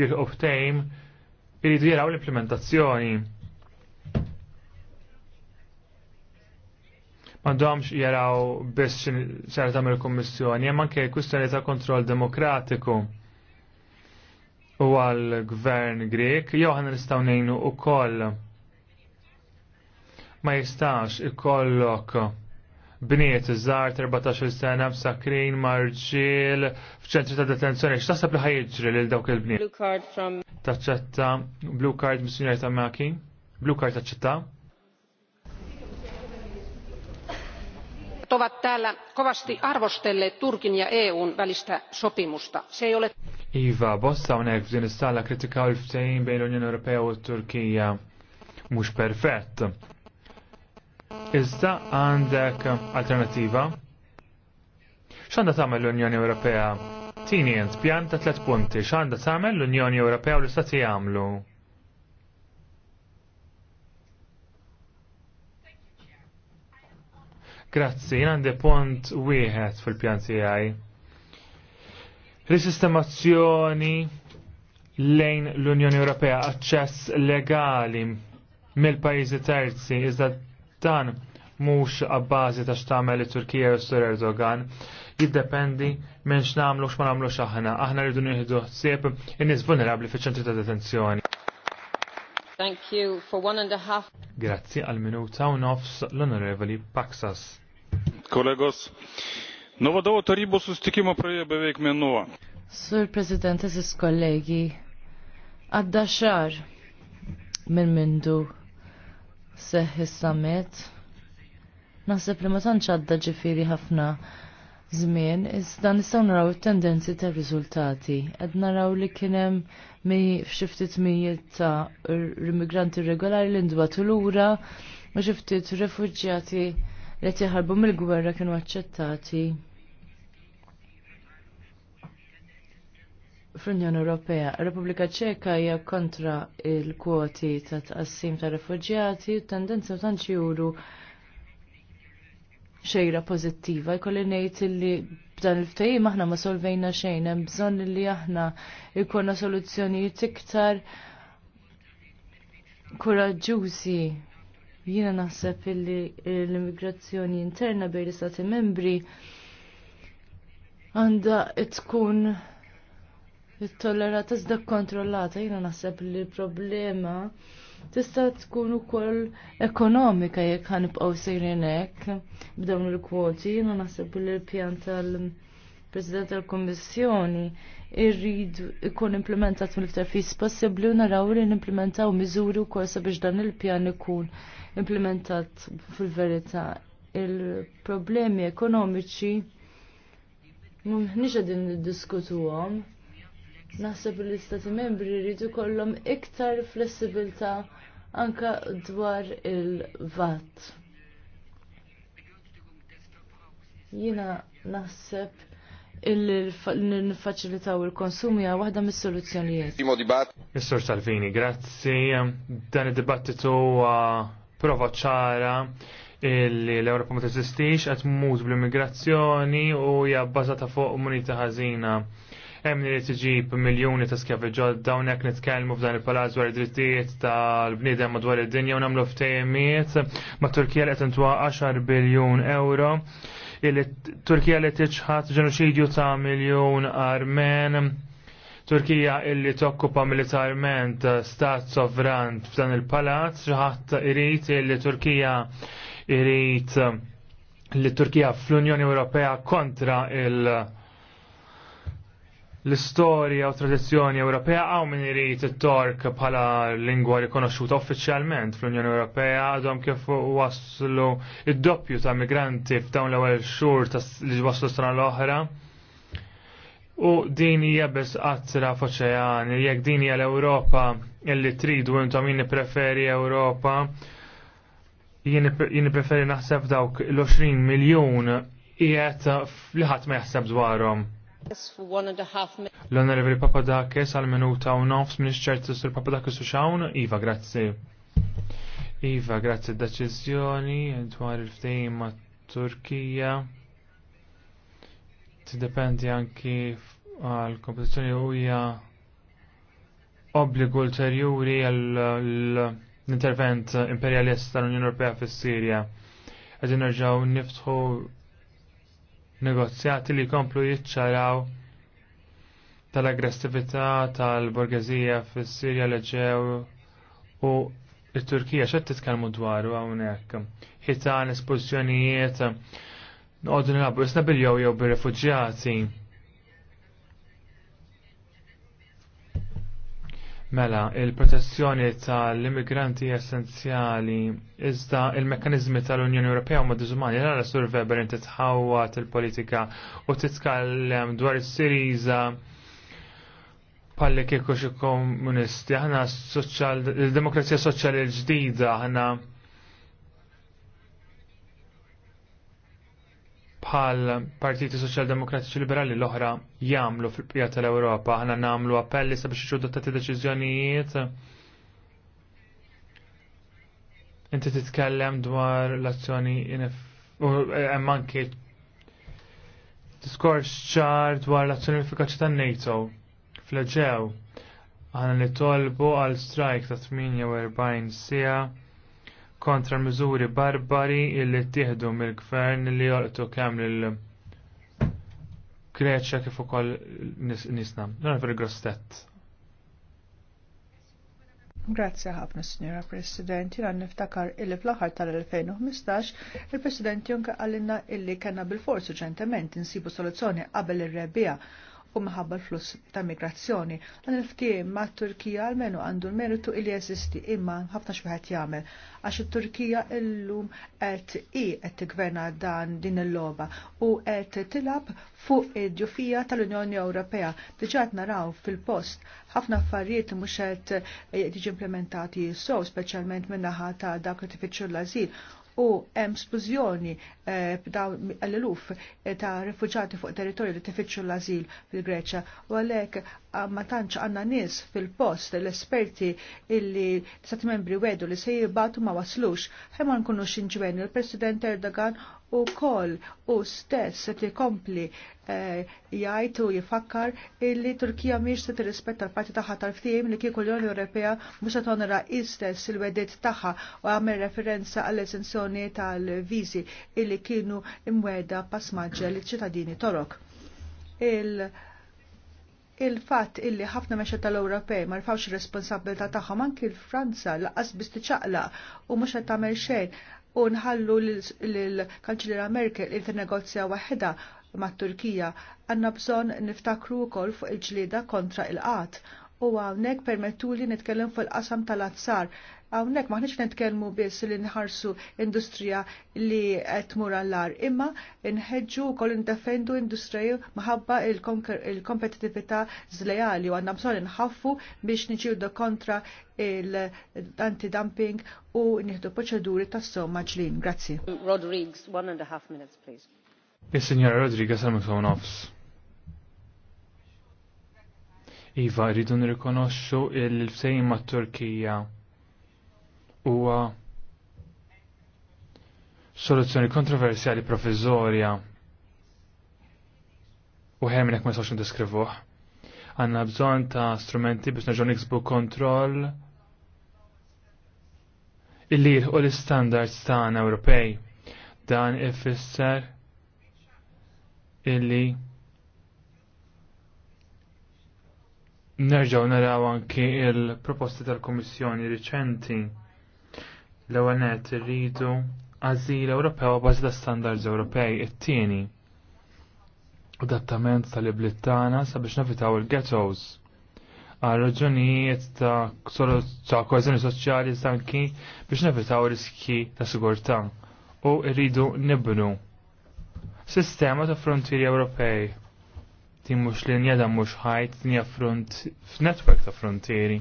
jirqu ftejm, jiridu jaraw l-implementazzjoni. Għandhomx jaraw biss xar tagħmel il-Kummissjoni, hemm anke kwistjoni ta' kontroll demokratiku u għal-Gvern Grek, jew ħan nistgħu ngħinu koll ma jistax ikollok bniet iżgħar 14 sena b'sakrin marġil f'ċentri ta' detenzjoni x'taħseb li ħajġri lil dawk il-bniet. Blue card from Taċċetta, blue card mis-sinjor ta' Maki, blue card taċċetta. jotkut ovat täällä kovasti arvostelleet Turkin ja EUn välistä sopimusta. Se ei ole... Iva, bossa on f'din is-sala kritikaw il-ftehim bejn l-Unjoni Ewropea u t-Turkija mhux perfett. Iżda għandek alternativa? X'għandha tagħmel l-Unjoni Ewropea? Tini jent pjan ta' tliet punti x'għandha tagħmel l-Unjoni Ewropea u l-Istati jagħmlu. Grazzi, għandi punt wieħed fil-pjan tiegħi. Risistemazzjoni lejn l-Unjoni Ewropea aċċess legali mill-pajjiżi terzi iżda dan mhux abbażi ta' x'tagħmel it-Turkija u Sur Erdogan jiddependi minn x'namlu x'ma nagħmlux aħna. Aħna rridu nieħdu ħsieb in-nies vulnerabbli fiċ-ċentri ta' detenzjoni. Thank you for one and a half. Grazie al minuta u nofs l Paxas. Kolegos, no vadovo tarybos sustikimo praėjo beveik mėnuo. Sir President, eżis kollegi, għadda xar minn mindu seħi summit. Naħseb li ma tantx ġifiri ħafna żmien, iżda nistgħu naraw it-tendenzi tar-riżultati. Qed naraw li kien hemm mi f'xiftit mijiet ta' immigranti regolari li l lura u xiftit rifuġġjati li tiħarbu mill-gwerra kienu aċċettati fl-Unjoni Ewropea. Repubblika Ċeka hija kontra il-kwoti ta' tqassim ta' rifuġġjati u tendenza tantx juru xejra pozittiva. Jkolli nejt illi b'dan il-ftehim aħna ma solvejna xejn, hemm bżonn li aħna jkollna soluzzjonijiet iktar koraġġużi. Jiena naħseb illi l-immigrazzjoni interna bejn l-istati membri għandha tkun it-tollerata iżda kontrollata. Jiena naħseb li l-problema tista' tkun ukoll ekonomika jekk ħanibqgħu sejrin hekk b'dawn il-kwoti, jiena naħseb li l-pjan tal-President tal kummissjoni irrid ikun implementat mill-iktar fis possibbli u naraw li nimplementaw miżuri wkoll sabiex dan il-pjan ikun implementat fil-verità il-problemi ekonomiċi mhux qegħdin niddiskutuhom Naħseb li l-Istati membri jridu kollhom iktar flessibilità anka dwar il-VAT. Jiena naħseb il nfaċilitaw il-konsum hija waħda mis-soluzzjonijiet. Is-Sur Salvini, grazzi. Dan id-dibattitu prova ċara illi l-Ewropa ma teżistix qed tmut bl-immigrazzjoni u hija bbażata fuq munita ħażina hemm li tiġib miljuni ta' skjavi ġodda hawnhekk nitkellmu f'dan il-palazz dwar id-drittijiet tal-bniedem madwar id-dinja u nagħmlu ftehimiet ma' Turkija li qed intwa 10 biljun euro. Turkija li tiġħat ġenoċidju ta' miljun Armen. Turkija illi tokkupa militarment stat sovran f'dan il-palazz, ħadd irid illi Turkija irid li Turkija fl-Unjoni Ewropea kontra il- l-istorja u tradizzjoni Ewropea għaw minn irid it-tork bħala lingwa rikonoxxuta uffiċjalment fl-Unjoni Ewropea għadhom kif waslu id-doppju ta' migranti f'dawn l-ewwel xhur li waslu sena l-oħra. U din hija biss qatra f'oċeani, jekk din hija l-Ewropa illi tridu intom jien preferi Ewropa, jien preferi naħseb dawk l-20 miljun qiegħed li ħadd ma jaħseb dwarhom L-Onorevoli Papadakis għal-minuta u nofs minister sur Papadakis u xawn, Iva, grazzi. Iva, grazzi d-deċizjoni dwar il ftejn ma' Turkija. T-dependi anki għal kompetizzjoni u hija obbligu ulterjuri għall-intervent imperialista tal-Unjoni Ewropea fis-Sirja. Qegħdin nerġgħu niftħu negozjati li komplu jitċaraw tal-aggressività tal-borgazija fis-Sirja li ġew u il-Turkija xa titkellmu dwaru hawnhekk. Ħitan espożjonijiet noqogħdu nilagħbu isna bil-jew jew jow bir refuġjati Mela, il-protezzjoni tal-immigranti essenzjali iżda il-mekkanizmi tal-Unjoni Ewropea huma diżumani l sur Weber inti tħawwat il-politika u titkallem dwar is-Siriza palli kieku xi komunisti, aħna il-demokrazija soċjali l-ġdida, aħna bħal partiti soċjal-demokratiċi liberali l-oħra jamlu fil-pija tal-Ewropa, ħana namlu appelli sabiex iġuddu tati deċiżjonijiet. Inti titkellem dwar l-azzjoni u eh, anke diskors ċar dwar l-azzjoni effikaċi tan-NATO fl ġew Ħana nitolbu għal strajk ta' 48 sija kontra miżuri barbari illi tieħdu mill-gvern li jolqtu kemm lil Greċja kif ukoll nisna. Dan veri grostett. Grazie ħafna, Signora President. Jina niftakar illi fl-aħħar tal-2015 il-President Juncker għallinna illi kena bil-forsu ġentement insibu soluzzjoni qabel ir-rebija u maħabba l-fluss ta' migrazzjoni. Dan il-ftiem ma' Turkija għalmenu għandu l-meritu il jeżisti imma ħafna xbiħat jagħmel għax it-Turkija illum qed i qed tigverna dan din il-logħba u qed tilab fuq id-ġufija tal-Unjoni Ewropea. Diġà naraw fil-post ħafna affarijiet mhux qed jiġi implementati sew speċjalment min-naħa ta' dak li tifittxu l-ażil u hemm splużjoni eh, b'dawn l ta' rifuġati fuq territorju li tifittxu l-azil fil-Greċja u għalhekk ah, ma tantx għandna nies fil-post l-esperti illi stati membri wedu li se jibgħatu ma waslux ħemma nkunux inġweni l-President Erdogan u kol u stess se tikompli eh, jgħid u jifakkar illi Turkija miex se tirrispetta l-parti tagħha tal-ftehim li kieku l-Unjoni Ewropea mhux se tonra istess il wedet tagħha u għamel referenza għall esenzjoni tal-viżi illi kienu imweda pasmaġġa li ċittadini Torok. Il- il-fatt illi ħafna meċa tal-Ewropej ma rfawx ir-responsabilità tagħhom anki l-Franza laqas biss u mhux qed tagħmel xejn u nħallu l-Kanċellera Merkel li tinnegozja waħda ma' Turkija għanna bżon niftakru wkoll fuq il-ġlieda kontra il-qat u għawnek permettuli nitkellem fuq il-qasam tal-azzar Hawnhekk maħniex nitkellmu biss li nħarsu industrija li qed tmur għall-ar, imma nħeġġu wkoll indefendu industrija maħabba il-kompetitività żlejali u għandna bżonn inħaffu biex niġildu kontra l-antidumping u nieħdu proċeduri tas-sew maġlin. Grazzi. Rodriguez, one and a half minutes, please. Is-Sinjora Rodriguez għal nofs. Iva, rridu nirrikonoxxu il-fsejn mat-Turkija huwa soluzzjoni kontroversjali provvizorja u ħemminek ma jistgħux indeskrivuh. Għandna bżonn ta' strumenti biex nerġgħu niksbu kontroll illi jilħu l-istandards tagħna Ewropej. Dan ifisser illi nerġgħu naraw anki il-proposti tal-Kummissjoni riċenti L-ewwel net irridu għażil Ewropew bażi ta' standards Ewropej, it-tieni adattament tal-ibliet tagħna sabiex nafitaw il-ghettos għal raġunijiet ta' kważjoni soċjali sanki biex nevitaw riski ta' sigurtà u rridu nibnu sistema ta' frontieri Ewropej din li linja da mhux ħajt din f f'netwerk ta' frontieri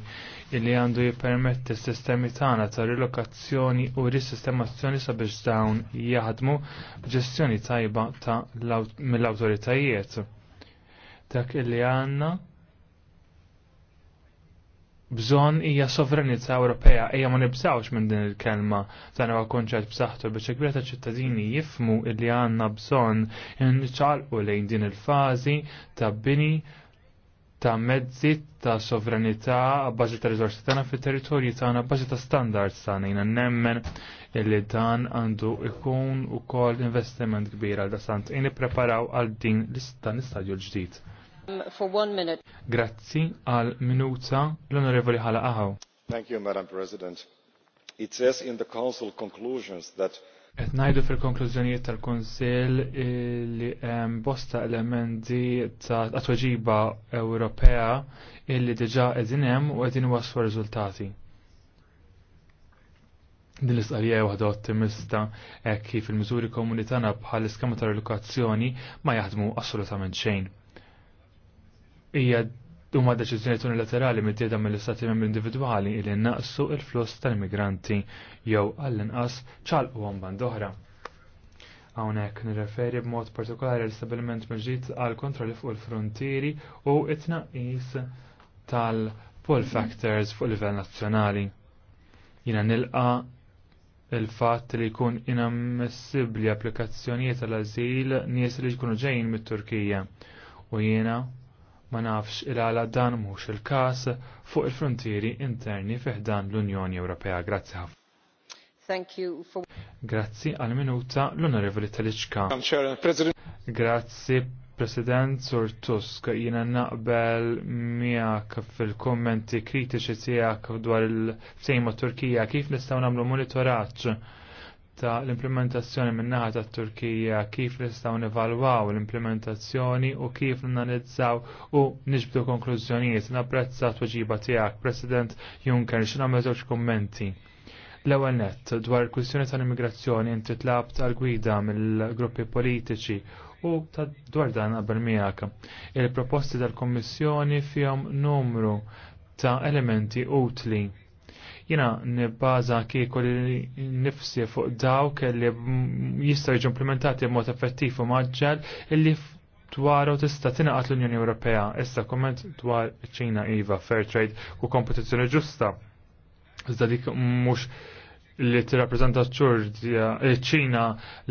illi għandu jippermetti s-sistemi tagħna ta' rilokazzjoni u risistemazzjoni sabiex dawn jaħdmu b'ġestjoni tajba ta' mill-awtoritajiet. Dak illi għandna bżon hija sovranità Ewropea, ejja ma nibżawx minn din il-kelma dan huwa konċett b'saħħtu biex kbira ta' ċittadini jifmu li għandna bżonn inċalqu lejn din il-fażi ta' bini ta' mezzi ta' sovranità bbażi ta' riżorsi tagħna fit territorju tagħna bbażi ta' standards tagħna nemmen illi dan għandu ikun ukoll investiment kbir għal dasant in preparaw għal din dan l-istadju l-ġdid. For one minute. Grazzi għal minuta l-Onorevoli Hala Ahaw. Thank you, Madam President. It says in the Council conclusions that Et najdu fil-konklużjonijiet tal-Konsil eh, li hemm bosta elementi ta' atweġiba Ewropea illi diġa' qegħdin hemm u edin waslu riżultati. Din l-istqarrija waħda ottimista hekk kif il mizuri komunitana bħal iskema tal-edukazzjoni ma jaħdmu assolutament xejn hija huma deċiżjoni unilaterali mittieda mill-istati membri individwali li naqsu il-fluss tal-migranti jew għall-inqas ċalquhom band oħra. Hawnhekk nirreferi b'mod partikolari l-stabilment meġid għal kontrolli fuq il-frontieri u it-tnaqqis tal-pull factors fuq livell nazzjonali. Jina nilqa il-fatt li jkun inammissibli applikazzjonijiet tal-azil nies li jkunu ġejjin mit-Turkija u jiena Ma nafx il-għala dan mhux il-każ fuq il-frontieri interni fiħdan l-Unjoni Ewropea. Grazzi ħafna. Thank you for... Grazzi għal minuta l-Onorevoli Teliċka. Grazzi President Sur Tusk, jina naqbel miak fil-kommenti kritiċi tijak dwar il-ftejma Turkija, kif nistaw namlu monitoraċ ta' l-implementazzjoni minnaħa ta' Turkija kif nistaw nivalwaw l-implementazzjoni u kif nanalizzaw u nġbdu konklużjonijiet napprezza tweġiba tiegħek President Juncker xi nagħmel żewġ kummenti. L-ewwel nett dwar il-kwistjoni tal-immigrazzjoni inti tlabt għal gwida mill-gruppi politiċi u ta' dwar dan qabel miegħek. Il-proposti tal-Kommissjoni fihom numru ta' elementi utli jina nibbaza kieku li nifsi fuq dawk li jistaw jiġu implementati mod effettiv u maġġel illi dwar u tista' tingħaqad l-Unjoni Ewropea. Issa komment dwar ċina iva, fair trade u kompetizzjoni ġusta. Iżda dik mhux li t-rapprezenta eh, ċina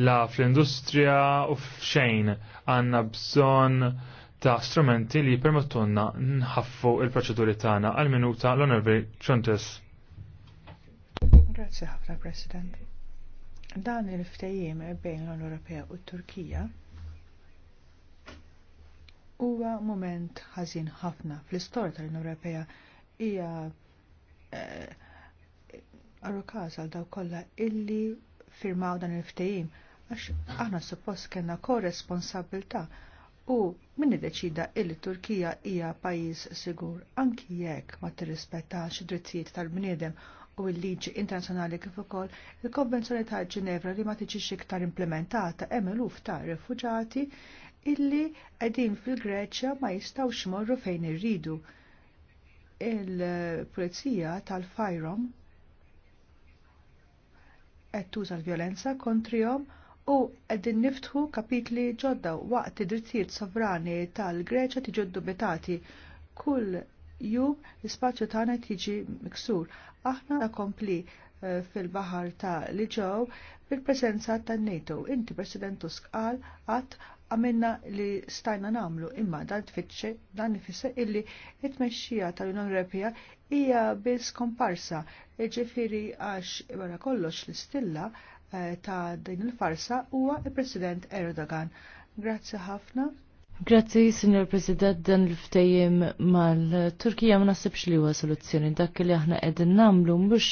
la fl-industrija u f'xejn għanna bżon ta' strumenti li permettunna nħaffu il-proċeduri tagħna għal-minuta l-onorvi ċontes. Grazzi ħafna, President. Dan il-ftejjim bejn l-Unjoni Ewropea u t-Turkija huwa moment ħażin ħafna fl-istorja tal-Unjoni Ewropea hija eh, arrokaż għal dawk kollha illi firmaw dan il-ftehim għax aħna suppost kellna korresponsabilità u min iddeċida illi Turkija hija pajjiż sigur anki jekk ma tirrispettax id-drittijiet tal-bniedem u l-liġi internazzjonali kif ukoll il-Konvenzjoni ta' Ġinevra li ma tiġix iktar implementata hemm eluf ta' rifuġati illi qegħdin fil-Greċja ma jistgħux morru fejn irridu. Il-Pulizija tal-Fajrom qed tuża l-vjolenza kontrihom u qegħdin niftħu kapitli ġodda waqt id-drittijiet sovrani tal-Greċja tiġu dubitati kull Ju, l-ispazju tagħna tiġi miksur. Aħna nakompli eh, fil baħar ta' li ġew bil-preżenza tan-NATO. Inti President Tusk qal qatt għamilna li stajna namlu imma dan tfittxe dan nifisser illi it-mexxija tal-Unjoni Ewropea hija biss komparsa. Ġifieri għax wara kollox l-istilla eh, ta' din il-farsa huwa il-President Erdogan. Grazzi ħafna. Grazzi, Signor President, dan l-ftejjem mal-Turkija ma nasibx li huwa soluzzjoni. Dak li aħna qegħdin nagħmlu mhux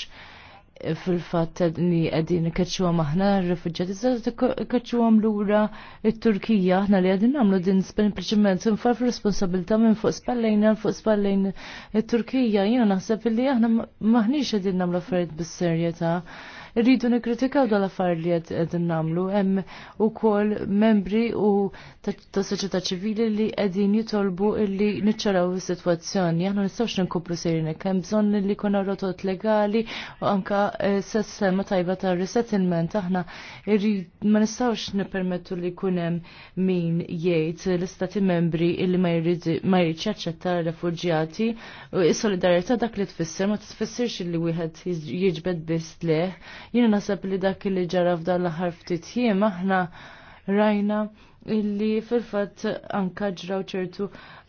fil-fatt li qegħdin ikkaċċuha maħna r-rifuġġjati iżda ikkaċċuhom lura t-Turkija aħna li qegħdin nagħmlu din sempliċement infar responsabilità minn fuq spallejna fuq spallejn it-Turkija. Jiena naħseb li aħna maħniex qegħdin nagħmlu affarijiet bis-serjetà rridu nikritikaw dal-affar li qegħdin nagħmlu hemm ukoll membri u ta' soċjetà ċivili li qegħdin jitolbu illi niċċaraw is-sitwazzjoni. Aħna nistgħux ninkomplu sejrinek, hemm bżonn li jkun rotot legali u anka eh, sistema tajba ta' resettlement aħna ma nistgħux nippermettu li jkun hemm min jgħid l-istati membri illi ma jridx jaċċetta refuġjati u is-solidarjetà dak li tfisser ma tfissirx li wieħed jiġbed biss leh. Jiena naħseb li dak li ġara f'dan l-aħħar ftit jiem aħna rajna illi fil-fatt anka ġraw ċertu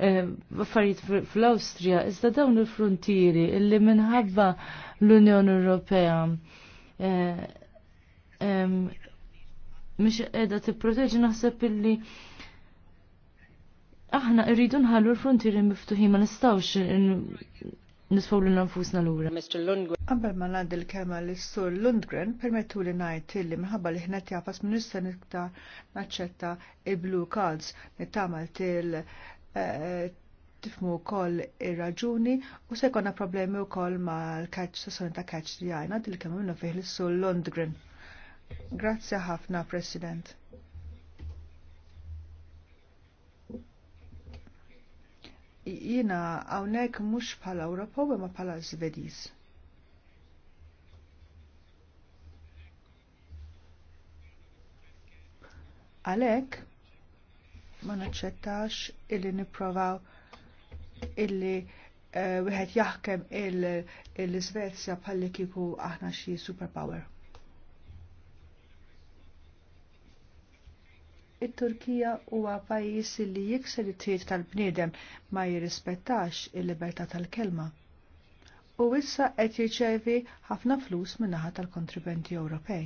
eh, affarijiet fl-Awstrija iżda dawn il-frontieri illi minħabba l-Unjoni Ewropea edha qiegħda proteġi naħseb illi aħna rridu nħallu l-frontieri miftuħin ma nistgħux nisfaw l nfusna l-ura. Mr. Lundgren. Qabel ma nagħdi l-kelma l sur Lundgren, permettu li ngħid li minħabba li ħnet jafas minn nikta naċċetta il-blue cards nittamal til eh, tifmu wkoll ir-raġuni u se jkollna problemi wkoll mal-catch sessjoni ta' catch li għajna dil-kemm minnu fih l-sur Lundgren. Grazzi ħafna, President. Jina mux pala Europa u ma pala Żvediż. Għalek ma naċċettax illi nipprovaw illi eh, wieħed jaħkem il-Svezja bħalli kieku aħna xi superpower. it-Turkija huwa pajjiż li jikser it-tiet tal-bniedem ma jirrispettax il-libertà tal-kelma. U issa qed jirċevi ħafna flus min-naħa tal-kontribenti Ewropej.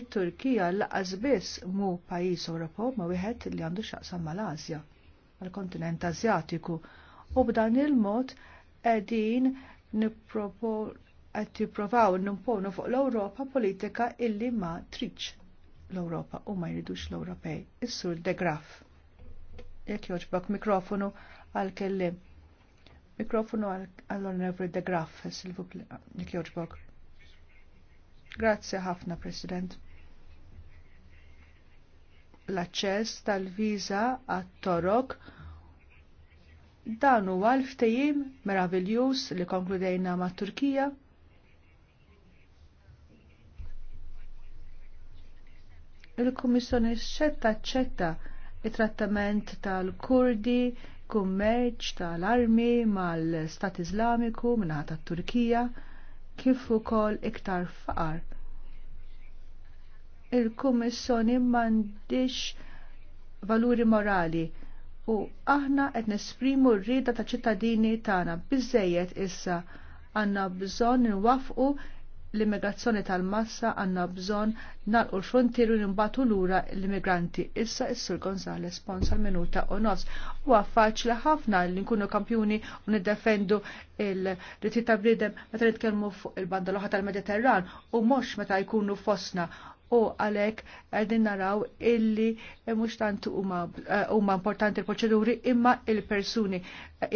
It-Turkija laqas biss mu pajjiż Ewropew ma wieħed li għandu x'aqsam mal-Asja, mal-kontinent Asjatiku, u b'dan il-mod qegħdin nippropo qed n-numponu fuq l-Ewropa politika illi ma tridx l-Ewropa u ma jridux l europej Is-sur de Graf. Jekk joġbak mikrofonu għal kellim. Mikrofonu għall-Onorevoli de Graf, Silvu, jekk joġbok. Grazzi ħafna, President. L-aċċess tal-viża għat-torok dan huwa l-ftejim meraviljuż li konkludejna ma' Turkija il-Kummissjoni xed taċċetta il trattament tal-Kurdi, kummerċ tal-armi mal-Stat Iżlamiku minna ta' turkija kif ukoll iktar faqar. Il-Kummissjoni m'għandix valuri morali u aħna qed nesprimu r-rieda ta' ċittadini tagħna biżejjed issa għandna bżonn nwafqu l-immigrazzjoni tal-massa għanna bżon nalqu l-frontieru nimbatu lura l-immigranti. Issa is-Sur Gonzales sponsor minuta u nofs. Huwa faċli ħafna li nkunu kampjuni u niddefendu il-ritti ta' bridem meta nitkellmu fuq il-banda l tal-Mediterran u mhux meta jkunu fosna u għalek għedin naraw illi mux tant eh, huma importanti l-proċeduri imma il-persuni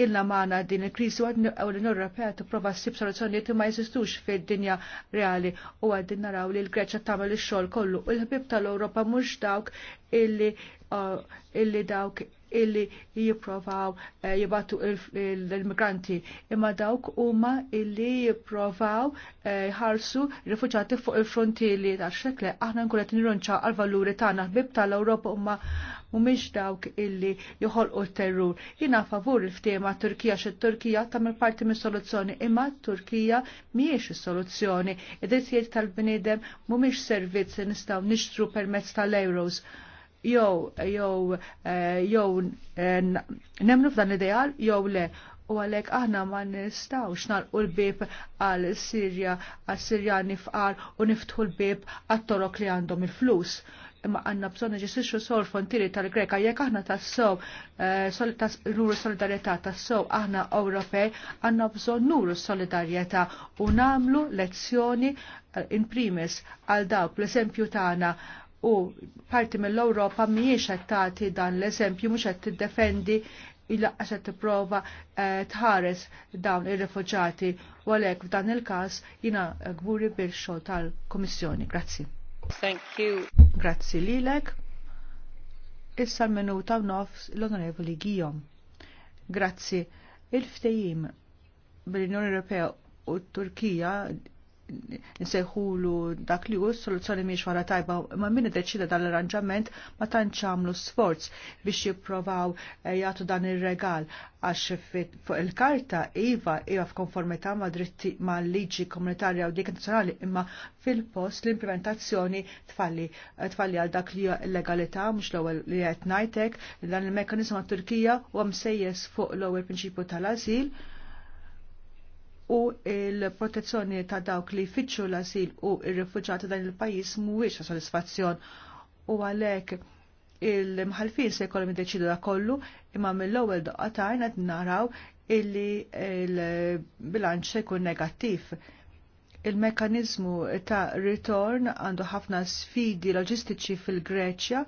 illa maħna din il-krisi u l-Unjoni Ewropea tipprova ssib soluzzjonijiet ma jeżistux fid-dinja reali u għedin naraw li l-Greċja tagħmel ix-xogħol kollu. U l ħbib tal-Ewropa mhux dawk illi eh, illi dawk illi jiprofaw eh, jibattu l-immigranti imma dawk huma illi jiprofaw eh, jħarsu rifuġati fuq il-frontieri ta' xekle aħna nkunet qed għal-valuri tagħna ħbib tal-Ewropa huma mhumiex dawk illi joħolqu t-terrur. Jiena favur il-ftema Turkija xi Turkija tagħmel parti mis-soluzzjoni imma Turkija mhijiex is-soluzzjoni. Id-drittijiet tal-bniedem mhumiex servizzi nistgħu nixtru permezz tal-euros. Jow jew jew eh, eh, nemnu f'dan l-ideal jew le u għalek aħna ma nistawx u l-bib għal Sirja, għal Sirjani fqar u niftħu l-bib għat-torok li għandhom il-flus. Imma għanna bżon ġisixu sol fontiri tal-Greka, jek aħna tassow, nuru solidarieta tassow, aħna Ewropej, għanna bżon nuru solidarieta u namlu lezzjoni eh, in primis għal dawk l-eżempju tagħna u parti mill-Ewropa mhijiex qed tagħti dan l-eżempju mhux qed tiddefendi il-laqqa se tipprova eh, tħares dawn ir-refuġati u għalhekk f'dan il-każ jiena għburi bil-xogħol tal komissjoni Grazzi. Thank you. Grazzi lilek. Issa l minuta nofs l-Onorevoli Gijom. Grazzi. Il-ftejim bil-Unjoni Ewropea u t Turkija nsejħulu dak li hu soluzzjoni miex wara tajba ma min iddeċida dan l-arranġament ma tantx għamlu sforz biex jipprovaw eh, jagħtu dan ir-regal għax fuq il-karta iva iva f'konformità ma' dritti ma' liġi komunitarja u dik Nazzjonali imma fil-post l-implementazzjoni tfalli eh, tfalli għal dak li l-legalità mhux l-ewwel li qed ngħidlek dan il-mekkaniżmu għat-Turkija u msejjes fuq l-ewwel prinċipju tal ażil u il-protezzjoni ta' dawk li jfittxu l-asil u il-rifuġati dan il-pajis mhuwiex soddisfazzjon u għalhekk il-mħalfin se jkollhom jiddeċidu da kollu imma mill-ewwel doqqa tajn qed naraw illi il-bilanċ se jkun negattiv. Il-mekanizmu ta' return għandu ħafna sfidi loġistiċi fil-Greċja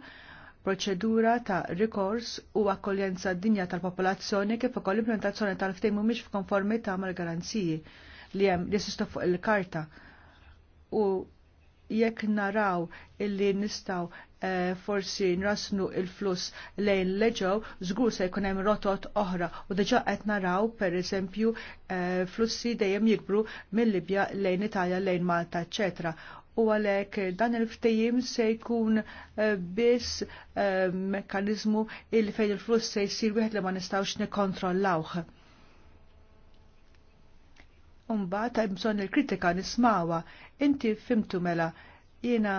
proċedura ta' rikors u akkoljenza dinja tal-popolazzjoni kif ukoll implementazzjoni tal-ftehim mhumiex f'konformità mal-garanziji li hemm li jesistu fuq il-karta u jekk naraw illi nistaw eh, forsi nrasnu il-flus lejn leġew, żgur se jkun hemm rotot oħra u diġà qed naraw pereżempju e, eh, flussi dejjem jikbru mill-Libja lejn Italja lejn Malta, eċetera u għalhekk dan il ftejim se jkun eh, biss eh, mekkaniżmu il fejn il-fluss se jsir wieħed li ma nistgħux nikkontrollawh. Umbagħad hemm bżonn il-kritika nisma'wa. Inti fimtu mela jiena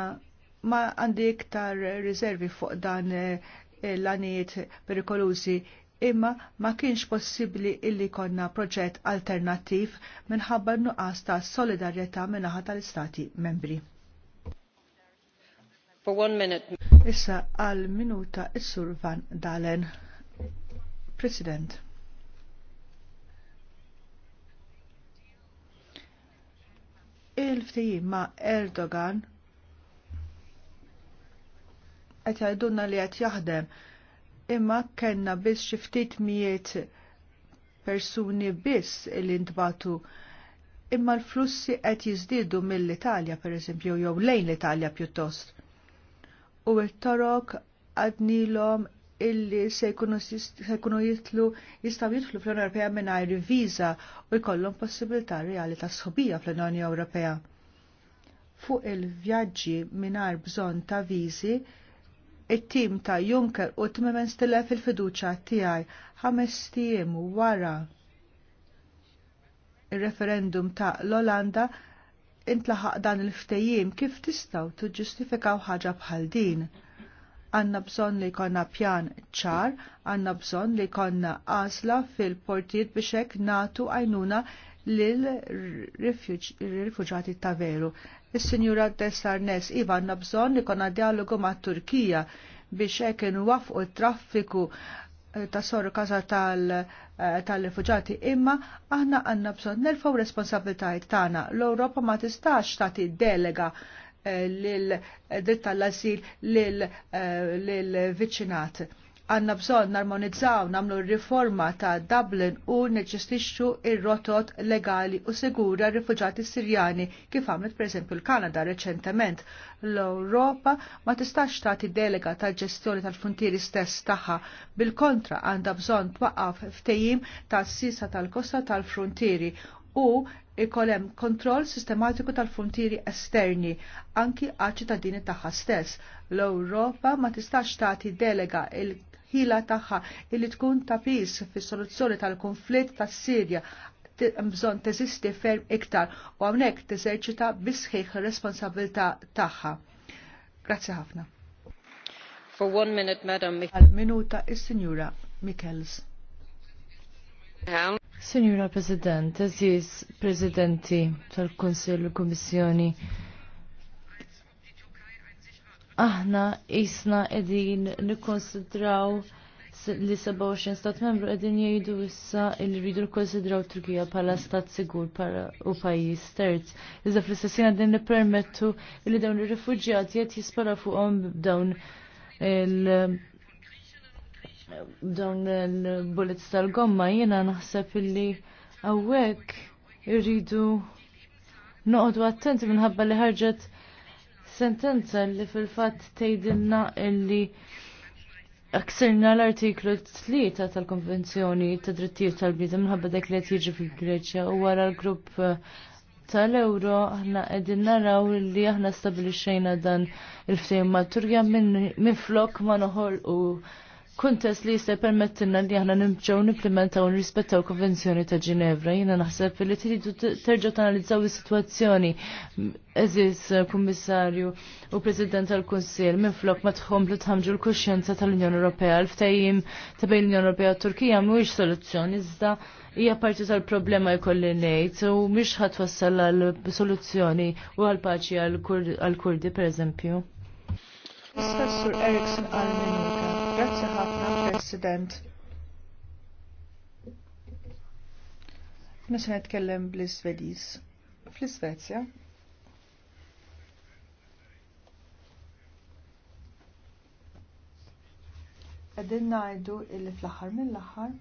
ma għandi iktar riservi fuq dan eh, l-għaniet perikolużi imma ma kienx possibbli illi konna proġett alternattiv minħabba nuqqas ta' solidarjetà minnaħa tal-Istati membri. For one minute. Issa għal minuta is-sur Van Dalen. President. il fti ma' Erdogan qed jgħidulna li qed jaħdem imma kellna biss xi ftit mijiet persuni biss li intbatu imma l-flussi qed jiżdiedu mill-Italja pereżempju jew lejn l-Italja pjuttost. U l-torok għadnilhom illi se jkunu jitlu jistaw jitlu fl-Unjoni Ewropea mingħajr viża u jkollhom possibilità reali ta' sħobija fl-Unjoni Ewropea. Fuq il-vjaġġi mingħajr bżonn ta' viżi it-tim ta' Juncker u memen stilla fil-fiduċa tiegħi ħames tiem wara il referendum ta' l-Olanda intlaħaq dan il-ftejjim kif tistaw tiġġustifikaw ħaġa bħal din. Għanna bżon li konna pjan ċar, għanna bżon li konna għasla fil portiet biex hekk natu għajnuna lil rifuġati ta' veru. Is-Sinjura Dessarnes iva għandna bżonn konna dialogu ma' Turkija biex hekk inwaffqu traffiku eh, ta' soru kaza tal-rifuġati tal eh, imma aħna għandna bżonn nerfaw responsabiltajiet tagħna. L-Ewropa ma tistax tagħti delega eh, lil dritt tal azil lil viċinat għanna bżon narmonizzaw namlu riforma ta' Dublin u neċestixxu ir-rotot legali u segura rifuġati sirjani kif għamlet per esempio l-Kanada reċentement. L-Europa ma tistax tagħti delega tal-ġestjoni tal-frontieri stess tagħha. Bil-kontra għandha bżon twaqqaf ftejim tas-sisa tal-kosta tal-frontieri u ikolem kontroll sistematiku tal-frontieri esterni, anki għal ċittadini tagħha stess. L-Ewropa ma tistax tagħti delega il ħila tagħha illi tkun ta' pis fis-soluzzjoni tal-konflitt tas-Sirja bżon teżisti ferm iktar u hawnhekk teżerċita bisħiħ responsabilità tagħha. Grazzi ħafna. For one minute, Madam Għal minuta is Signora Michels. Signora President, eżis Presidenti tal-Konsil u Kommissjoni, aħna isna edin nikkonsidraw li 27 stat membru edin jgħidu issa li rridu nikkonsidraw Turkija pala stat sigur para u pajis terz. Iżda fl istessina din li permettu li dawn il-refugġjati jgħat jispara fuqom dawn il- dawn il-bullets tal-gomma jena naħseb illi għawek irridu noqdu attenti minħabba li ħarġet sentenza li fil-fatt tgħidilna illi aksirna l-artiklu 3 tal-Konvenzjoni ta' Drittijiet tal bidem minħabba dak li qed jiġi fil-Greċja u wara l-grupp tal-euro aħna qegħdin naraw li aħna stabilixxejna dan il-ftehim mat-Turja minn ma noħolqu kuntest li jista' permettinna li aħna nimċaw nimplementaw u nirrispettaw konvenzjoni ta' Ġinevra. Jiena naħseb li tridu terġa' tanalizzaw is-sitwazzjoni eżis eh, kummissarju u President tal minn minflok ma li tħamġu l kosċenza tal-Unjoni Ewropea. L-ftajim ta' bejn l-Unjoni Ewropea u Turkija mhuwiex soluzzjoni iżda hija parti tal-problema jkolli ngħid u mhix ħadd wassal għal soluzzjoni u għal paċi għal-Kurdi pereżempju. Istassur Erickson għal minuta. Grazzi ħafna, President. Nisa netkellem bl-Svediż. Fl-Svezja, għedin najdu illi fl-axar mill-axar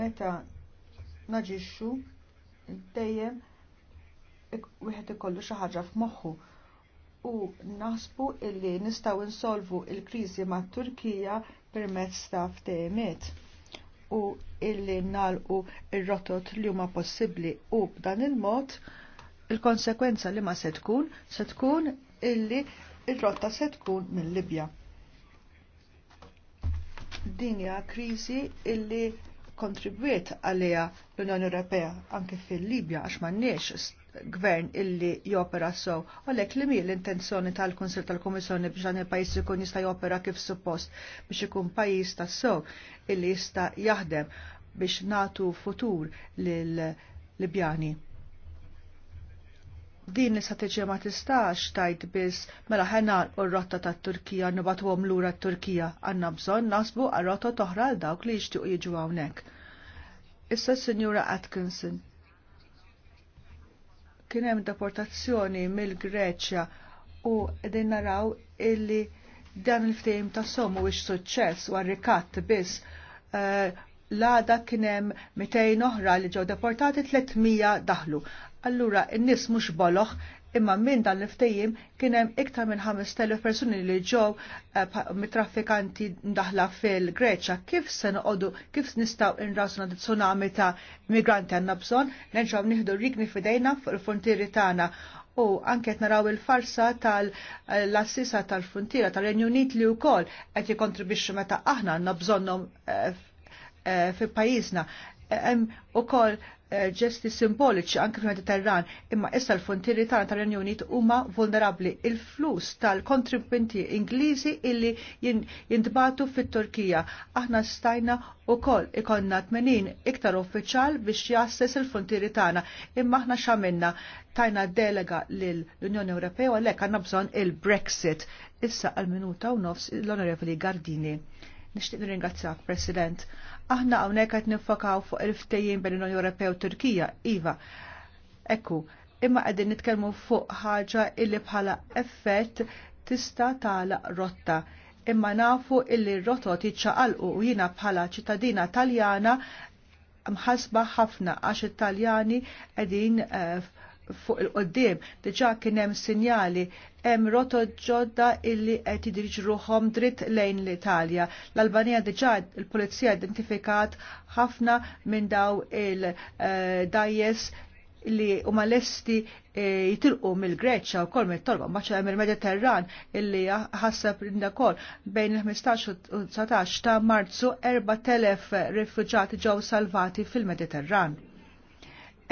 meta naġixxu dejjem wieħed ikollu xi ħaġa f'moħħu u nasbu illi nistaw insolvu il-krizi ma' Turkija permezz ta' ftehimiet u illi nalqu ir-rotot li huma possibbli u b'dan il-mod il-konsekwenza li ma se tkun se tkun illi ir-rotta se tkun minn Libja. Din hija kriżi illi kontribwiet għaliha l-Unjoni Ewropea anke fil-Libja għax m'għandniex gvern illi jopera sow. Għalek li mi l-intenzjoni tal-Konsil tal-Komissjoni biex dan il-pajis ikun jista' jopera kif suppost biex ikun pajis ta' sow illi jista' jaħdem biex natu futur lil-Libjani. Din l-istrateġija ma tistax tajt biss mela ħenal u rotta ta' Turkija nibatu għom lura Turkija għanna bżon nasbu għal rotta toħra l dawk li jixtiequ jiġu hawnhekk. Issa Sinjura Atkinson kien hemm deportazzjoni mill-Greċja u qegħdin naraw illi dan il-ftehim ta' sommu wix suċċess u rikatt biss eh, l-għada kien hemm 200 oħra li ġew deportati 300 daħlu. Allura n-nies mhux boloħ imma minn dan l-ftejjim kien hemm iktar minn 5000 persuni li ġew eh, mit-traffikanti ndaħla fil-Greċja. Kif se noqogħdu kif nistgħu t tsunami ta' migranti għandna bżonn, nerġgħu nieħdu rikni fidejna fuq il-frontieri tagħna u anke qed naraw il-farsa tal-assisa tal-frontiera tal-Renju Unit li wkoll qed jikkontribwixxu meta aħna għandna bżonnhom eh, eh, fil pajjiżna U ukoll Eh, ġesti simboliċi anke fil-Mediterran, imma issa l-frontieri tagħna tal-Renju Unit huma vulnerabbli. Il-flus tal-kontribwenti Ingliżi illi jintbatu fit-Turkija. Aħna stajna wkoll ikonna 80 iktar uffiċjal biex jassess il-frontieri tagħna, imma aħna x'għamilna tajna delega l-Unjoni Ewropea u għalhekk għandna bżonn il-Brexit. Issa għal-minuta u nofs l-Onorevoli Gardini. Nixtieq nirringazzjak President Aħna hawnhekk qed nifokaw fuq il-ftejjin bejn l-Unjoni Ewropea u Turkija, iva. Ekku, imma qegħdin nitkellmu fuq ħaġa illi bħala effett tista' tagħlaq rotta. Imma nafu illi r-rotot jiċċaqalqu u jiena bħala ċittadina Taljana mħasba ħafna għax it-Taljani qegħdin eh, fuq il-qoddim, diġa kien hemm sinjali hemm rotot ġodda illi qed jidriġ ruħhom dritt lejn l-Italja. L-Albanija diġà il-Pulizija identifikat ħafna minn daw il-dajes eh, li huma lesti eh, jitilqu mill-Greċċa u kol mit-tolba maċċa hemm il-Mediterran illi ħasseb rinda kol bejn il-15 u 19 ta' Marzu 4000 rifuġati ġew salvati fil-Mediterran.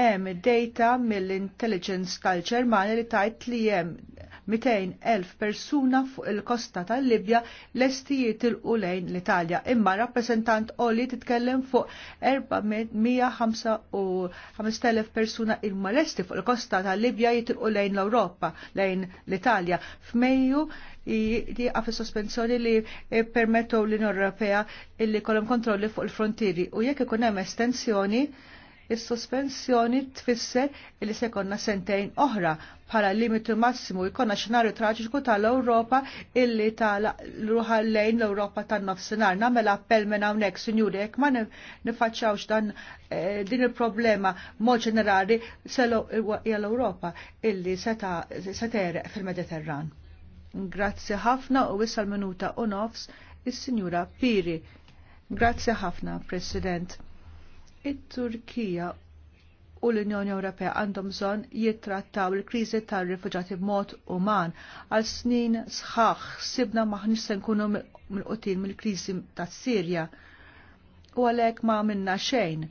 Hemm data mill-intelligence tal-Ġermani li tajt li hemm elf persuna fuq il-kosta tal-Libja lesti jitilqu lejn l-Italja. Imma rappresentant Oli titkellem fuq 405,000 persuna imma lesti fuq il-kosta tal-Libja jitilqu lejn l-Europa, lejn l-Italja. F'Mejju li għaf sospensjoni li permettu l-Unjoni Ewropea illi kolom kontrolli fuq il-frontieri u jekk ikun hemm estensjoni is-sospensjoni tfisser li se konna sentejn oħra bħala limitu massimu jkollna xenarju traġiku tal-Ewropa illi tal-ruħa lejn l-Ewropa tan-nofsinhar. namela appell minn hawnhekk, sinjuri, jekk ma nifaċċawx dan eh, din il-problema mod ġenerali selo l-Ewropa illi se tereq fil-Mediterran. Grazzi ħafna u wissal minuta u nofs is-Sinjura Piri. Grazzi ħafna, President it-Turkija u l-Unjoni Ewropea għandhom bżonn jittrattaw il-kriżi tar-rifuġati b'mod uman għal snin sħaħ sibna maħniex se nkunu mill-qutin mill-kriżi tas-Sirja. U għalhekk ma minna xejn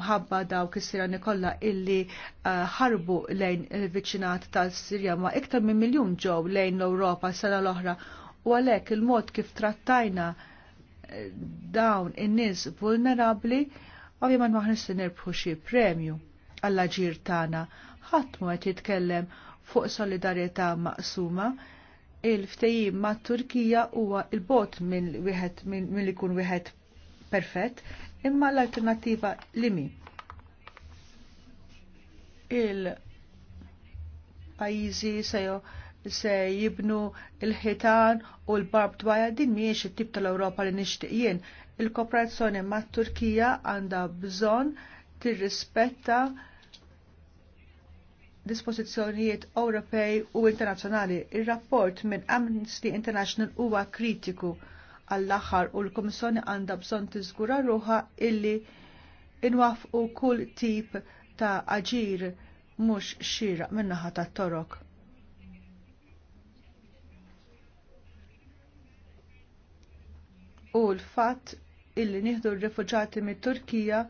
mħabba dawk is-Sirjani kollha illi eh, ħarbu lejn il-viċinat tas-Sirja ma iktar minn miljun ġew lejn l-Ewropa sena l-oħra u għalhekk il-mod kif trattajna eh, dawn in-nies vulnerabbli Ovvijament maħnis se nirbħu xi premju għall-ġir tagħna. Ħadd mu qed jitkellem fuq solidarjetà maqsuma il-ftejim ma' Turkija huwa il-bot minn wieħed minn li kun wieħed perfett, imma l-alternativa li mi. Il-pajizi se se jibnu il-ħitan u l-barb dwaja din miex it-tip tal-Ewropa li nixtieq jien il-kooperazzjoni mat Turkija għandha bżonn tirrispetta dispożizzjonijiet Ewropej u internazzjonali. Ir-rapport minn Amnesty International huwa kritiku għall-aħħar u l-Komissjoni għandha bżonn tiżgura ruħa illi inwafqu kull tip ta' aġir mhux xira min-naħa tat-torok. U l-fatt illi nieħdu r-refuġati mit-Turkija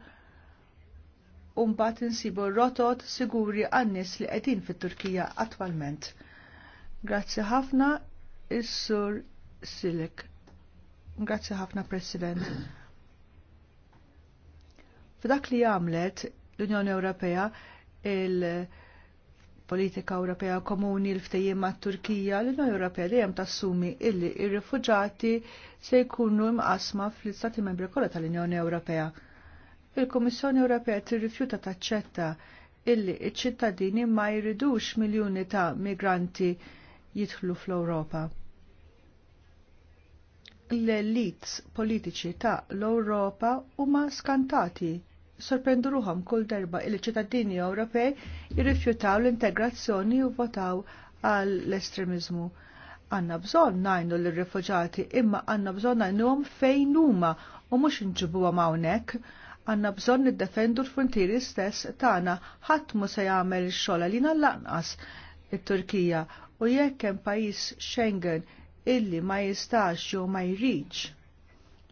u mbagħad insibu rotot siguri għan-nies li qegħdin fit-Turkija attwalment. Grazzi ħafna is-Sur Silik. Grazzi ħafna President. F'dak li għamlet l-Unjoni Ewropea il- politika Ewropea komuni l-ftejjim mat Turkija l-Unjoni Ewropea dejjem tassumi illi ir-rifuġati se jkunu imqasma fl-Istati Membri kollha tal-Unjoni Ewropea. Il-Kummissjoni Ewropea tirrifjuta taċċetta illi iċ-ċittadini ma jridux miljuni ta' migranti jidħlu fl-Ewropa. L-elites politiċi ta' l-Ewropa huma skantati sorprendu ruħam kull darba il-ċittadini Ewropej jirrifjutaw l-integrazzjoni u votaw għall-estremizmu. Għanna bżon najnu l-rifugġati imma għanna bżon għom fejn huma u mhux nġibuha hawnhekk. Għanna bżon niddefendu l-frontieri stess tagħna ħadd mu se jagħmel ix-xogħol nal lanqas it-Turkija u jekk hemm pajjiż Schengen illi ma jistax jew ma jridx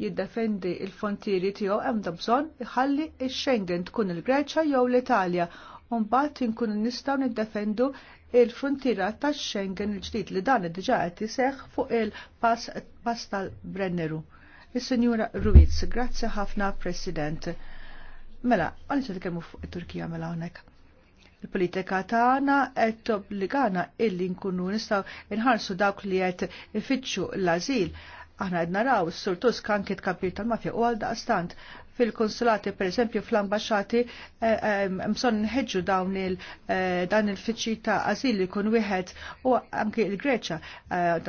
jiddefendi il-frontieri tiegħu hemm bżonn iħalli x-Schengen tkun il-Greċja jew l-Italja u mbagħad inkunu nistgħu niddefendu il-frontiera tax-Schengen il-ġdid li dan diġà qed iseħħ fuq il-pass tal-Brenneru. Is-Sinjura Ruiz, grazzi ħafna President. Mela, għal t-tkellmu fuq it-Turkija mela hawnhekk il-politika tagħna qed tobbligana illi nkunu nistgħu nħarsu dawk li qed ifittxu l-ażil Aħna għedna naraw s-sur kan anki kapir tal-mafja u għal daqstant fil-konsulati, per eżempju, fl-ambasċati, eh, eh, mson nħedġu dawn eh, dan il-fiċi ta' azil li kun wieħed u anki il-Greċa,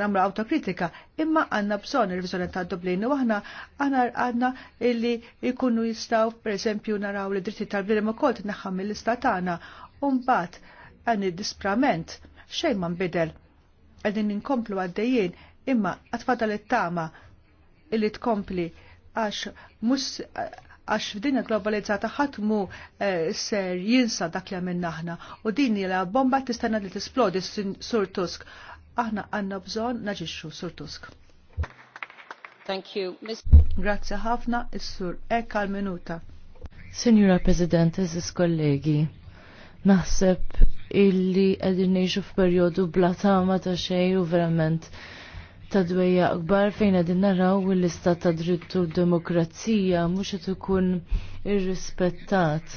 namlu autokritika, imma għanna bżon il-vizjoni ta' Dublin u għahna għanna illi jkunu jistaw, per eżempju, naraw li dritti tal-bnidem u kol t-naħħam mill-istatana, un-bat għan il-disprament, xejn ma' nbidel għedin ninkomplu għaddejjien imma għatfadal it-tama illi tkompli għax mus għax f'dinja globalizzata ħatmu eh, ser jinsa dak li għamilna aħna u din la bomba tistenna li tisplodi sur Tusk. Aħna għanna bżon naġixxu sur Tusk. Thank you. Grazie ħafna, is-sur Eka minuta Signora President, eżis kollegi, naħseb illi għedin neġu f'periodu blatama ta' xej u verament ta' dwejja akbar fejn għadin naraw l-istat ta' drittu demokrazija mhux qed ikun irrispettat.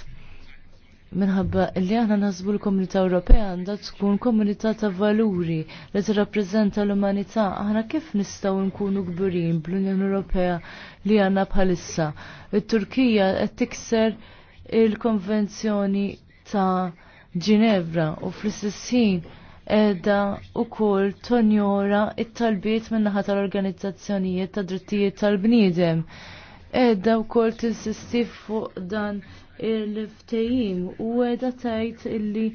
Minħabba li aħna nazbu l-Komunità Ewropea għandha tkun komunità ta' valuri li tirrappreżenta l-umanità. Aħna kif nistgħu nkunu gburin bl-Unjoni Ewropea li għandna bħalissa. It-Turkija qed tikser il-Konvenzjoni ta' Ginevra u fl-istess ħin edha u kol tonjora it-talbiet minnaħat tal-organizzazzjonijiet ta' drittijiet tal-bniedem. Edha u kol tinsisti fuq dan il-ftejim u edha tajt illi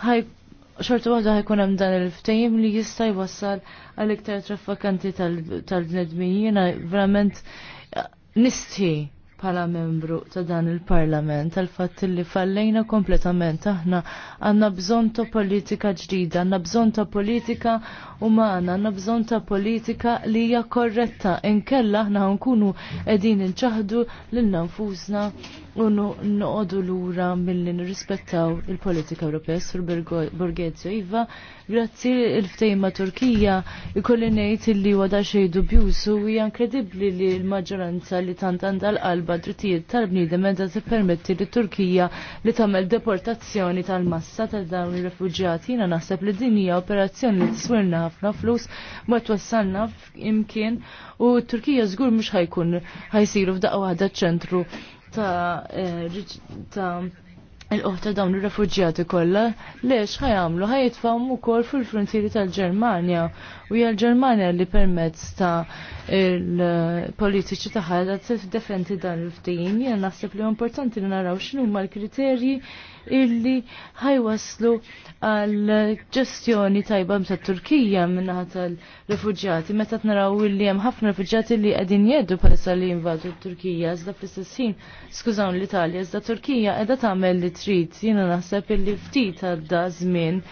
xorta waħda ħajkun hemm dan il-ftejim li jista' jwassal għal iktar traffikanti tal-bnedmin. Jiena verament nisti bħala membru ta' dan il-parlament tal fatt li fallejna kompletament aħna għanna bżon ta' politika ġdida, għanna bżon ta' politika umana, għanna bżon ta' politika li hija korretta, inkella aħna nkunu edin inċaħdu l-nanfusna Unu noqodu lura milli nirrispettaw il-politika Ewropea sur Borghezio. Iva, grazzi il-ftejma Turkija, ikolli ngħid li wada xejn dubjus u hija inkredibbli li l-maġġoranza li tant għandha l-qalba drittijiet tal-bniedem meta tippermetti li Turkija li tagħmel deportazzjoni tal-massa ta' dawn ir-refuġjati. Jiena naħseb li din hija operazzjoni li tiswilna ħafna flus ma t-wassanna imkien u Turkija żgur mux ħajkun ħajsiru f'daqqa ċentru ta' eh, il-qoħta dawn il-refugġjati kollha lex ħajamlu mu ukoll fil frontiri tal-Ġermanja u hija l-Ġermanja li permezz ta' il-politiċi tagħha t tiddefendi dan il-ftehim jien naħseb li importanti li naraw xinu huma l-kriterji illi ħajwaslu għal ġestjoni tajba msa Turkija minnaħa tal-refugġati. Meta naraw illi hemm ħafna refugġati li qegħdin jeddu palissa li jinvadu Turkija, iżda fl istessin skużaw l-Italja, iżda Turkija qiegħda tagħmel li trid. Jiena naħseb illi ftit għadda zmin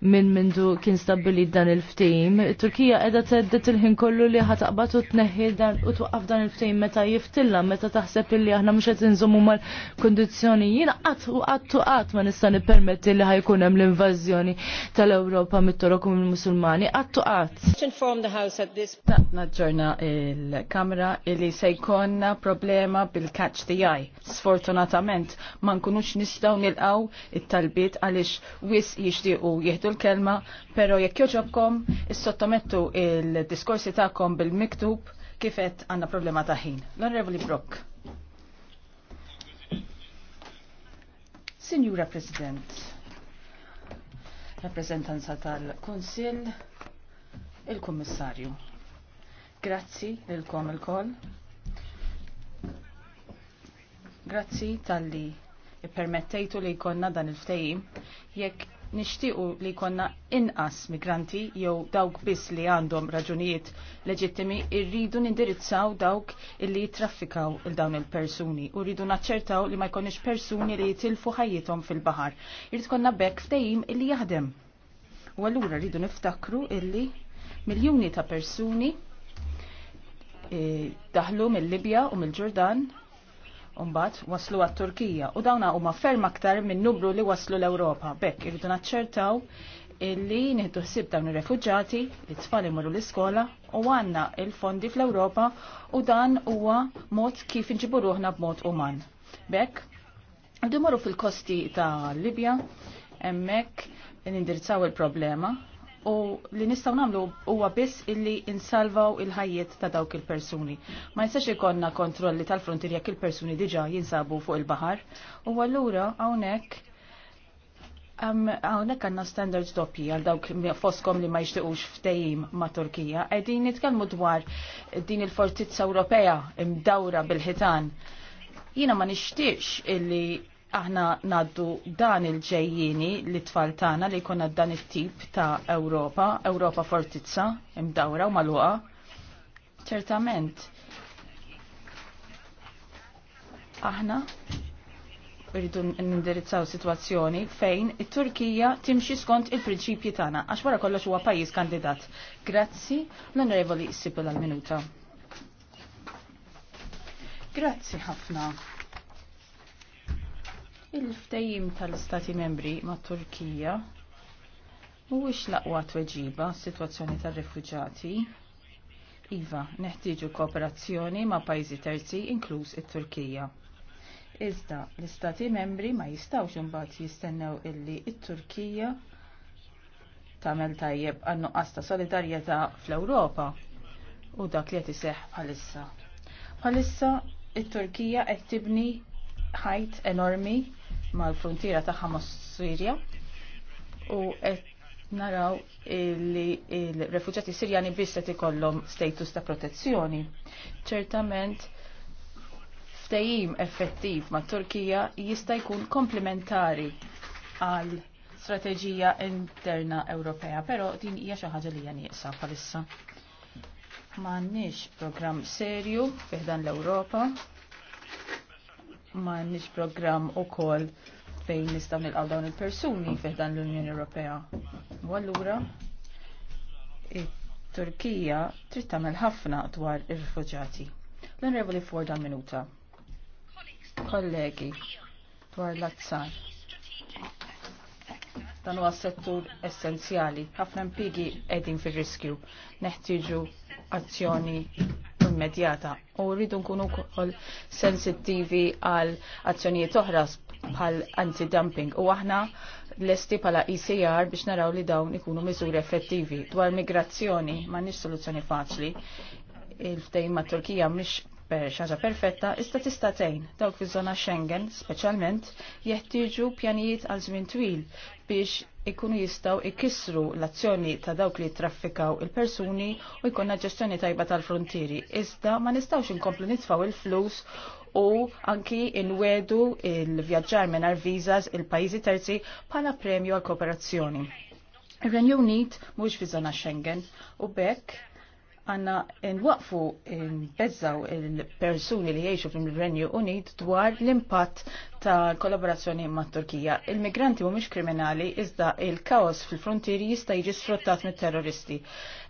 minn mindu kien stabili dan il-ftim. Turkija edha teddet il-ħin kollu li ħataqbat u tneħħi dan u twaqqaf dan il-ftim meta jiftilla, meta taħseb li aħna mhux qed inżommu mal-kondizzjoni. Jiena qatt u għat u qatt ma nista' nippermetti li ħajkun hemm l-invażjoni tal-Ewropa mit-Torok u mill-Musulmani. Qatt u qatt. Naġġorna il-Kamra li se jkollna problema bil-catch the eye. Sfortunatament ma nkunux nistgħu nilqgħu it-talbiet għaliex wis jixtiequ jihdu tieħdu l-kelma, pero jekk joġobkom, is-sottomettu il-diskorsi tagħkom bil-miktub kifet għandna problema ta' ħin. L-Onorevoli Brock. Signora President, rappresentanza tal-Konsil, il-Kommissarju. Grazzi lilkom il-kol. Grazzi tal-li permettejtu li jkonna dan il-ftejim jekk nixtiequ li konna inqas migranti jew dawk biss li għandhom raġunijiet leġittimi irridu nindirizzaw dawk illi jitraffikaw il dawn il-persuni u rridu naċċertaw li ma jkunniex persuni li jitilfu ħajjithom fil-baħar. Irrid konna bekk ftehim illi jaħdem. U allura rridu niftakru illi miljuni ta' persuni eh, daħlu mill-Libja u mill-Ġordan Umbat waslu għat Turkija u dawna huma ferm aktar minn numru li waslu l-Ewropa. Bekk irridu naċċertaw illi nieħdu ħsieb dawn ir refuġġati t tfal imorru l-iskola u għandna il-fondi fl-Ewropa u dan huwa mod kif inġibu ruħna b'mod uman. Bekk, dimorru fil-kosti ta' Libja, emmek nindirizzaw il-problema u li nistaw namlu huwa biss illi insalvaw il-ħajjiet ta' dawk il-persuni. Ma jistax ikonna kontrolli tal-frontier jekk il-persuni diġa jinsabu fuq il-bahar u allura hawnhekk Għawnek għanna standards doppji għal dawk foskom li ma jixtiqux ftejim ma' Turkija. Għedin nitkellmu dwar din il-fortizza Ewropea imdawra bil-ħitan. Jina ma nishtiqx illi aħna naddu dan il-ġejjini li tfal tagħna li jkun dan it-tip ta' Ewropa, Ewropa fortizza, imdawra u magħluqa. Ċertament. Aħna rridu nindirizzaw sitwazzjoni fejn it-Turkija timxi skont il-prinċipji tagħna għax wara kollox huwa pajjiż kandidat. Grazzi, l-Onorevoli Sipil għal-minuta. Grazzi ħafna. Il-ftajim tal-Stati membri ma' Turkija mhuwiex laqwa tweġiba s-sitwazzjoni tar Iva, neħtieġu kooperazzjoni ma' pajzi terzi inkluż it-Turkija. Iżda l-Istati membri ma jistawx imbagħad jistennew illi it-Turkija tagħmel tajjeb għannu qasta ta' solidarjetà fl-Ewropa u dak li qed iseħħ bħalissa. Bħalissa it-Turkija qed tibni ħajt enormi mal-frontiera tagħha ma' Sirja u qed naraw li l-refuġjati Sirjani biss qed ikollhom status ta' protezzjoni. Ċertament ftehim effettiv ma' Turkija jista' jkun komplementari għal strateġija interna Ewropea, però din hija xi ħaġa li hija nieqsa bħalissa. M'għandniex programm serju fiħdan l-Ewropa ma nix program u kol fejn nistaw nil dawn il-persuni dan l-Unjoni Ewropea. U allura it-Turkija trid tagħmel ħafna dwar ir-rifuġati. L-Onorevoli Ford għal minuta. Kollegi, dwar l-azzar. Dan huwa settur essenzjali. Ħafna impigi qegħdin fir-riskju. Neħtieġu azzjoni immedjata u rridu nkunu wkoll sensittivi għal azzjonijiet oħra bħal anti-dumping u aħna lesti pala ICR e biex naraw li dawn ikunu miżuri effettivi dwar migrazzjoni ma nix soluzzjoni faċli il-ftejn ma' Turkija mhix per xaġa perfetta, ista tista' tgħin dawk fi żona Schengen speċjalment jeħtieġu pjanijiet għal żmien twil biex ikunu jistaw ikissru l-azzjoni ta' dawk li traffikaw il-persuni u jkunna ġestjoni tajba tal-frontieri. Iżda ma nistawx inkomplu nitfaw il-flus u anki inwedu il-vjaġġar minn vizas il-pajjiżi terzi bħala premju għal kooperazzjoni. Ir-Renju Unit mhux fi Schengen u bekk għanna nwaqfu bezzaw il-persuni li jiexu fil-Renju Unit dwar l-impatt ta' kollaborazzjoni ma' Turkija. Il-migranti mhumiex kriminali iżda il-kaos fil-frontieri jista' jiġi sfruttat mit-terroristi.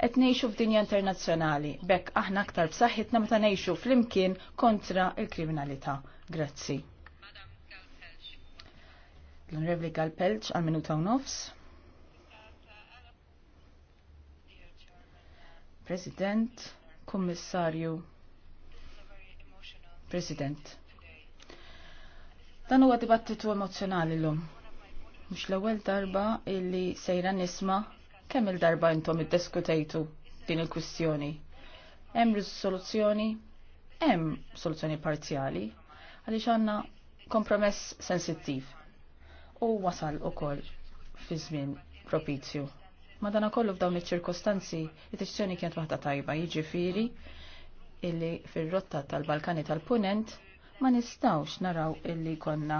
Qed ngħixu f'dinja internazzjonali, bekk aħna aktar b'saħħitna meta ngħixu flimkien kontra il-kriminalità. Grazzi. L-Onorevoli Galpelċ għal minuta u nofs. President, Kommissarju, President. Dan huwa dibattitu emozjonali l-lum. Mux l-ewwel darba illi sejra nisma kemm il-darba intom iddiskutejtu din il-kwistjoni. Hemm soluzzjoni? hemm soluzzjoni parzjali, għaliex għandna kompromess sensittiv. U wasal ukoll fi żmien propizju. Madana kollu f'dawn iċ-ċirkostanzi, it-tixċjoni kienet waħda tajba, jiġifieri illi fir-rotta tal-Balkani tal-Punent ma nistawx naraw illi konna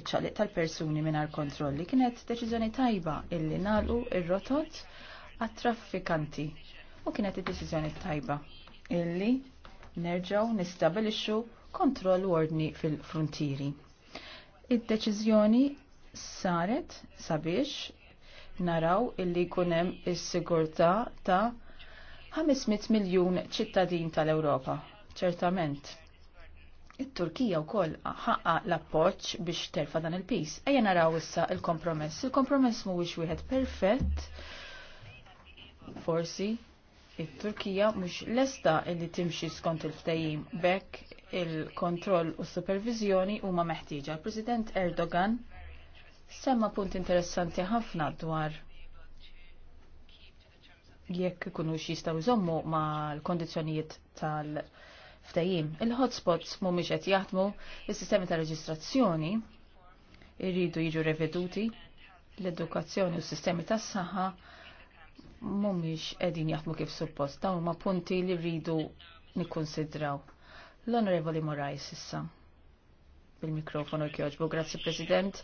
iċċaliq tal-persuni mingħajr kontrolli. Kienet deċiżjoni tajba illi nagħlqu ir-rotot għat-traffikanti u kienet id-deċiżjoni tajba illi nerġaw nistabilixxu kontroll ordni fil fruntieri Id-deċiżjoni saret sabiex naraw illi kunem is-sigurtà ta' 500 miljun ċittadin tal-Ewropa. Ċertament it-Turkija u koll ħaqqa l-appoċ biex terfa dan il-pis. Ejja naraw issa il-kompromess. Il-kompromess mhuwiex wieħed perfett. Forsi il turkija mhux lesta li timxi skont il-ftehim bekk il-kontroll u s u huma meħtieġa. Il-President Erdogan Semma punt interessanti ħafna dwar jekk ikunu jistaw jżommu ma l-kondizjonijiet tal-ftajim. Il-hotspots mhumiex qed jaħdmu, is-sistemi ta' reġistrazzjoni irridu jiġu reveduti, l-edukazzjoni u s-sistemi tas-saħħa mhumiex qegħdin jaħdmu kif suppost. Dawn huma punti li rridu nikkonsidraw. L-Onorevoli Morais issa bil-mikrofonu kjoġbu. Grazie, President.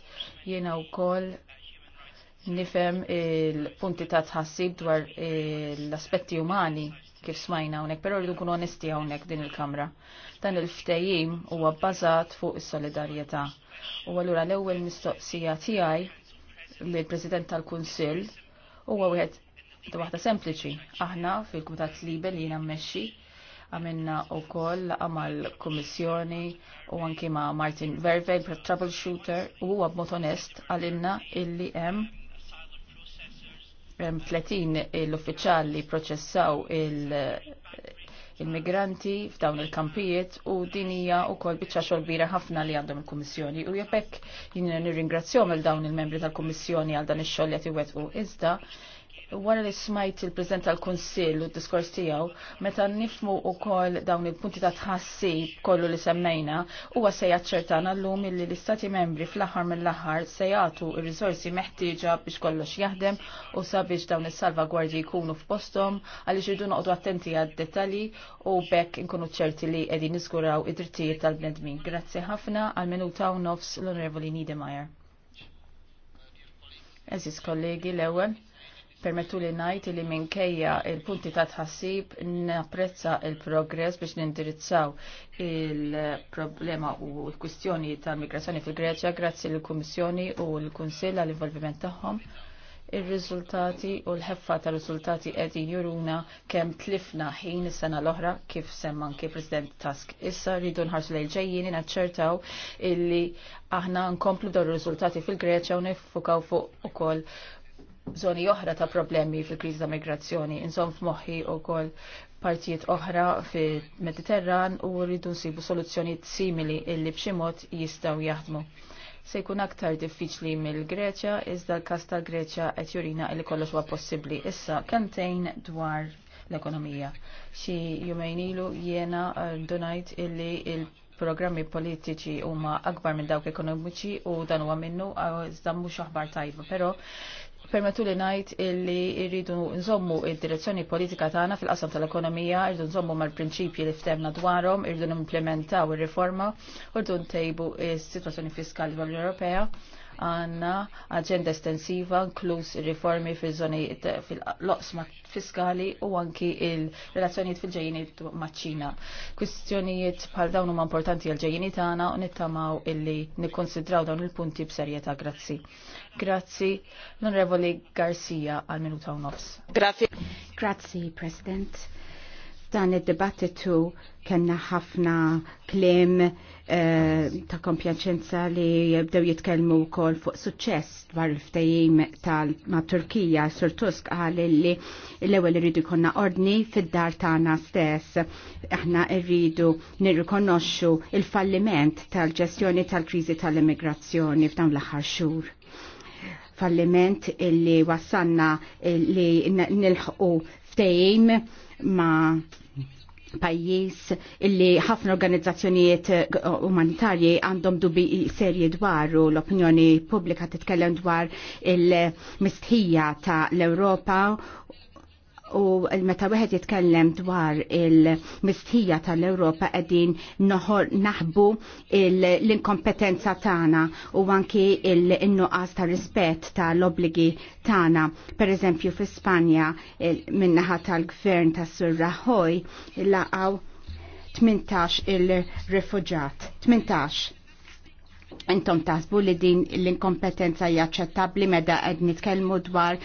Jena u koll nifem il-punti ta' tħassib dwar eh, l-aspetti umani kif smajna unek, pero rridu kun onesti unek din il-kamra. Dan il-ftejim huwa bbażat fuq is-solidarjetà. U allura l-ewwel mistoqsija tiegħi lill-President tal-Kunsill huwa wieħed waħda sempliċi. Aħna fil-Kumitat Liber li jiena mmexxi għamilna u koll għamal kommissjoni u anki ma' Martin Vervel, troubleshooter, u huwa b'mod onest għalimna illi hemm 30 l-uffiċali proċessaw il-migranti f'dawn il-kampijiet u dinija u biċċa bieċa xolbira ħafna li għandhom il kummissjoni U jepek jiena nirringrazzjom il-dawn il-membri tal kummissjoni għal dan il xogħol qed iwettqu iżda Wara li smajt il-President tal-Konsill u d-diskors tiegħu, meta nifmu wkoll dawn il-punti ta' tħassib kollu li semmejna, huwa se jaċċertana llum li l-Istati membri fl-aħħar mill-aħħar se jagħtu r-riżorsi meħtieġa biex kollox jaħdem u sabiex dawn is-salvagwardji jkunu f'posthom għaliex irdu noqgħdu attenti għad-dettalji u bekk inkunu ċerti li qegħdin niżguraw id-drittijiet tal-bnedmin. Grazzi ħafna għal minuta u nofs l-Onorevoli Niedermayer. Eżis kollegi l-ewwel Permettu li najt li minkejja il-punti ta' tħassib napprezza il-progress biex nindirizzaw il-problema u l-kwistjoni tal-migrazzjoni fil-Greċja grazzi l-Kummissjoni u l-Kunsill għall-involviment tagħhom ir-riżultati u l-ħeffa tal-riżultati qegħdin juruna kemm tlifna ħin is-sena l-oħra kif semman kif President Tusk. Issa rridu nħarsu lejl ġejjin naċċertaw illi aħna nkomplu dawn ir-riżultati fil-Greċja u nifukaw fuq ukoll zoni oħra ta' problemi fil-kriżi ta' migrazzjoni, insomm f'moħħi u kol partijiet oħra fil-Mediterran u rridu nsibu soluzzjoni simili illi b'xi mod jistgħu jaħdmu. Se jkun aktar diffiċli mill-Greċja, iżda l-kas tal-Greċja qed jurina li kollox huwa possibbli. Issa kemtejn dwar l-ekonomija. Xi jumejn ilu jiena eh, donajt illi il programmi politiċi huma akbar minn dawk ekonomiċi u dan huwa minnu eh, iżda mhux aħbar tajba, però Permetu li najt illi irridu nżommu id-direzzjoni politika tagħna fil-qasam tal-ekonomija, irridu nżommu mal-prinċipji li ftemna dwarhom, irridu nimplementaw ir-riforma, irridu ntejbu s-sitwazzjoni fiskali tal-Ewropea għanna agenda estensiva inkluż riformi fil zoni fil-loqsma fiskali u anki il-relazzjonijiet fil ġejjinijiet maċ-Ċina. Kwistjonijiet bħal dawn huma importanti għal ġejjini tagħna u nittamaw illi nikkonsidraw dawn il-punti b'serjetà grazzi. Grazzi l-Onorevoli Garcia għal minuta u nofs. Grazzi. Grazzi, President. Dan id-dibattitu kena ħafna klim eh, ta' kompjaċenza li jibdew jitkellmu wkoll fuq suċċess dwar il-ftehim ma' Turkija. Sur Tusk qal li l-ewwel rridu konna ordni fid-dar tagħna stess. Aħna rridu nirrikonoxxu il-falliment tal-ġestjoni tal-kriżi tal-immigrazzjoni f'dawn l-aħħar xhur falliment illi wassanna illi nilħqu ftehim ma' pajjiż illi ħafna organizzazzjonijiet eh, umanitarji għandhom dubi serji u l-opinjoni pubblika titkellem dwar il-mistħija ta' l-Europa u meta wieħed jitkellem dwar il-mistħija tal-Ewropa qegħdin noħor naħbu l-inkompetenza tagħna u anki l-innuqas ta' rispett tal-obligi tagħna. Pereżempju fi Spanja minnaħa tal-gvern tas Sur Rajoy laqgħu 18 il-refuġat. 18 intom tasbu li din l-inkompetenza jaċċettabli meda qed nitkellmu dwar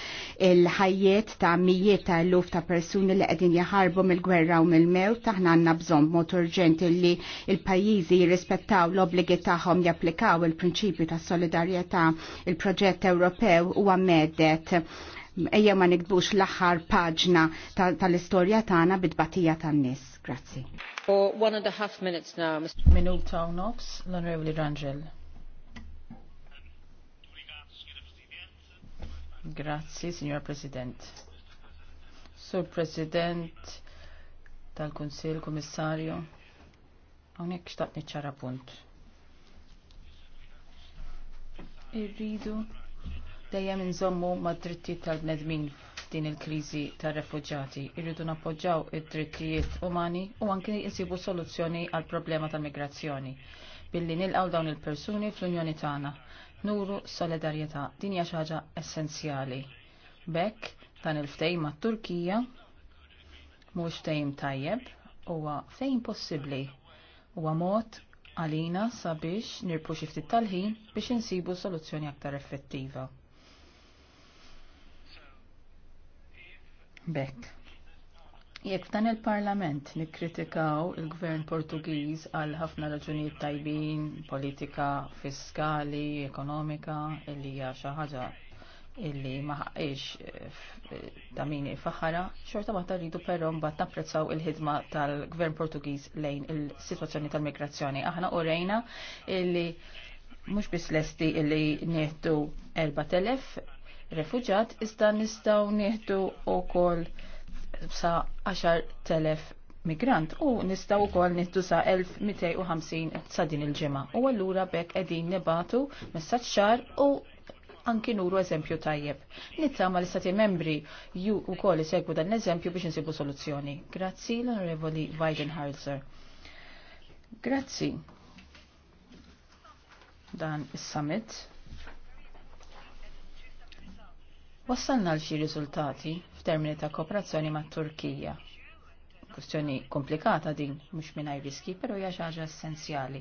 il-ħajjiet ta' mijiet ta' eluf ta' persuni li qegħdin jaħarbu mill-gwerra u mill-mewt aħna għandna bżonn mod urġenti li l-pajjiżi jirrispettaw l-obbligi tagħhom japplikaw il-prinċipju ta' solidarjetà il-proġett Ewropew huwa medet ejja ma nikbux l-aħħar paġna tal-istorja ta tagħna bid-batija tan-nies. Grazzi. For one and a half minutes now, Mr. Minuta Tawnox, l-Onorevoli Rangel. Grazzi, Signor President. Sur President tal-Kunsil, Kummissarju, għonek xtaqni ċara punt. Irridu dejjem nżommu mad-drittijiet tal-bnedmin din il-kriżi tar refugġati Irridu nappoġġaw id-drittijiet umani u anke jisibu soluzzjoni għal problema tal-migrazzjoni billi nilqaw dawn il-persuni fl-Unjoni tagħna. Nuru solidarjetà din hija xi ħaġa essenzjali. Bekk dan il-ftehim mat-Turkija mhux ftehim tajjeb huwa fejn possibbli huwa mod għalina sabiex nirpu xi ftit tal-ħin biex insibu soluzzjoni aktar effettiva. Bekk. Jekk dan il-Parlament nikkritikaw il-Gvern Portugiż għal ħafna raġunijiet tajbin, politika fiskali, ekonomika, illi hija xi ħaġa illi ma eh, ta' min faħara, xorta waħda rridu però mbagħad napprezzaw il-ħidma tal-Gvern Portugiż lejn il-sitwazzjoni tal-migrazzjoni. Aħna urejna illi mhux biss lesti illi nieħdu 4000 refuġat, iżda nistaw nieħdu wkoll sa 10,000 migrant u nistaw ukoll nieħdu sa 1250 sa din il-ġimgħa. U allura bekk qegħdin nibatu messaġġ ċar u anki nuru eżempju tajjeb. Nittama li stati membri ju u koll segwu dan eżempju biex nsibu soluzzjoni. Grazzi l-Onorevoli Weidenhalzer. Grazzi. Dan is-summit Wassalna l xi riżultati f'termini ta' kooperazzjoni ma' Turkija. Kustjoni komplikata din, mhux mingħajr riski, però hija xi ħaġa essenzjali.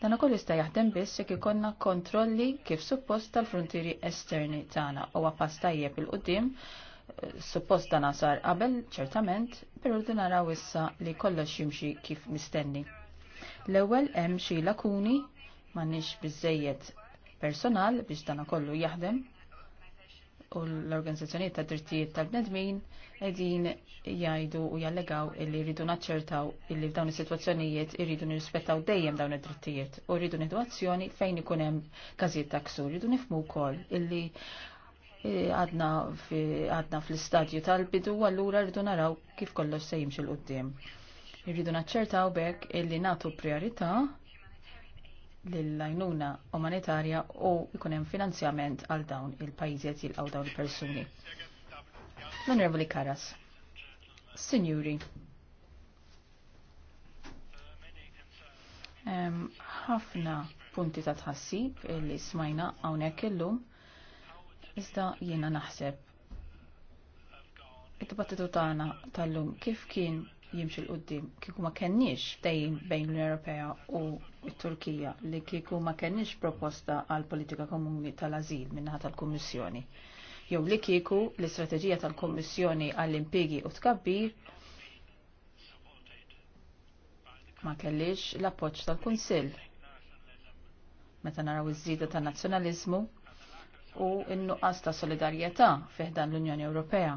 Dan ukoll jista' jaħdem biss jekk ikollna kontrolli kif suppost tal-frontieri esterni tagħna u pass tajjeb il qudiem eh, suppost dan sar qabel ċertament, però din naraw issa li kollox jimxi kif mistenni. L-ewwel hemm xi lakuni m'għandniex biżejjed personal biex dan kollu jaħdem u l organizzazzjoni ta' drittijiet tal-bnedmin edin jajdu u jallegaw illi rridu naċċertaw illi f'dawn is-sitwazzjonijiet irridu nirrispettaw dejjem dawn id-drittijiet u rridu nieħdu azzjoni fejn ikun hemm każijiet ta' ksur. Rridu nifhmu wkoll illi e, għadna fl-istadju tal-bidu allura rridu naraw kif kollox se jimxi l-qudiem. Irridu naċċertaw bekk illi natu priorità l-lajnuna umanitarja u hemm finanzjament għal dawn il-pajiziet jilqgħu dawn il-persuni. L-Onorevoli Karas, Signori, ħafna punti ta' tħassib li smajna hawnhekk illum, iżda jiena naħseb it-dibattitu tagħna tal-lum kif kien jimxi l-qoddim. Kieku ma kenniex tejn bejn l-Unjoni Ewropea u t-Turkija li kieku ma kenniex proposta għal politika komuni tal-azil minnaħa tal-Kummissjoni. Jew li kieku l-istrateġija tal-Kummissjoni għall-impigi u tkabbir ma kellix l-appoġġ tal-Kunsill. Meta naraw iż żida tan-nazzjonaliżmu u n-nuqqas ta' solidarjetà fiħdan l-Unjoni Ewropea.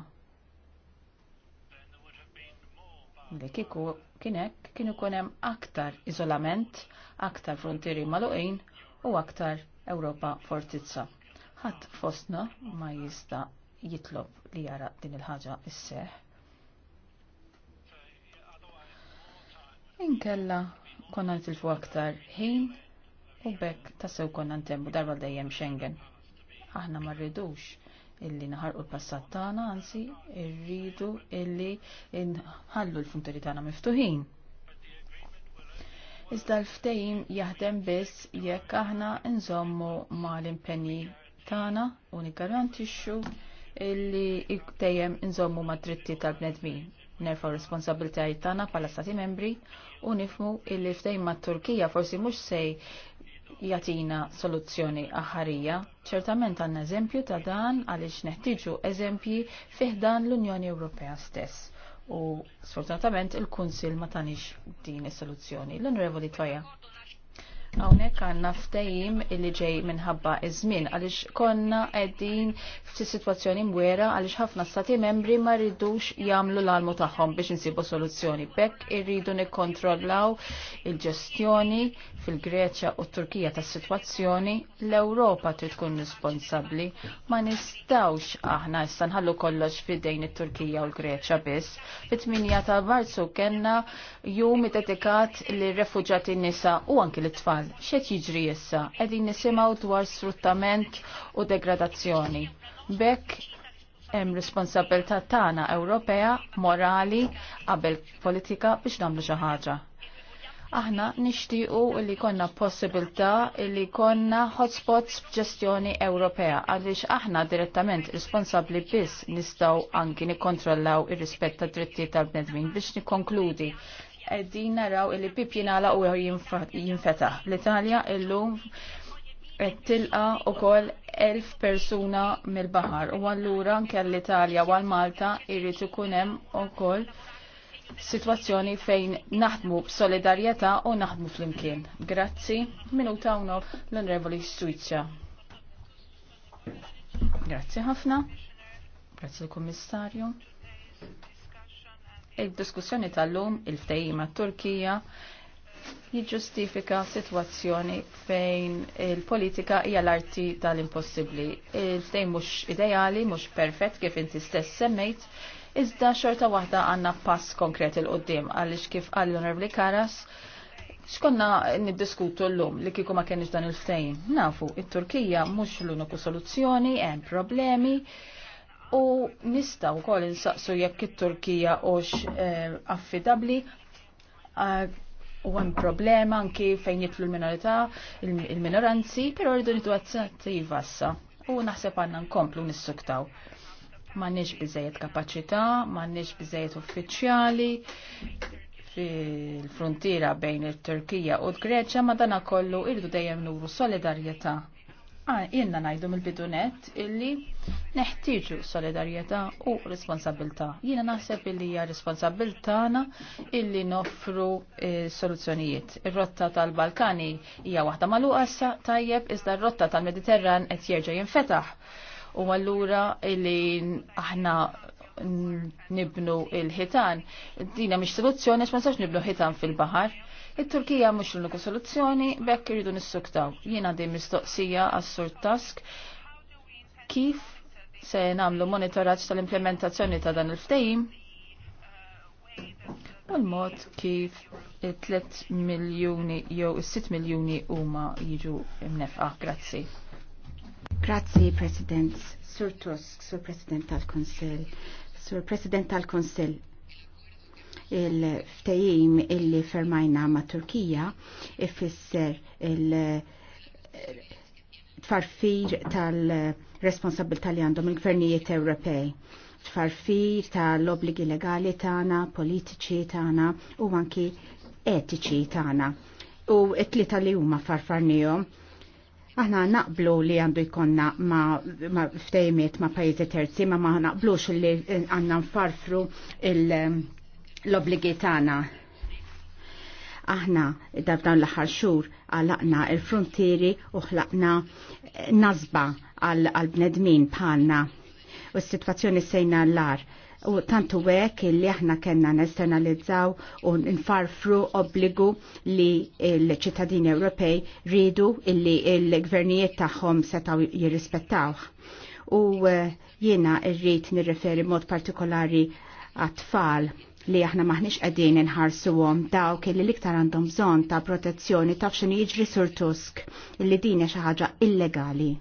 li kiku kienek kienu kunem aktar izolament, aktar frontieri maluqin u aktar Ewropa fortizza. Ħadd fostna ma jista jitlob li jara din il-ħaġa isseħ. Inkella konna nitilfu aktar ħin u bekk tassew konna ntemmu darba dejjem Schengen. Aħna ma rridux illi naħarqu l-passat tagħna, anzi rridu illi nħallu l-funturi tagħna miftuħin. Iżda l-ftehim jaħdem biss jekk aħna nżommu mal-impenji tagħna u niggarantixxu illi dejjem nżommu mad-dritti tal-bnedmin. Nerfaw responsabilitajiet tagħna bħala stati membri u nifmu illi ftehim mat-Turkija forsi mhux se jatina soluzzjoni aħarija. Ċertament għanna eżempju ta' dan għaliex neħtiġu eżempji fiħdan l-Unjoni Ewropea stess. U sfortunatament il-Kunsil ma tanix din is-soluzzjoni. L-Onorevoli Toja. Hawnhekk għandna ftehim li ġej minħabba iż-żmien għaliex konna qegħdin fti situazzjoni mwera għaliex ħafna stati membri ma rridux jagħmlu l-almu tagħhom biex insibu soluzzjoni. Bekk irridu nikkontrollaw il-ġestjoni fil-Greċja u t-Turkija tas-sitwazzjoni l-Ewropa trid tkun responsabbli. Ma nistawx aħna issa nħallu kollox fidejn it-Turkija u l-Greċja biss. Fit-8 ta' Marzu kellna jum dedikat lir refuġati nisa u anki l-tfal tfal. xe jiġri issa? Qegħdin nisimgħu dwar sfruttament u degradazzjoni. Bekk hemm responsabilità tagħna Ewropea morali qabel politika biex nagħmlu xi ħaġa. Aħna nixtiequ li konna possibilità li konna hotspots b'ġestjoni Ewropea għaliex aħna direttament responsabbli biss nistgħu anki nikkontrollaw ir-rispett tad drittijiet tal-bnedmin biex nikkonkludi għeddin naraw illi bib jingħala u jinfetaħ. L-Italja illum qed tilqa wkoll elf persuna mill-baħar u allura anke l-Italja u għal-Malta jrid ikun hemm ukoll situazzjoni fejn naħdmu b'solidarjetà u naħdmu flimkien. Grazzi, minuta unof l-Onorevoli Suizja. Grazzi ħafna. Grazzi l-Kommissarju. Il-diskussjoni tal-lum il-ftejjima Turkija jiġġustifika situazzjoni fejn il-politika hija l-arti tal-impossibbli. Il-ftejn mhux ideali, mhux perfett kif inti stess semmejt, iżda xorta waħda għandna pass konkret il-qoddim għaliex kif għall onorabli Karas xkonna niddiskutu l-lum li kiku ma kienx dan il-ftejn. Nafu, il-Turkija mux l-uniku soluzzjoni, hemm problemi, U nista u kol insaqsu jekk it-Turkija ux eh, affidabli eh, u għem problema anki fejn jitlu l-minorità, il-minoranzi, pero rridu nitu attiva sa. U naħseb għanna nkomplu nissuktaw. Mannix bizzejiet kapacità, mannix bizzejiet uffiċjali fil-frontiera bejn il-Turkija u l-Greċja, ma dana kollu irridu dejjem nuru solidarjetà Ah, jenna najdu mill-bidunet illi neħtieġu solidarjetà u responsabilità. Jiena naħseb illi hija responsabilitana illi noffru e, soluzzjonijiet. Ir-rotta tal-Balkani hija waħda magħluqa issa tajjeb iżda r-rotta tal-Mediterran qed jerġa' jinfetaħ. U allura illi aħna nibnu il-ħitan. Dina mhix soluzzjoni għax ma nibnu ħitan fil-baħar Il-Turkija mux l-uniku soluzzjoni, bekk irridu nissuktaw. Jina di mistoqsija għas-sur task kif se namlu monitoraġġ tal-implementazzjoni ta' dan il-ftejim l mod kif 3 miljoni jew 6 miljoni huma jiġu mnefqa. Grazzi. Grazzi, President. Sur Tusk, Sur President tal-Konsell. Sur President tal-Konsell, il-ftejim illi fermajna ma' Turkija ifisser il- tfarfir tal-responsabilta li għandhom il-gvernijiet Ewropej tfarfir tal-obligi legali tagħna, politiċi tagħna u anki etiċi tagħna. U t-tlieta li huma farfarnijhom. Aħna naqblu li għandu jkonna ma, ma ftejmiet ma pajjiżi terzi, ma ma naqblux li għanna nfarfru il- l-obligi tagħna. Aħna dawn l-aħħar xhur għalaqna il-frontieri u ħlaqna eh, nazba għal-bnedmin bħalna. U s-sitwazzjoni sejna l-lar u tantu għek li aħna kena nesternalizzaw u nfarfru obbligu li l-ċittadini Ewropej ridu illi l-gvernijiet taħħom tagħhom setaw jirrispettawh. U eh, jiena rrid nirreferi mod partikolari għat-tfal li aħna maħniex qegħdin inħarsuhom dawk li l-iktar għandhom bżonn ta' protezzjoni taf x'inhi jiġri sur Tusk illi din hija xi ħaġa illegali.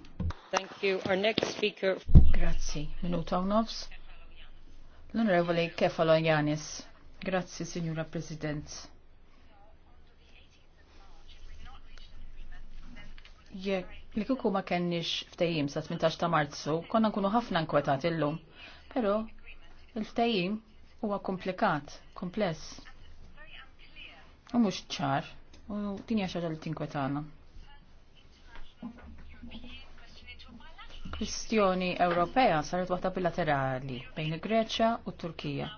Thank you. Our next speaker. Grazzi. Minuta u L-Onorevoli Kefalo Janis. Grazzi, Signora President. Jek, li kuku ma kenniex ftejim sa 18 ta' marzu, konna nkunu ħafna nkwetat illum. Pero, il-ftejim huwa komplikat, kompless. U mhux ċar, u din hija xaġa li tinkwetana. Kwistjoni Ewropea saret waħda bilaterali bejn il-Greċja u Turkija.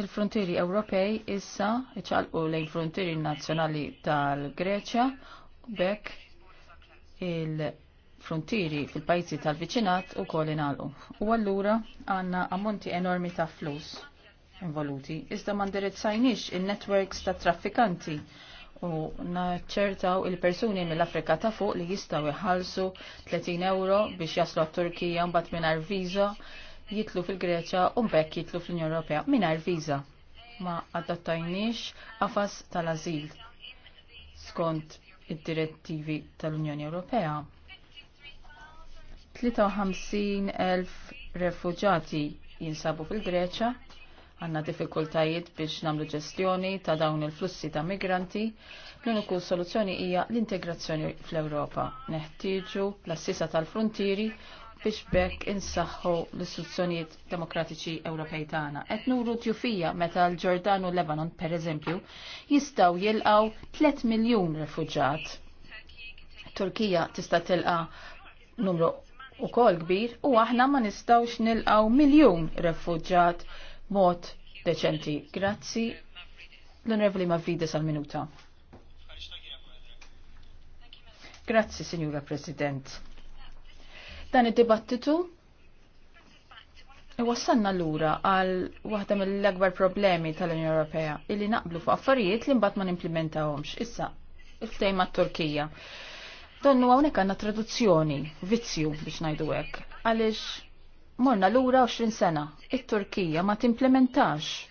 Il-frontieri Ewropej issa iċalqu lejn frontieri nazzjonali tal-Greċja u bekk il- frontieri fil-pajzi tal-viċinat u kol U allura għanna ammonti enormi ta' flus involuti. Iżda ma ndirizzajniex il-networks ta' traffikanti u naċċertaw il-persuni mill-Afrika ta' fuq li jistaw iħalsu 30 euro biex jaslu għat-Turkija mbagħad mingħajr viża jitlu fil-Greċja u mbekk jitlu fl-Unjoni Ewropea mingħajr viża. Ma adattajniex għafas tal-azil skont id-direttivi tal-Unjoni Ewropea. 53,000 refuġati jinsabu fil-Greċja Għanna diffikultajiet biex namlu ġestjoni ta' dawn il-flussi ta' migranti. L-uniku soluzzjoni hija l-integrazzjoni fl-Ewropa. Neħtieġu l-assisa tal-frontieri biex bekk insaħħu l-istituzzjonijiet demokratiċi Ewropej tagħna. Qed nuru tjufija meta l-Ġordan u Lebanon pereżempju jistgħu jilqgħu 3 miljun refuġat. Turkija tista' tilqa numru ukoll kbir u aħna ma nistgħux nilqgħu miljun refuġat mod deċenti. Grazzi l-Onorevoli Mavrides għal minuta. Grazzi, Signora President. Dan id-dibattitu Iwassanna l-ura għal waħda mill-akbar problemi tal-Unjoni Ewropea illi naqblu fuq affarijiet li mbagħad ma nimplementawhomx. Issa, il-ftejn mat-Turkija. Dan huwa hawnhekk għandna traduzzjoni, vizzju biex ngħidu hekk. Għaliex morna lura 20 sena. It-Turkija ma timplementax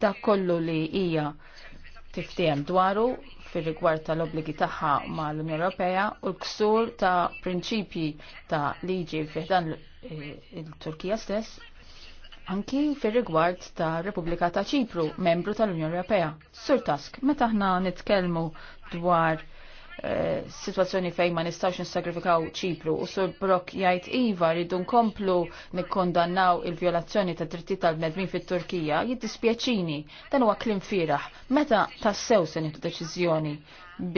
dak kollu li hija tiftiem dwaru fir rigward tal-obligi tagħha mal-Unjoni Ewropea u l-ksur ta' prinċipji ta' liġi fiħdan il-Turkija stess anki fir rigward ta' Repubblika ta' Ċipru, membru tal-Unjoni Ewropea. Sur Task, meta aħna nitkellmu dwar Eh, situazzjoni fejn ma nistax nissagrifikaw ċipru u sur Brok jgħid iva rridu nkomplu nikkondannaw il violazzjoni ta' dritti tal-bnedmin fit-Turkija jiddispjaċini dan huwa klim firaħ meta tassew se nieħdu deċiżjoni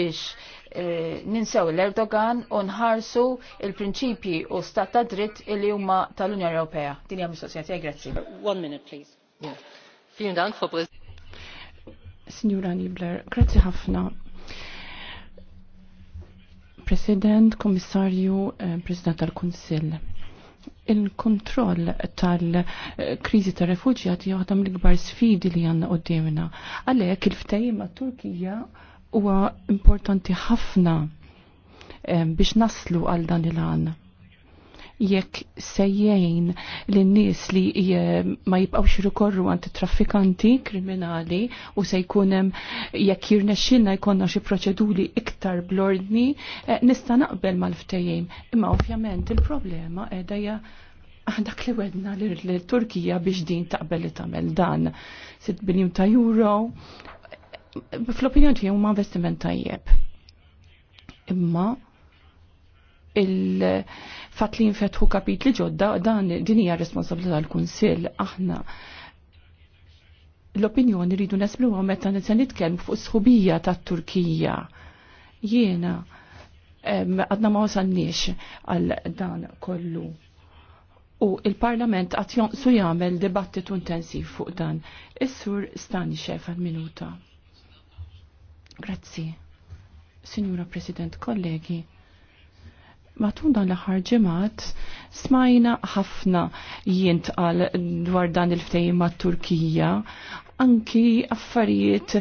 biex eh, ninsew l-Erdogan u nħarsu il-prinċipji u stat ta' dritt li huma tal-Unjoni Ewropea. Din hija mistoqsija tiegħi grazzi. One minute please. Vielen Dank, Frau Präsidentin. Signora Nibler, grazzi ħafna President, Komissarju, eh, President tal-Kunsill. Il-kontroll tal-krizi ta' refugjati jgħatam l-ikbar sfidi li għanna d-demina. Għalek il-ftejim ma' Turkija huwa importanti ħafna eh, biex naslu għal dan il għanna jekk sejjejn l-nies li eh, ma jibqawx rikorru għant traffikanti kriminali u se jkunem jekk jirnexxilna jkollna xi proċeduri iktar blordni eh, nista' naqbel mal-ftejjejn. Imma ovvjament il-problema qiegħda hija dak li wedna l-Turkija biex din taqbel li tagħmel dan. sitt biljun ta' euro fl-opinjoni tiegħi huma investiment tajjeb. Imma il- fatt li nfetħu kapitli ġodda dan din hija responsabilità tal-Kunsill aħna l-opinjoni rridu nesbluha meta nisa nitkellmu fuq sħubija tat-Turkija. Jiena għadna ma wasalniex għal dan kollu. U il-Parlament għat jonqsu jagħmel dibattitu intensiv fuq dan. Is-sur Stanishev għal-minuta. Grazzi. Signora President, kollegi Matun dan l-aħħar ġimgħat smajna ħafna jintqal dwar dan il ftejim mat-Turkija anki affarijiet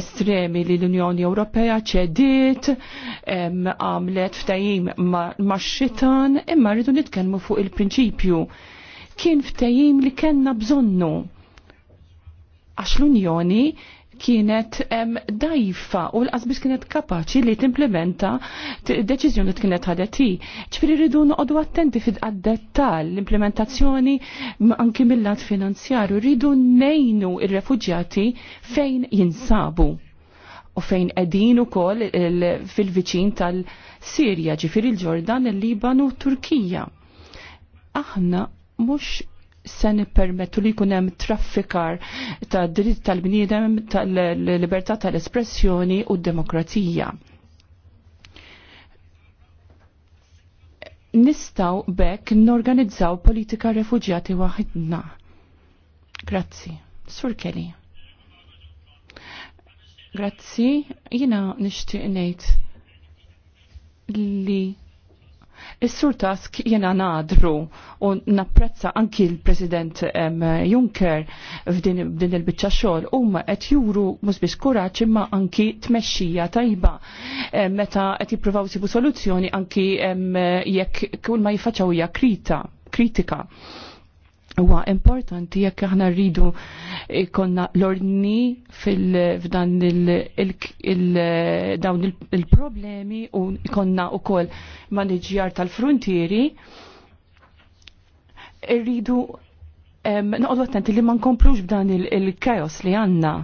estremi li l-Unjoni Ewropea ċediet, għamlet ftajim ma' xitan, imma rridu nitkellmu fuq il-prinċipju. Kien ftajim li kellna bżonnu. Għax l-Unjoni kienet dajfa u l-qasbis kienet kapaċi li timplementa deċiżjoni li kienet ħadet hi. Ġifieri rridu noqogħdu attenti fid-qaddettal l-implementazzjoni anki mill-lat finanzjaru rridu nejnu il refuġjati fejn jinsabu u fejn edin u kol fil-viċin tal-Sirja, ġifir il-ġordan, il-Libanu, Turkija. Aħna mux se nippermettu li jkun hemm traffikar ta' dritt tal-bniedem tal-libertà tal-espressjoni u d-demokrazija. Nistaw bekk norganizzaw politika refugjati waħidna. Grazzi. Sur Kelly. Grazzi, jina nishtiq ngħid li Is-sur Tusk jena nadru u napprezza anki l-President Juncker f'din il-bicċa xogħol huma qed juru mhux biex kuraġġ imma anki tmexxija tajba eh, meta qed jippruvaw sibu soluzzjoni anki jekk kull ma jifaċċaw hija krita kritika huwa importanti jekk aħna rridu ikonna l-ordni fdan il-dawn il-problemi u ikonna u maniġjar tal-frontieri rridu noqogħdu attenti li ma nkomplux b'dan il-kajos li għanna.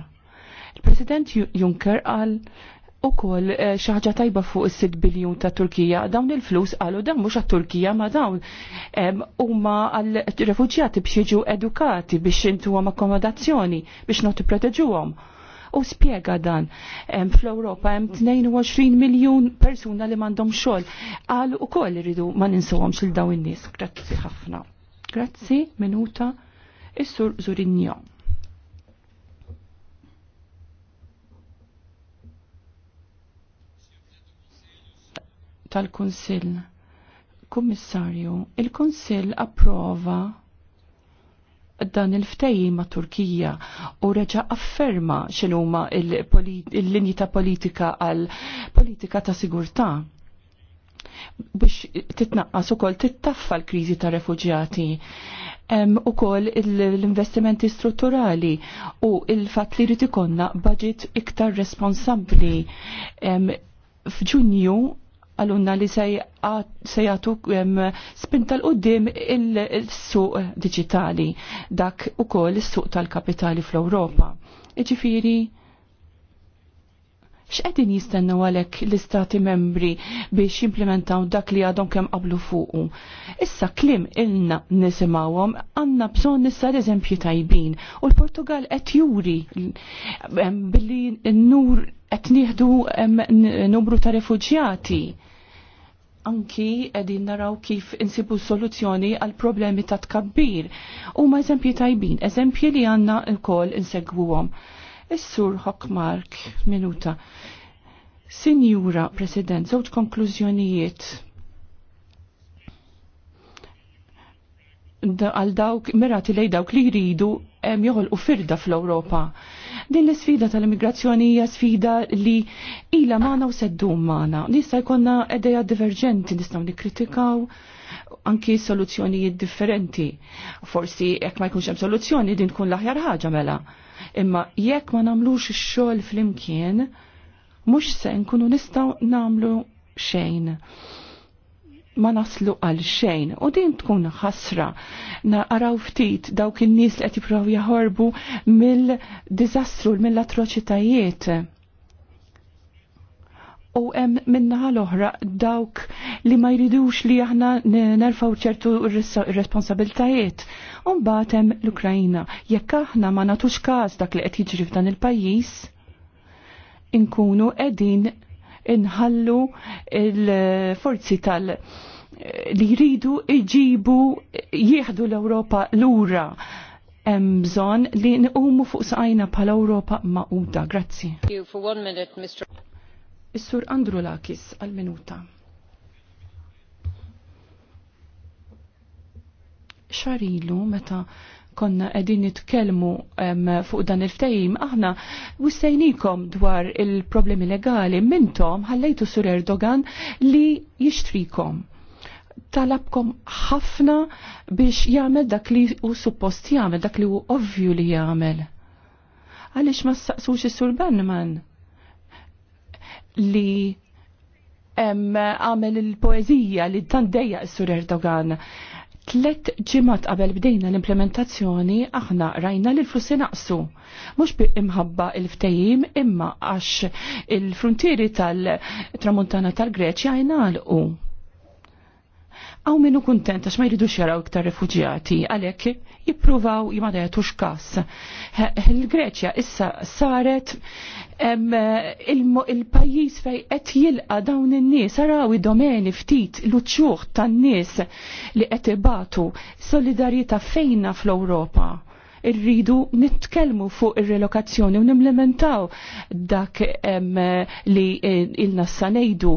Il-President Juncker għal u koll eh, xaħġa tajba fuq is 6 biljun ta' Turkija, dawn il-flus għalu dan mux għat Turkija ma dawn u ma għal refugġjati biex jiġu edukati biex jintu għam akkomodazzjoni biex not proteġu għom. U spiega dan, fl-Europa hemm 22 miljun persuna li mandom xogħol. għalu u koll irridu ma ninsu għom xil in-nies. Grazzi ħafna. Grazzi, minuta. Is-sur Zurinjon. tal-Kunsill. Kummissarju, il-Kunsill approva dan il-ftejji ma' Turkija u reġa afferma x'inhuma il-linji ta' politika għal politika ta' sigurtà biex titnaqqas ukoll tittaffa l-kriżi ta' refugjati u koll l-investimenti strutturali u il-fatt li rid budget iktar responsabbli f'Ġunju għalunna li se jagħtu spinta l-qoddim il-suq digitali dak ukoll is-suq tal-kapitali fl-Ewropa. Iġifieri, x'qegħdin jistennew għalhekk l-istati membri biex jimplementaw dak li għadhom kemm qablu fuqu. Issa klim ilna nisimgħuhom għandna bżonn nista eżempji tajbin u l-Portugal qed juri billi n-nur qed nieħdu numru ta' refuġjati anki qegħdin naraw kif insibu soluzzjoni għal problemi ta' tkabbir. huma eżempji tajbin, eżempji li għandna l-kol insegwuhom. Is-sur Hockmark, minuta. Sinjura President, żewġ konklużjonijiet għal dawk mirati lej dawk li jridu hemm joħolqu firda fl-Ewropa. Din l-sfida tal-immigrazzjoni hija sfida li ila magħna u seddum magħna. Nista' jkollna edeja diverġenti nistgħu nikkritikaw anki soluzzjonijiet differenti. Forsi jekk ma jkunx hemm soluzzjoni din tkun l-aħjar ħaġa mela. Imma jekk ma namlux ix-xogħol flimkien, mhux se nkunu nistgħu namlu xejn. Ma naslu għal xejn u din tkun ħasra naqaraw ftit dawk in-nies li qed jippruvaw jaħorbu mill-diżastru mill-atroċitajiet u hemm minnaħa l-oħra dawk li ma jridux li aħna nerfaw ċertu responsabiltajiet. Umbagħad hemm l-Ukrajna. Jekk aħna ma nagħtux każ dak li qed jiġri f'dan il-pajjiż inkunu qegħdin inħallu il-forzi tal- li jridu iġibu jieħdu l-Ewropa lura hemm bżonn li nqumu fuq saqajna bħala Ewropa maquda. Grazzi. Is-sur Andru Lakis għal-minuta. Xarilu meta konna edin nitkelmu fuq dan il-ftejim, aħna wissejnikom dwar il-problemi legali mintom ħallejtu sur Erdogan li jixtrikom. Talabkom ħafna biex jagħmel dak li u suppost jagħmel, dak li u ovvju li jagħmel. Għaliex ma saqsux is-sur Bannman li għamel il-poezija li tandeja s-sur Erdogan. Tlet ġimat qabel bdejna l-implementazzjoni aħna rajna li l-flussi naqsu. Mux bi imħabba il-ftejim imma għax il-frontieri tal-tramuntana tal-Greċja u. Għaw minnu kontent għax ma jridux jaraw iktar refugjati, għalek jippruvaw jimadajatu xkas. Il-Greċja issa saret il-pajis fej qed jilqa dawn in-nies, araw id-domeni ftit l-uċċuħ tan-nies li qed ibatu solidarjetà fejna fl-Ewropa irridu nitkellmu fuq ir-relokazzjoni u nimplementaw dak li eh, il-nassa ngħidu.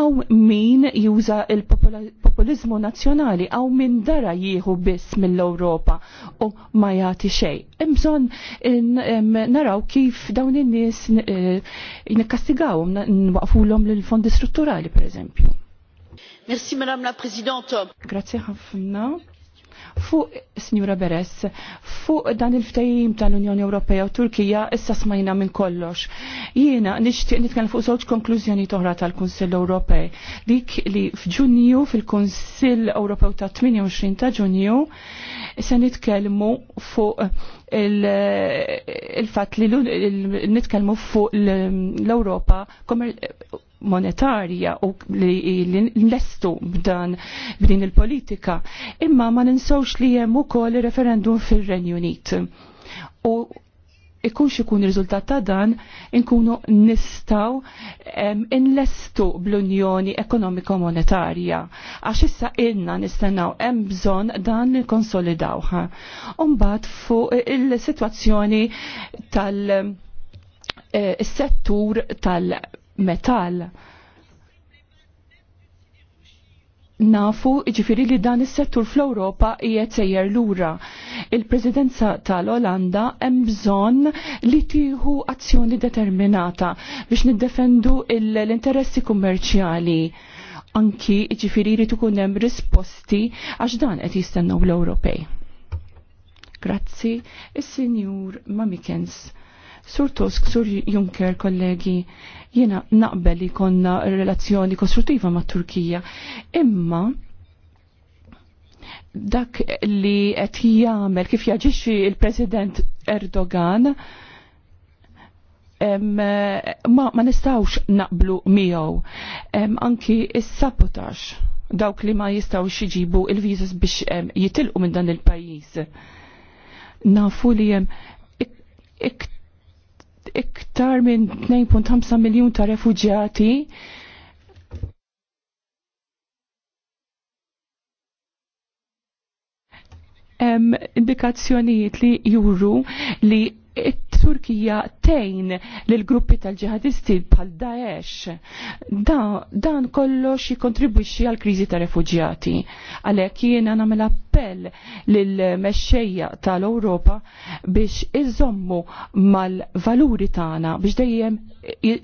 Aw min juża il-populizmu nazzjonali aw min dara jieħu biss mill-Ewropa u ma jagħti xejn. Imżon naraw kif dawn in-nies eh, nikkastigawhom nwaqfulhom lill-fondi strutturali pereżempju. Merci Madame la Presidente. Grazie ħafna. Fuq, Signora Beres, fuq dan il-ftajim tal-Unjoni Ewropea u Turkija issa smajna minn kollox. Jiena nixtieq nitkan fuq żewġ konklużjoni toħra tal-Kunsill Ewropej. Dik li f'Ġunju fil-Kunsill Ewropew ta' 28 ta' Ġunju se nitkellmu fuq il-fatt li nitkellmu fuq l-Ewropa monetarja u li l-investu b'dan b'din il-politika, imma ma ninsawx li hemm ukoll referendum fir-Renju Unit. U ikunx ikun rizultat ta' dan inkunu nistaw inlestu bl-Unjoni Ekonomiko Monetarja. Għax issa inna nistennaw hemm bżonn dan li konsolidawħa. Umbat fuq il-sitwazzjoni tal- eh, settur tal- metal Nafu ġifiri li dan is-settur fl-Ewropa qiegħed sejjer lura. Il-Presidenza tal-Olanda hemm bżonn li tieħu azzjoni determinata biex niddefendu l-interessi kummerċjali. Anki ġifiri li tkun hemm risposti għax dan qed jistennew l-Ewropej. Grazzi, is-Sinjur Mamikens Sur Tusk, Sur Juncker, kollegi, jena naqbel li konna relazzjoni kostruttiva ma' Turkija. Imma dak li qed jagħmel kif jaġixxi il-President Erdogan em, ma, ma nistawx naqblu miegħu. Anki is-sabotax dawk li ma jistawx jiġibu il-vizas biex jitilqu minn dan il-pajjiż. Nafu li hemm iktar minn 2.5 miljun ta' refugjati indikazzjonijiet li juru li Turkija tejn lill gruppi tal-ġihadisti bħal Daesh. Da, dan kollox jikontribwixxi għal kriżi ta' refuġjati. Għalhekk jiena nagħmel appell lil mexxejja tal-Ewropa biex iżommu mal-valuri tagħna biex dejjem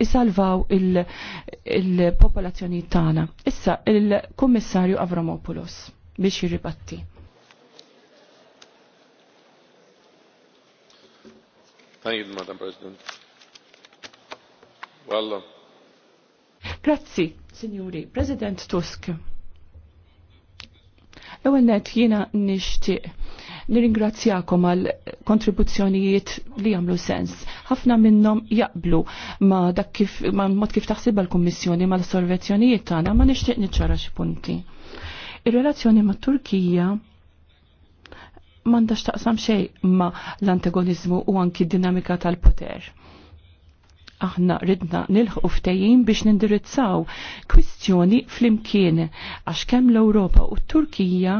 isalvaw il-popolazzjoni tagħna. Issa il-Kummissarju Avramopoulos biex jirribatti. Madam President. Well, uh, Grazzi, Signori. President Tusk. Ewwel net jiena nixtieq nirringrazzjakom għal kontribuzzjonijiet li għamlu sens. ħafna minnhom jaqblu ma dak kif ma mod kif taħsib għall kummissjoni mal-sorvezzjonijiet tagħna ma nixtieq niċċara xi punti. Ir-relazzjoni mat-Turkija mandax taqsam xej ma l-antagonizmu u anki dinamika tal-poter. Aħna ridna nilħu ftejjin biex nindirizzaw kwistjoni fl-imkien għax kemm l-Ewropa u t-Turkija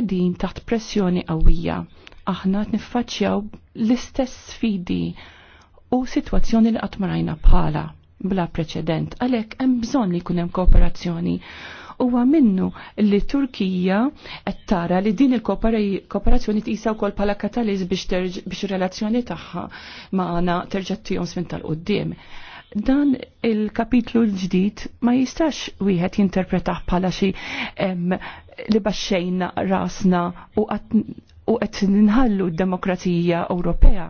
edin taħt pressjoni qawwija. Aħna tniffaċċjaw l-istess sfidi u situazzjoni li qatt marajna bħala bla preċedent. Għalhekk hemm bżonn li jkun hemm kooperazzjoni huwa minnu li Turkija qed tara li din il-kooperazzjoni tqisa wkoll bħala kataliz biex ir-relazzjoni tagħha magħna terġa' tihom smin tal-qudiem. Dan il-kapitlu l-ġdid ma jistax wieħed jinterpretah bħala xi li baxxejna rasna u qed ninħallu d-demokrazija Ewropea.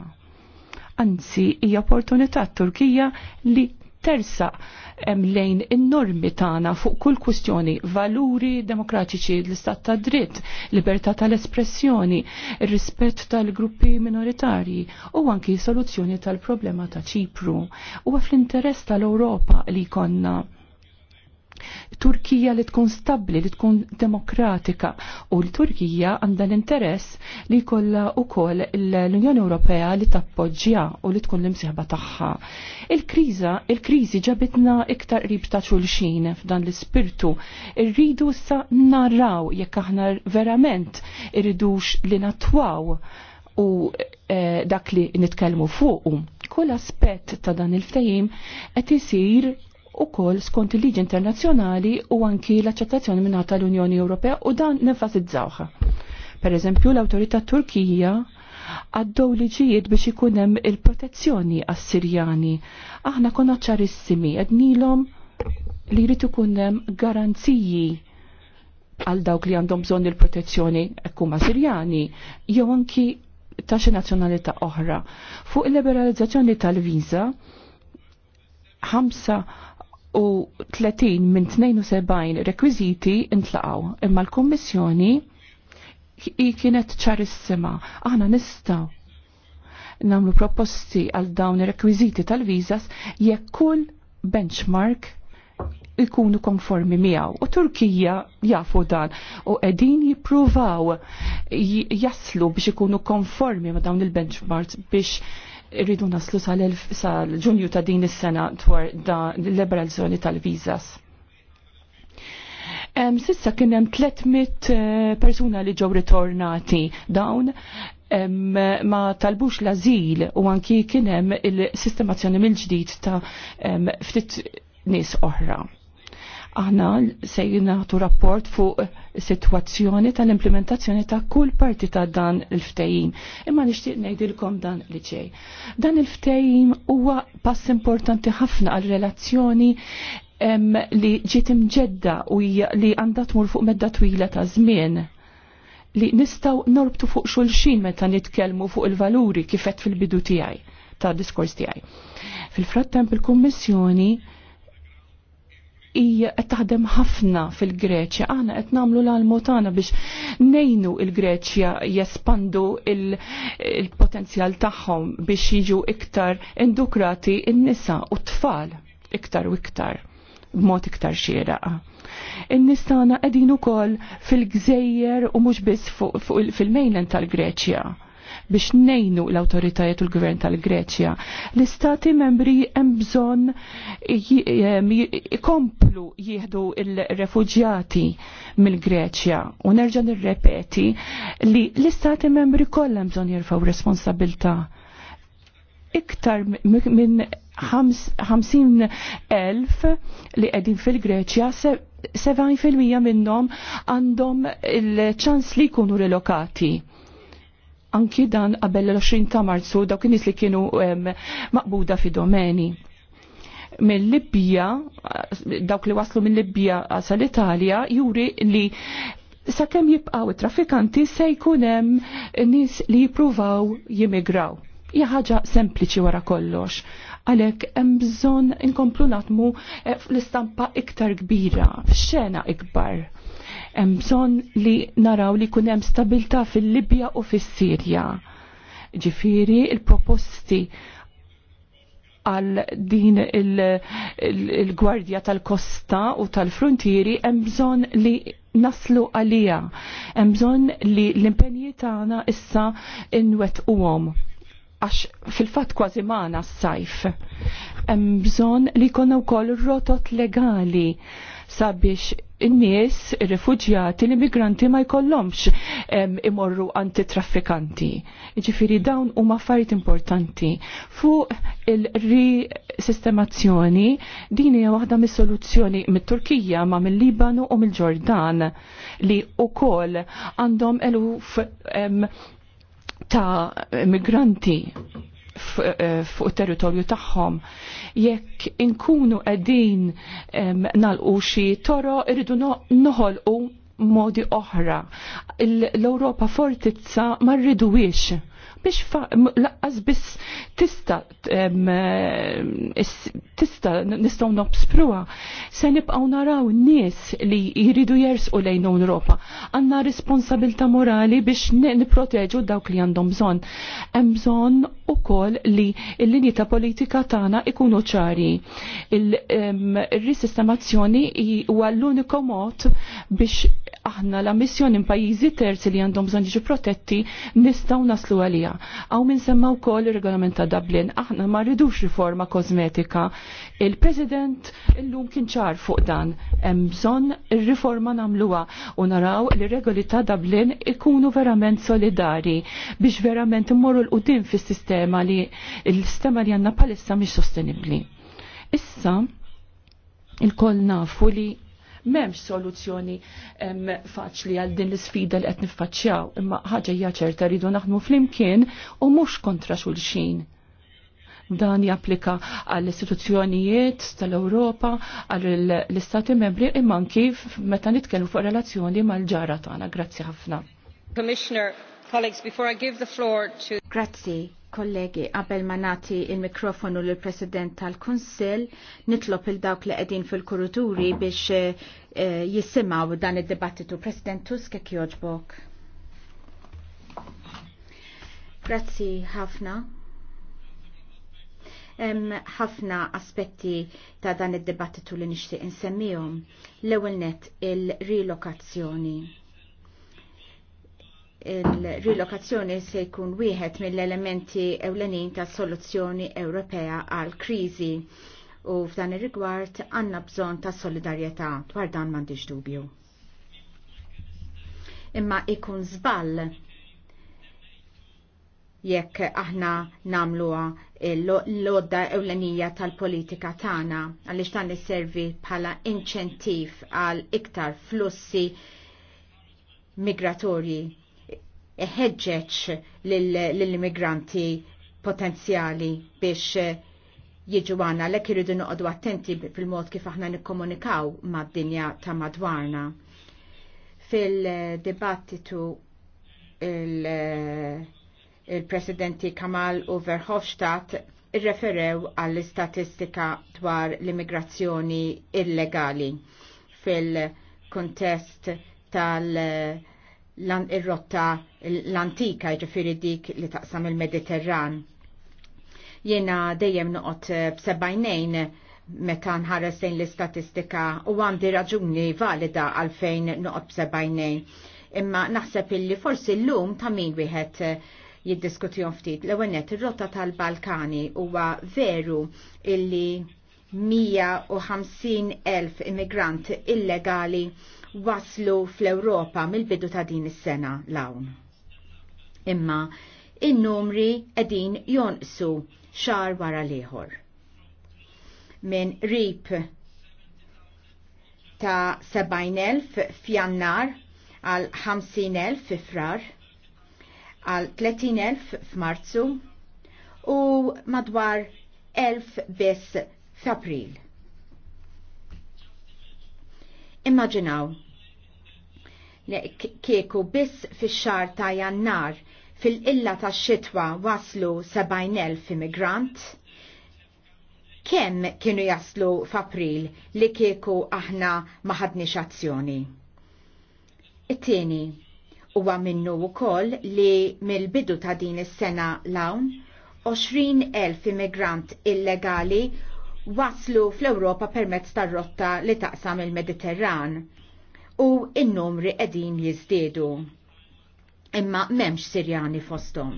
Anzi, hija opportunità Turkija li tersa lejn in-normi tagħna fuq kull kwistjoni, valuri demokratiċi, l-istat ta' dritt, libertà tal-espressjoni, rispett tal-gruppi minoritarji u anki soluzzjoni tal-problema ta' Ċipru. Huwa fl-interess tal-Ewropa li konna Turkija li tkun stabli, li tkun demokratika u l-Turkija għandha l-interess li u ukoll l-Unjoni Ewropea li tappoġġja u li tkun l-imsieħba tagħha. il kriza il-kriżi ġabitna iktar qrib ta' xulxin f'dan l-ispirtu. Irridu sa narraw jekk aħna verament irridux li natwaw u e, dak li nitkellmu fuqu. Kull aspett ta' dan il-ftajim qed isir u kol skont il-liġi internazzjonali u anki l-accettazzjoni minna l unjoni Ewropea u dan nefasizzawħa. Per eżempju, l autorita Turkija għaddew liġijiet biex ikunem il-protezzjoni għas-Sirjani. Aħna konna ċarissimi, għednilom li jrid ikunem garanziji għal dawk li għandhom bżonn il-protezzjoni ekkuma Sirjani, jew anki ta' xi nazzjonalità oħra. Fuq il-liberalizzazzjoni tal-viża, ħamsa u 30 minn 72 rekwiziti intlaqaw imma l-Kommissjoni kienet ċarissima aħna nistaw namlu proposti għal dawn ir-rekwiziti tal-vizas jekk kull benchmark ikunu konformi miegħu. U Turkija jafu dan u qegħdin jippruvaw jaslu biex ikunu konformi ma' dawn il-benchmarks biex Irridu naslu sal-ġunju ta' din is-sena dwar l-liberalizzazzjoni tal-vizas. Sissa kien hemm 300 eh, persuna li ġew ritornati dawn ma talbux l-azil u anki kien hemm il-sistemazzjoni mill-ġdid ta' ftit nies oħra Aħna se naħtu rapport fuq situazzjoni tal-implementazzjoni ta' kull parti ta' dan il-ftejim. Imma nixtieq ngħidilkom dan li ġej. Dan il-ftejim huwa pass importanti ħafna għal relazzjoni li ġiet imġedda u li għandha tmur fuq medda twila ta' żmien li nistaw norbtu fuq xulxin meta nitkellmu fuq il-valuri kifet fil-bidu tiegħi ta' diskors tiegħi. Fil-frattemp il-Kummissjoni hija qed taħdem ħafna fil-Greċja. Aħna qed nagħmlu l-almu tagħna biex nejnu il-Greċja jespandu il-potenzjal tagħhom biex jiġu iktar indukrati n-nisa u t-tfal iktar u iktar b'mod iktar xieraq. In-nies qegħdin ukoll fil-gżejjer u mhux biss fil-mejlen tal-Greċja biex nejnu l-autoritajiet u l-gvern tal-Greċja. L-istati membri hemm bżonn ikomplu jieħdu il refugjati mill-Greċja u nerġa' nirrepeti li l-istati membri kollha bżonn jirfgħu responsabilta iktar minn 50.000 li qegħdin fil-Greċja 70% minnom għandhom il-ċans li jkunu relokati anki dan qabel l-20 ta' marzu dawk in-nies li kienu maqbuda fi domeni. Minn Libja, dawk li waslu minn Libja għasal italja juri li sakemm jibqaw it-traffikanti se jkun hemm nies li jippruvaw jimigraw. Hija ħaġa sempliċi wara kollox. Għalhekk hemm bżonn inkomplu natmu eh, l istampa iktar kbira, f'xena ikbar Hemm bżonn li naraw li kun hemm stabilità fil-Libja u fis-Sirja. Ġifieri il-proposti għal din il-gwardja tal-kosta u tal-frontieri hemm bżonn li naslu għalija. Hemm bżonn li l-impenji tagħna issa inwettquhom għax fil-fat kważi maħna s-sajf. bżonn li konna u rotot legali sabiex in-nies, ir-refuġjati, l-immigranti ma jkollhomx imorru antitraffikanti. Ġifiri dawn huma affarijiet importanti. Fuq il-risistemazzjoni din hija waħda mis-soluzzjoni mit-Turkija ma mill-Libanu u mill-Ġordan li wkoll għandhom eluf ta' migranti Eh, fuq territorju tagħhom. Jekk inkunu qegħdin nalqu xi toro irridu noħolqu modi oħra. L-Ewropa fortizza ma rriduwiex biex laqqas biss tista tista nistgħu nobspruha se nibqgħu naraw nies li jridu jersqu lejn Ewropa. Għandna responsabilta morali biex nipproteġu dawk li għandhom bżonn. Hemm bżonn ukoll li l-linji ta' politika tagħna ikunu ċari. Il-risistemazzjoni huwa l-uniku mod biex aħna la in pajjiżi terzi li għandhom bżonn jiġu protetti nistgħu naslu għalija. Aw min semma wkoll ir-regolament ta' Dublin, aħna ma rridux riforma kosmetika. Il-President illum kien ċar fuq dan, hemm bżonn ir-riforma nagħmluha u naraw li regoli ta' Dublin ikunu verament solidari biex verament immorru l-qudiem fis-sistema li l-sistema li għandna palissa mhix sostenibbli. Issa, il-koll nafu li M'hemmx soluzzjoni faċli għal din l-isfida li qed niffaċċjaw, imma ħaġa hija ċerta rridu naħdmu flimkien u mhux kontra xulxin dan japplika għall istituzzjonijiet tal-Ewropa, għall l-Istati membri imman kif meta nitkellmu fuq relazzjoni mal-ġara tagħna. Grazzi ħafna. Commissioner, colleagues, before I give the floor to Grazzi. Kollegi, qabel ma nati il-mikrofonu l president tal-Kunsill, nitlob il-dawk li qegħdin fil-kuruturi biex e, eh, eh, jisimaw dan id-dibattitu. President Tusk kek joġbok. Grazzi ħafna. Hemm ħafna aspetti ta' dan id-dibattitu li nixtieq insemmihom. L-ewwel net il-rilokazzjoni il-rilokazzjoni se jkun wieħed mill-elementi ewlenin ta' soluzzjoni Ewropea għal kriżi u f'dan ir-rigward għandna bżonn ta' solidarjetà dwar dan m'għandix dubju. Imma ikun żball jekk aħna namluha l-lodda ewlenija tal-politika tagħna għaliex dan isservi bħala inċentiv għal iktar flussi migratorji ħeġġeġ l-immigranti potenzjali biex eh, jiġu għana l irridu noqdu attenti fil-mod kif aħna nikkomunikaw mad-dinja ta' madwarna. Fil-dibattitu eh, il-presidenti Kamal u Verhofstadt irreferew għall-istatistika dwar l-immigrazzjoni illegali fil-kontest tal- ir-rotta l-antika ġifiri dik li taqsam il-Mediterran. Jena dejjem noqot eh, b'sebajnejn meta nħares lejn l-istatistika u għandi raġuni valida għalfejn noqot b'sebajnejn. Imma naħseb illi forsi l-lum ta' min wieħed eh, jiddiskutjon ftit. L-ewwel ir-rotta tal-Balkani huwa veru illi 150,000 immigrant illegali waslu fl-Ewropa mill-bidu ta' din is-sena l Imma in-numri qegħdin jonqsu xar wara l-ieħor. Minn rip ta' 70.000 f'jannar għal 50.000 f'Ifrar għal 30.000 f'Marzu u madwar 1.000 biss f'April. Immaġinaw kieku biss fix xar ta' jannar fil-illa ta' xitwa waslu 70.000 immigrant. Kemm kienu jaslu f'April li kieku aħna ħadniex azzjoni? It-tieni huwa minnu wkoll li mill-bidu ta' din is-sena l-hawn 20.000 immigrant illegali waslu fl-Ewropa permezz tar-rotta li taqsam il-Mediterran u in-numri qegħdin jiżdiedu. Imma m'hemmx Sirjani fosthom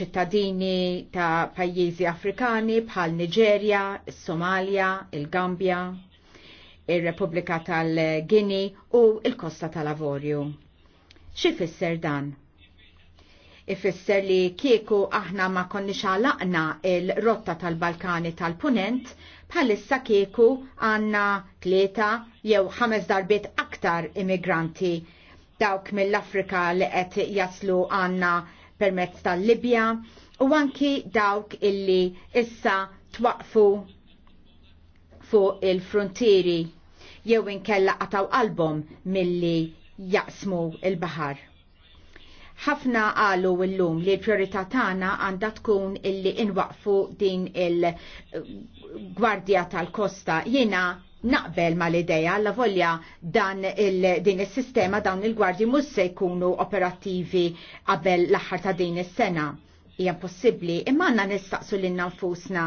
ċittadini ta' pajjiżi Afrikani bħal is Somalia, il-Gambja, ir repubblika tal-Gini u il-Kosta tal-Avorju. Xi fisser dan? Ifisser li kieku aħna ma konniex għalaqna il-rotta tal-Balkani tal-Punent, bħalissa kieku għanna tlieta jew ħames darbiet aktar immigranti dawk mill-Afrika li qed jaslu għanna permezz tal-Libja u anki dawk illi issa twaqfu fuq il-frontieri jew inkella qataw qalbhom milli jaqsmu il-baħar ħafna għalu l-lum li l-priorità tagħna għandha tkun illi inwaqfu din il-gwardja tal-kosta. Jiena naqbel ma l-ideja la volja dan il, din is-sistema dawn il-gwardji mhux se jkunu operattivi qabel l-aħħar ta' din is-sena. Hija possibbli imma għandna nistaqsu lil nfusna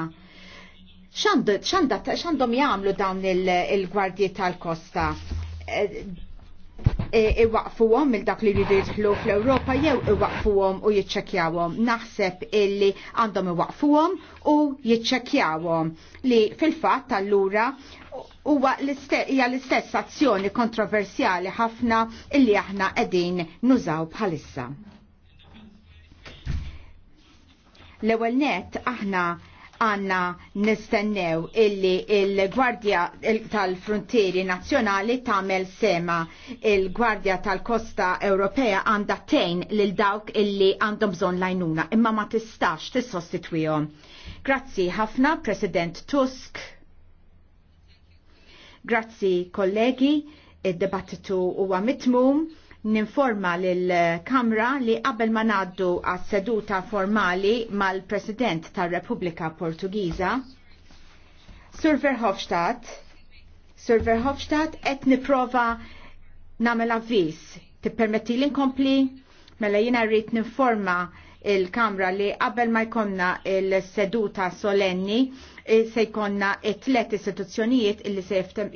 x'għandhom jagħmlu dawn il-gwardji il gwardji tal kosta eh, E, iwaqfuhom il dak li jridu jidħlu fl-Ewropa jew iwaqfuhom u jiċċekkjawhom. Naħseb illi għandhom iwaqfuhom u jiċċekkjawhom li fil-fatt allura huwa hija l-istess azzjoni kontroversjali ħafna illi aħna qegħdin nużaw bħalissa. L-ewwel net aħna għanna nistennew illi il-Gwardja tal-Frontieri Nazzjonali tamel sema il-Gwardja tal-Kosta Ewropea għanda tejn lil dawk illi għandhom bżon lajnuna imma ma tistax tissostitwihom. Grazzi ħafna President Tusk. Grazzi kollegi, id-debattitu huwa mitmum ninforma lill-Kamra li qabel ma ngħaddu għas seduta formali mal-President tar-Repubblika Portugiża, Sur Verhofstadt, Sur Verhofstadt qed nipprova nagħmel avviż. Tippermetti li nkompli? Mela jiena rrid ninforma il-Kamra li qabel ma jkonna il-seduta solenni eh, se jkonna it-tlet istituzzjonijiet illi se